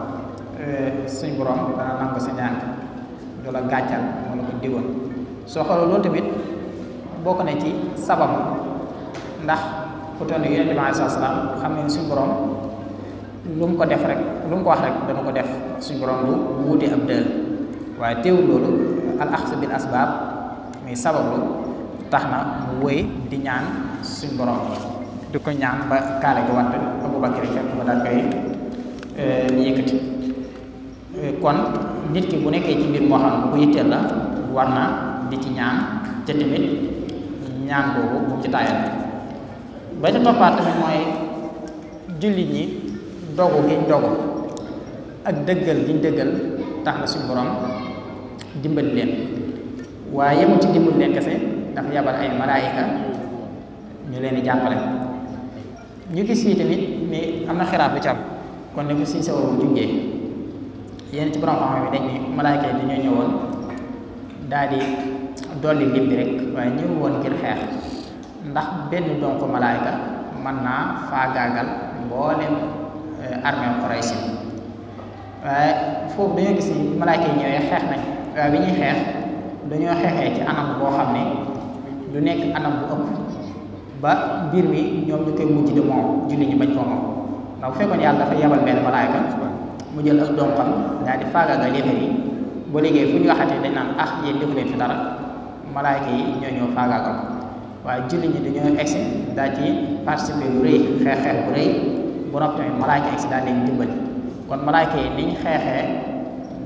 suñu boroom dana nangu sa ñaan du la gàccal moo la ko digoon soo xoolee loolu tamit bokk na ci sababu ndax ku toll yonent bi aleyhi salaatu salaam xam ne suñu boroom lu mu ko def rek lu mu ko wax rek dana ko def suñu borom lu wuute ab dël waaye teewul loolu al axsu bil asbaab muy sabablu tax na mu wëy di ñaan suñu borom di ko ñaan ba kaale gi watt Abu Bakar fekk mu daal eh, yëkkati eh, kon nit ki bu nekkee ci mbir moo xam bu yitteel la war na di ci ñaan te tamit ñaan boobu bu ci taayal ba ca toppaat tamit mooy jullit ñi dogu giñ dogu ak dëggal giñ dëggal tax na suñu borom dimbali leen waaye mu ci dimbali leen kese dafa yabal ay malaayika ñu leen di jàppale ñu gis fii tamit ni am na xiraat bu cam kon ne ko siñ sawabu jungee yéen ci borom xam-xam bi dañ ni malaayika yi dañoo ñëwoon daal di dolli lim bi rek waaye ñëw woon ngir xeex ndax benn donc malaayika mën naa faagaagal mboolem Euh, armée Quraysh waaye foofu dañoo gis ni malaaka yi ñëwee xeex nañ waaye bi ñuy xeex dañoo xeexee ci anam boo xam ne du nekk anam bu ëpp ba mbir mi ñoom ñu koy mujj de moom julli ñu bañ koo moom ndax bu fekkoon yàlla dafa yebal benn malaaka mu jël ak donkam daal di faagaagal yéefar yi ba liggéey fu ñu waxatee dañ naan ah yéen defu fi dara malaaka yi ñoo ñëw faagaagal waaye julli ñi dañoo egsi daal ci participer bu rëy xeex xeex bu rëy borom tamit malaayka yi si daal leen dimbali kon malaayka yi ni ñu xeexee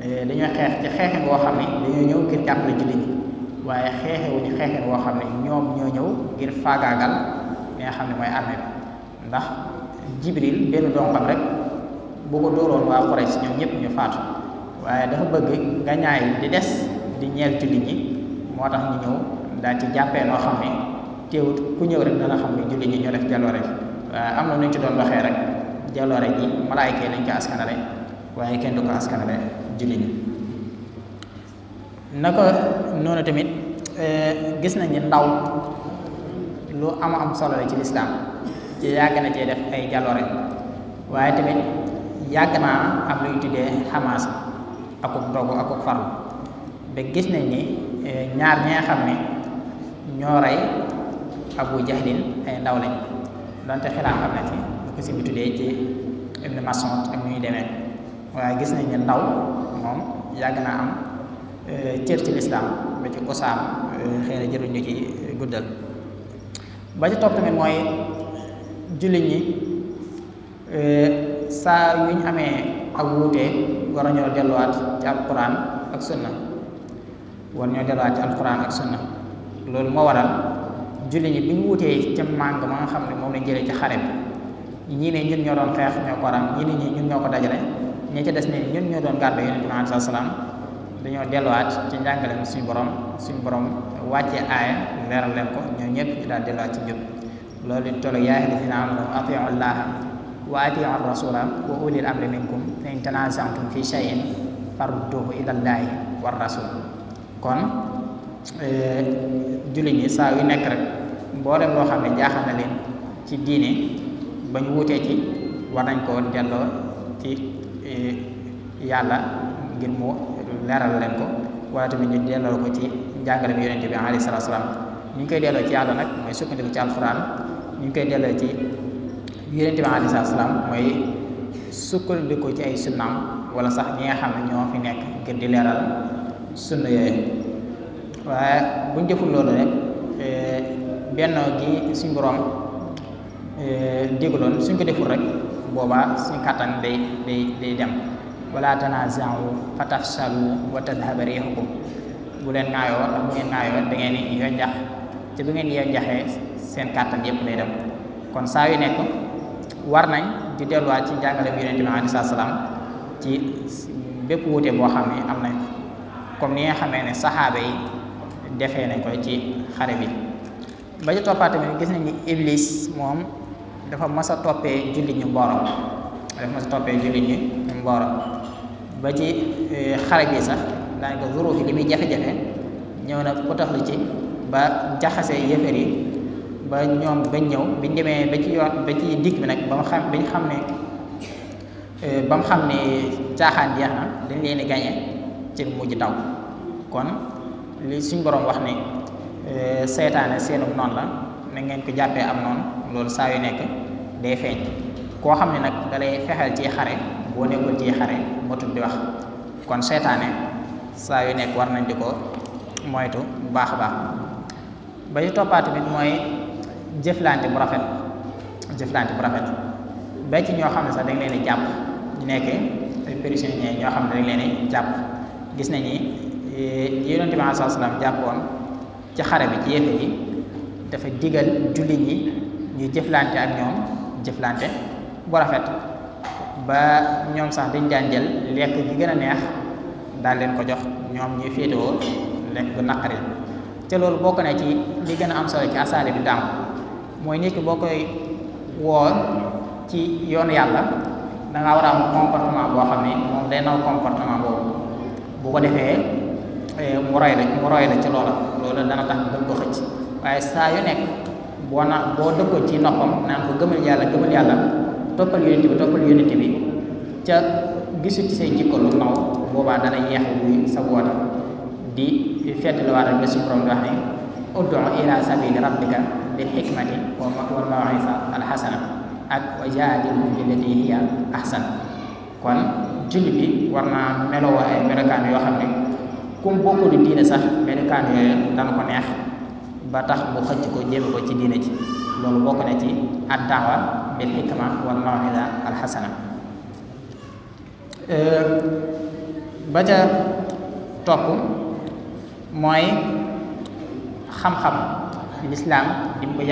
eh, dañoo xeex ci xeexe boo xam ne dañoo ñëw ngir jàppale jullit ñi waaye xeexe wu ñu xeexe boo xam ne ñoom ñoo ñëw ngir faagaagal li xam ne mooy armée bi ndax jibril benn donqam rek boo ko dóoroon ñëpp ñu faatu waaye dafa bëgg gañaay di des di ñeel jullit moo tax ñu ñëw daal ci jàppee noo xam ne teewut ku ñëw rek dana xam ne jullit ñi ñoo def jaloore waaye am na nu ci doon waxee rek jaloore ji malaayka yi lañ ko askanale waaye kenn du ko askanale julli ñi naka noonu tamit eh, gis nañ ni ndaw lu ama am solo la ci lislaam ci yàgg na cee def ay jaloore waaye tamit yàgg naa am luy tuddee xamaas akuk dogu akuk farlu ba gis nañ ni eh, ñaar ñi xam ne ñoo rey abu jahlin ay ndaw lañ donte xilaaf am na ci ko si bi ci Ibn Mas'ud ak ñuy demee waaye gis nañ ne ndaw moom yàgg naa am euh, cër ci lislaam ba ci kosaam euh, xëy na ci guddal ba ci topp tamit mooy jullit ñi euh, saa yu ñu amee ak wuute war a ñoo delluwaat ci alquran ak sunna war ñoo delluwaat ci alquran ak sunna loolu moo waral jullit ñi bi ñu wutee ca màng ma nga xam ne moom lañ jëlee ci xare bi ñii ne ñun ñoo doon xeex ñoo ko ram ñii ne ñun ñoo ko dajale ñi ci des ne ñun ñoo doon gàddu yonent bi dañoo delluwaat ci njàngale suñu borom suñu borom wàccee aaya leeral leen ko ñoo ñëpp daal delluwaat ci njub loolu it toll yaa ayyuhal wa atii'u rasuula wa ulil amri minkum fa in tanaaza'tum fi shay'in farudduuhu ila llaahi war rasuul kon eh, jullit ñi saa yu nekk rek mboolem loo xam ne jaaxal na leen ci diine ba ñu wutee ci war nañ koo delloo ci e, yàlla ngir mu leeral leen ko wala tamit ñu delloo ko ci njàngale bi yonente bi alayhi salaatu salaam ñu ngi koy delloo ci yàlla nag mooy sukkandiku ci ñu ngi koy delloo ci yonente mooy sukkandiku ci ay sunnaam wala sax ñi nga xam ñoo fi nekk ngir di leeral sunna yooyu waaye buñ deful loolu rek e, benn gi suñ borom Eh, digaloon suñ ko deful rek boobaa suñ kattan day day day dem wala tanaza'u fa tafsalu wa tadhhaba riihukum bu leen ŋaayoo ndax bu da te bu ngeen yonjaxee seen kattan yëpp day dem kon saa yu nekk war nañ di delluwaat ci jàngale njàngale bi yonente bi alayhi salaam ci bépp wuute boo xam ne am nañ comme ni nga xamee ne saxaaba yi defee nañ ko ci xare bi ba ci toppaat tamit gis nañ ni iblis moom dafa mas a toppee julli ñu mbooloo dafa mas a toppee julli ñu mbooloo ba ci e, xare bi sax daanaka zuruf yi li muy jafe-jafe ñëw na ku taxlu ci ba jaxase yëfër yi ba ñoom bañ ñëw biñ demee ba ci yoon ba ci digg bi nag ba mu xam biñ xam ne e, xam ne caaxaan jeex na dañ leen di gañe ci mujj taw kon li suñ boroom wax ni e, seytaane seenu noonu la na ngeen ko jàppee am noonu loolu saa yu nekk day feeñ koo xam ne nag da fexeel ci xare boo nekkul ci xare motul di wax kon seytaane saa yu nekk war nañ di ko moytu bu baax a baax ba ci toppaat tamit mooy jëflante bu rafet jëflante bu rafet ba ñoo xam ne sax dañ leen jàpp ñu nekkee ay prisonniers ñoo xam ne dañ leen jàpp gis nañ ni eh, yonent bi alayhi salaam jàppoon ci xare bi ci yéefe yi dafa digal jullit ñi ñuy jëflante ak ñoom jëflante bu rafet ba ñoom sax dañ daan jël lekk gi gën a neex daal leen ko jox ñoom ñuy féetewoo lekk bu naqari te loolu bokk na ci li gën a am solo ci asaale bi daamu mooy nit ki boo koy woor ci yoonu yàlla danga ngaa war a am comportement boo xam ne moom day naw boobu bu ko defee eh, mu roy la mu roy la ci loola loolu dana tax nga ko xëcc waaye saa yu nekk. boo boo dëkkoon ci noppam naan ko gëmal yàlla gëmal yàlla toppal yonent bi toppal yonent bi ca gisu say jikko lu naw boobaa dana yeex buy sa woote di fedd la waat rek la suñu borom wax ne uddu ila ak wa jaadilhum billati hiya bi war naa meloo ay melokaan yoo xam ne kum bokkul diine sax melokaan yooyu dana ko neex ba tax mu xëcc koo jéem ko ci diine ji loolu bokk na ci addaawa bil hikma wal mawida alxasana euh, ba ca topp mooy xam di mu ko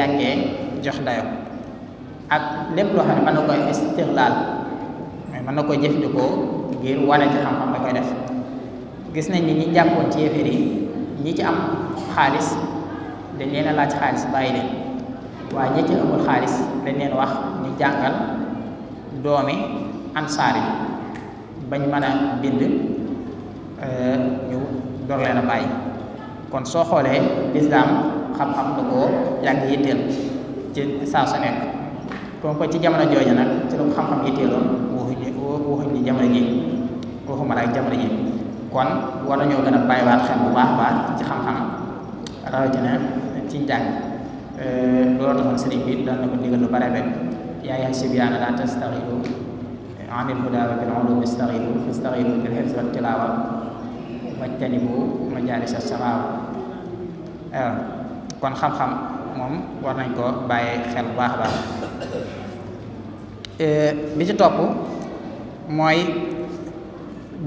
jox dayo ak lépp loo xam ne mën na koy istiqlaal mën na koy jëfandikoo ngir wane ci xam-xam da koy def gis nañ ni ñi jàppoon ci yéeféer yi ñi ci am xaalis dañ leen a laaj xaalis bàyyi leen waaye ñi ci amul xaalis dañ leen wax ñu jàngal doomi ansaar yi bañ mën a bind euh, ñu door a bàyyi kon soo xoolee lislaam xam-xam da koo yàgg yitteel ci saa su nekk kon ko ci jamono jooju nag ci la ko xam-xam yitteeloon waxuñu waxuñu jamono ji waxuma la ak jamono ji kon war nañoo gën a bàyyiwaat xel bu baax baax ci xam-xam rawatina ci njàng euh, looloo taxoon sëriñ bi daan na ko digal lu bare rek yaa yaa sibyaana laa tastaxilu anil hudaa wa bil ulumi euh, kon xam-xam moom war nañ ko bàyyi xel bu baax a baax euh, bi ci topp mooy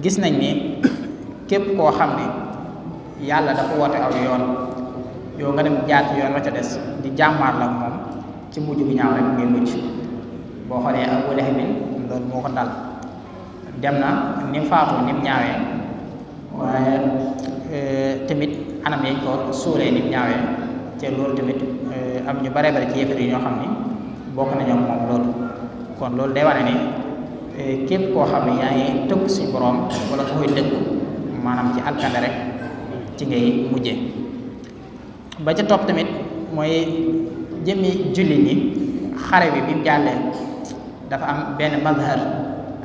gis nañ ni képp koo xam ne yàlla dafa woote aw yoon yow nga dem jaar ci yoon wa ca des di jàmmaar la moom ci mujj bu ñaaw rek ngay mujj boo xoolee ak wala xamin loolu moo ko dal dem na ni mu faatoo ni mu waaye eh, tamit anam yañ ko sóolee ni mu ñaawee te loolu tamit eh, am ñu bare bare ci yëfër yi ñoo xam ne bokk nañoo moom loolu kon loolu day wane ni eh, képp koo xam ne yaa ngi tëgg suñu borom wala koy dëgg maanaam ci alkande rek ci ngay mujjee ba ca topp tamit mooy jëmmi julli ñi xare bi bi mu jàllee dafa am benn mazhar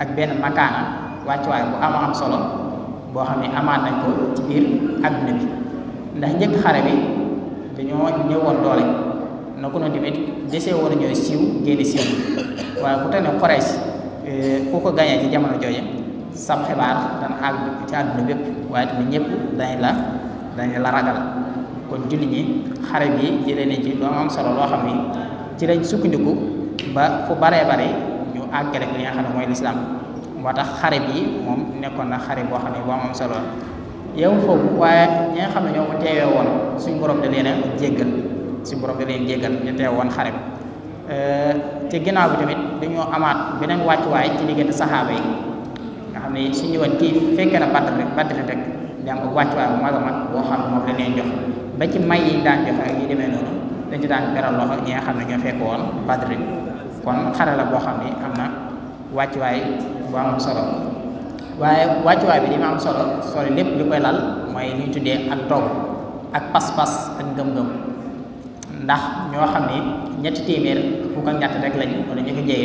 ak benn makaana wàccuwaay bu ama am solo boo xam ne amaan nañ ko ci biir adduna bi ndax njëkk xare bi dañoo ñëwoon doole na ko noonu tamit desee woon ñooy siiw génn siiw waaye bu te ne Quraysh eh, ku ko gañee ci jamono jooje sam xibaar dana àgg ci àdduna bépp waaye tamit ñëpp dañ la dañ la ragal kon julli ñi xare bi jëlee nañ ci lu am solo loo xam ni ci lañ sukkandiku ba fu baree bare ñu àggale li nga xam ne mooy lislaam moo tax xare bi moom nekkoon na xare boo xam ne bu solo yow foofu waaye ñi nga xam ne ñoo ko teewee woon suñ borom da leen a jéggal suñ borom da leen jéggal woon xare bi te ginnaaw bi tamit dañoo amaat beneen wàccuwaay ci diggante saxaaba yi nga xam ne suñu woon kii fekkee na Badr rek Badr rek da am ko wàccuwaay bu mag a mag boo xam ne moom leen jox ba ci may yi daan joxe ak yi demee noonu dañ daan beral loxo ñi nga xam ne ñoo fekk woon badrin kon xare la boo xam ne am na wàccuwaay bu am solo waaye wàccuwaay bi li ma am solo solo lépp li koy lal mooy li ñu tuddee ak toog ak pas-pas ak ngëm-ngëm ndax ñoo xam ne ñetti téeméer fukk ak ñett rek lañu wala ñu ko jege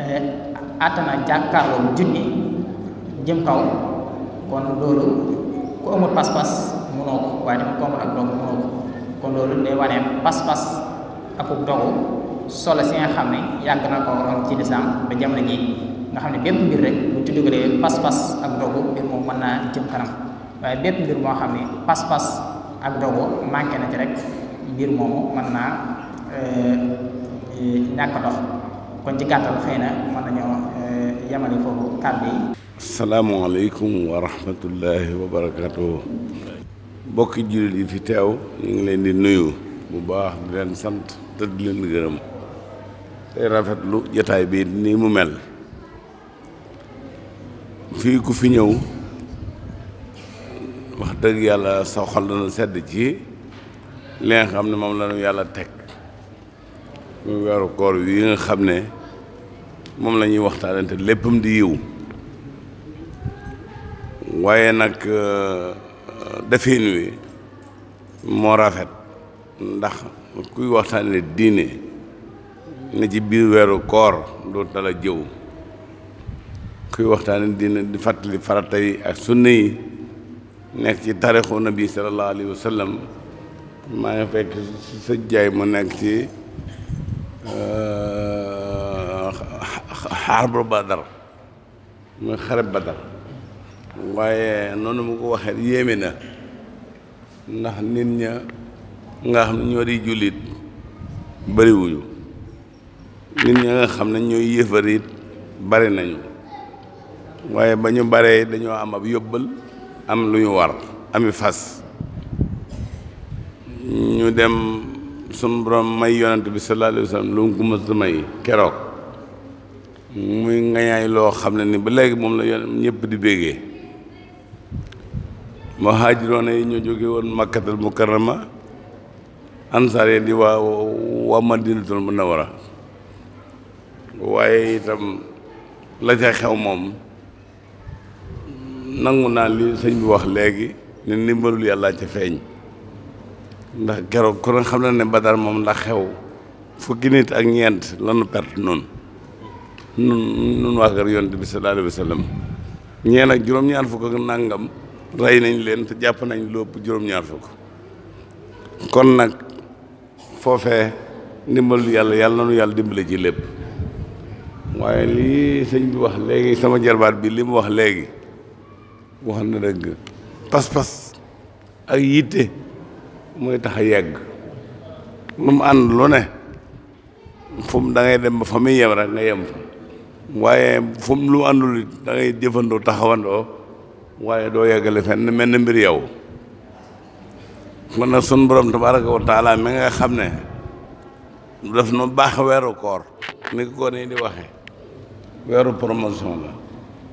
eh, àttana jàkkaarloo junni jëm kaw kon loolu ku amul pas-pas mënoo ko waaye tamit koo mën ak dogu mënoo ko kon loolu day wane pas-pas akub dogu solo si nga xam ne yàgg na ko am ci lislaam ba jamono ji nga xam ne bépp mbir ci dugalee pas-pas ak moo xam ne pas-pas ak dogu manqué na ci rek mbir moomu mën naa euh, euh, ñàkk dox kon ci gàttal xëy na mën nañoo euh, yemale foofu kàddu yi. asalaamaaleykum wa rahmatullahi wa mbokki jullit yi fi teew ñu ngi leen di nuyu bu baax di leen sant te di leen gërëm tey rafetlu jataay bii nii mu mel fii ku fi ñëw wax dëgg yàlla sa xol dana sedd ci li nga xam ne moom la yàlla teg muy weeru koor yi nga xam ne moom lañuy ñuy waxtaanante léppam di yiw waaye nag euh, defin wi moo rafet ndax kuy waxtaane diine ne ci biir weeru koor doo tala jëw kuy waxtaane diine di fàttali farata yi ak sunna yi nekk ci tarixu nabi sallallahu alayhi wa maa ngi fekk sëj jaay mu nekk ci xarbu badar muy xareb badar waaye noonu mu ko waxee yéeme na ndax nit ña nga xam ne ñoo di jullit bariwuñu nit ña nga xam ne ñooy yéefar bari nañu waaye ba ñu baree dañoo am ab yóbbal am lu ñu war ami fas ñu dem sun borom may yonent bi sallallahu lu mu ko mës a may keroog muy ngañaay loo xam ne ni ba léegi moom la yoon ñëpp di béggee muhaajiroona yi ñoo jóge woon makkatal mukarrama ansaar yi di waa waa madinatul munawwara waaye itam la ca xew moom nangu naa li sëñ bi wax léegi ne ndimbalul yàlla ca feeñ ndax keroog ku ne xam na ne Badar moom ndax xew fukki nit ak ñeent lanu pert noonu nun nun waa kër yonent bi sallallahu wa sallam ñeen ak juróom-ñaar fukk ak nàngam rey nañ leen te jàpp nañ lu ëpp juróom-ñaar fukk kon nag foofe ndimbalu yàlla yàlla na nu yàlla dimbale ci lépp waaye lii sëñ bi wax léegi sama jarbaat bi li mu wax léegi wax na dëgg pas-pas ak yitte mooy tax a yegg lu mu ànd lu ne fu mu dem ba fa muy yem rek nga yem fa waaye fu lu àndul it da ngay jëfandoo taxawandoo waaye doo yeggale fenn mel na mbir yow kon nag suñ borom tabaraka wa taala mi nga xam ne daf nu baax weeru koor ni di waxe weeru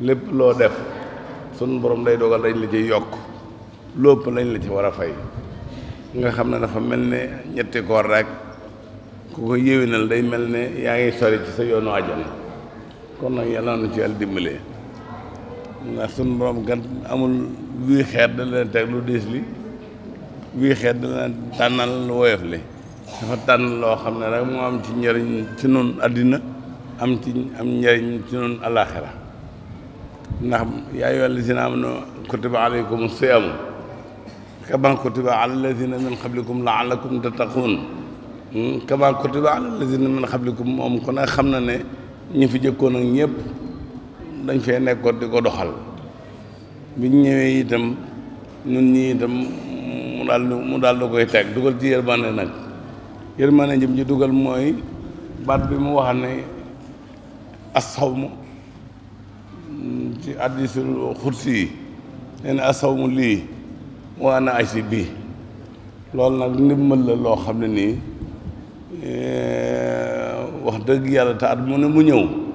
lépp loo def sunu borom day dogal dañ la ci yokk lépp lañ la ci war a fay nga xam ne dafa mel ne ñetti koor rek ku ko yéwénal day mel ni yaa ngi sori ci sa yoonu àjjana kon nag yàlla na ci yàlla dimbalee ndax suñu borom gan amul wii xeet da leen teg lu diis li wii xeet da leen tànnal lu woyof li dafa tànn loo xam ne rek moo am ci njëriñ ci noonu àddina am ci am njëriñ ci noonu alaxira ndax yaa ayyuhal lazina amanu kutiba alaykum siyaamu kama kutiba alal lazina min qablikum laallakum tattaquun hmm, kama kutiba alal lazina moom kon nag xam na ne ñu fi jëkkoon ak ñëpp dañ fee nekkoon di ko doxal biñ ñëwee itam ñun ñii itam mu daal mu daal koy teg dugal ci yërmande nag yërmande jëm ci dugal mooy baat bi mu wax ne asawmu ci hadiisul xudsi yi nee na asawmu lii waa na asi bii loolu nag ndimbal la loo xam ne nii eh, wax dëgg yàlla te at mu ne mu ñëw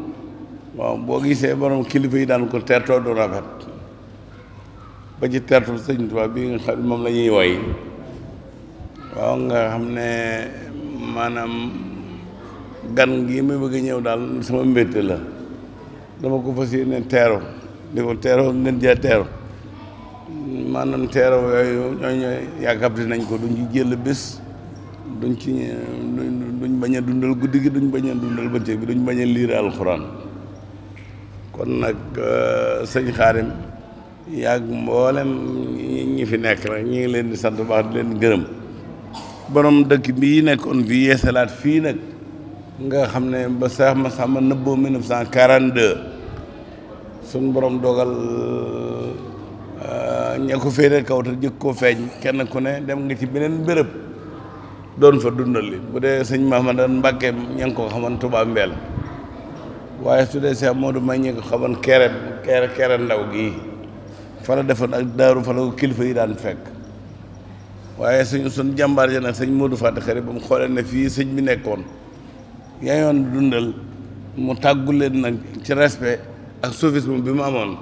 waaw boo gisee borom kilifa yi daan ko tertoo du rafet ba ci tertu sëñ Tuubaa bi nga xam moom la ñuy nga xam ne maanaam gan gi may bëgg a ñëw daal sama mbétte la dama ko fas yéene teero di ko teero ngeen jee teero maanaam teero yooyu ñooy ñooy yàkkamti nañ ko duñ ci jël bés duñ ci duñ bañ a dundal guddi gi duñ bañ a dundal bëccëg bi duñ bañ liir alxuraan kon nag euh, sëñ xaarim yàgg mboolem ñi fi nekk rek ñu ngi leen di sant bu baax di leen gërëm borom dëkk bii nekkoon fii yeesalaat fii nag nga xam ne ba Seex Masamba nëbboo 1942 suñ borom dogal euh, ña ko féete kaw te jëkk koo feeñ kenn ku ne dem nga ci beneen béréb doon fa dundal li bu dee sëñ Mahamadan Mbàkke ña koo xam xaman Tuubaa Mbeel waaye su dee Cheikh Modou may ñi ko xamoon kere kere kere ndaw gii fa la defoon ak daaru fa la ko kilifa yi daan fekk waaye suñ suñ jàmbaar ja nag sëñ Modou Faty Khary ba mu xoolee ne fii sëñ bi nekkoon yayoon dundal mu tàggu leen nag ci respect ak soufisme bi mu amoon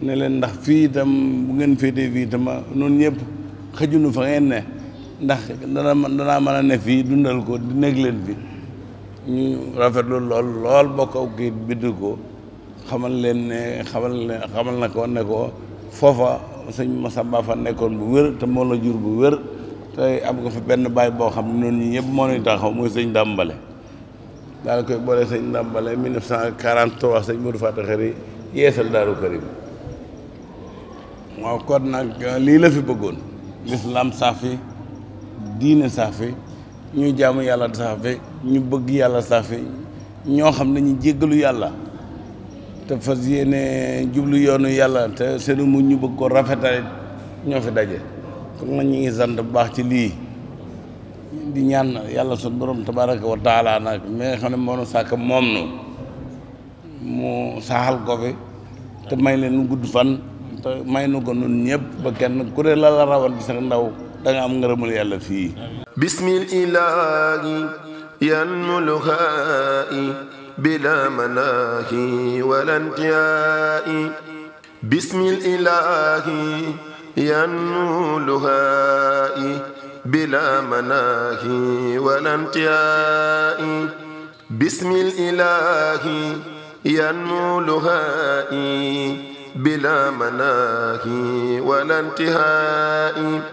ne leen ndax fii itam bu ngeen féetee fii itam noonu ñëpp xëjunu fa ngeen ne ndax dana danaa mën a ne fii dundal ko di nekk leen fi ñu rafetlu lool lool bokk aw kayit bind ko xamal leen ne xamal na ko ne foofa sëñ Masamba fa nekkoon bu wér te moo la jur bu wér te am nga fa benn baay boo xam ne noonu ñëpp moo ñuy taxaw muy sëñ Dàmbale daal koy boole sëñ Dàmbale 1943 sëñ Modou Fatou Khary yeesal Daaru Karim waaw kon nag lii la fi bëggoon l'islam saafi diine saafi ñuy jaamu yàlla saafe ñu bëgg yàlla saafe ñoo xam ne ñu jéggalu yàlla te fas yéene jublu yoonu yàlla te seenu mu ñu bëgg ko rafetal ñoo fi daje kon nag ñu ngi sant bu baax ci lii di ñaan yàlla sunu borom tabaraka wa taala nag xam ne moo nu moom nu mu saaxal ko fi te may leen nu gudd fan te may nu ko nun ñëpp ba kenn ku ne la la rawan bi sax ndaw da nga am ngërëmul yàlla fii بسم الإله ينمو الهاء بلا مناهي ولا انتهاء بسم الإله ينمو الهاء بلا مناهي ولا انتهاء بسم الإله ينمو الهاء بلا مناهي ولا انتهاء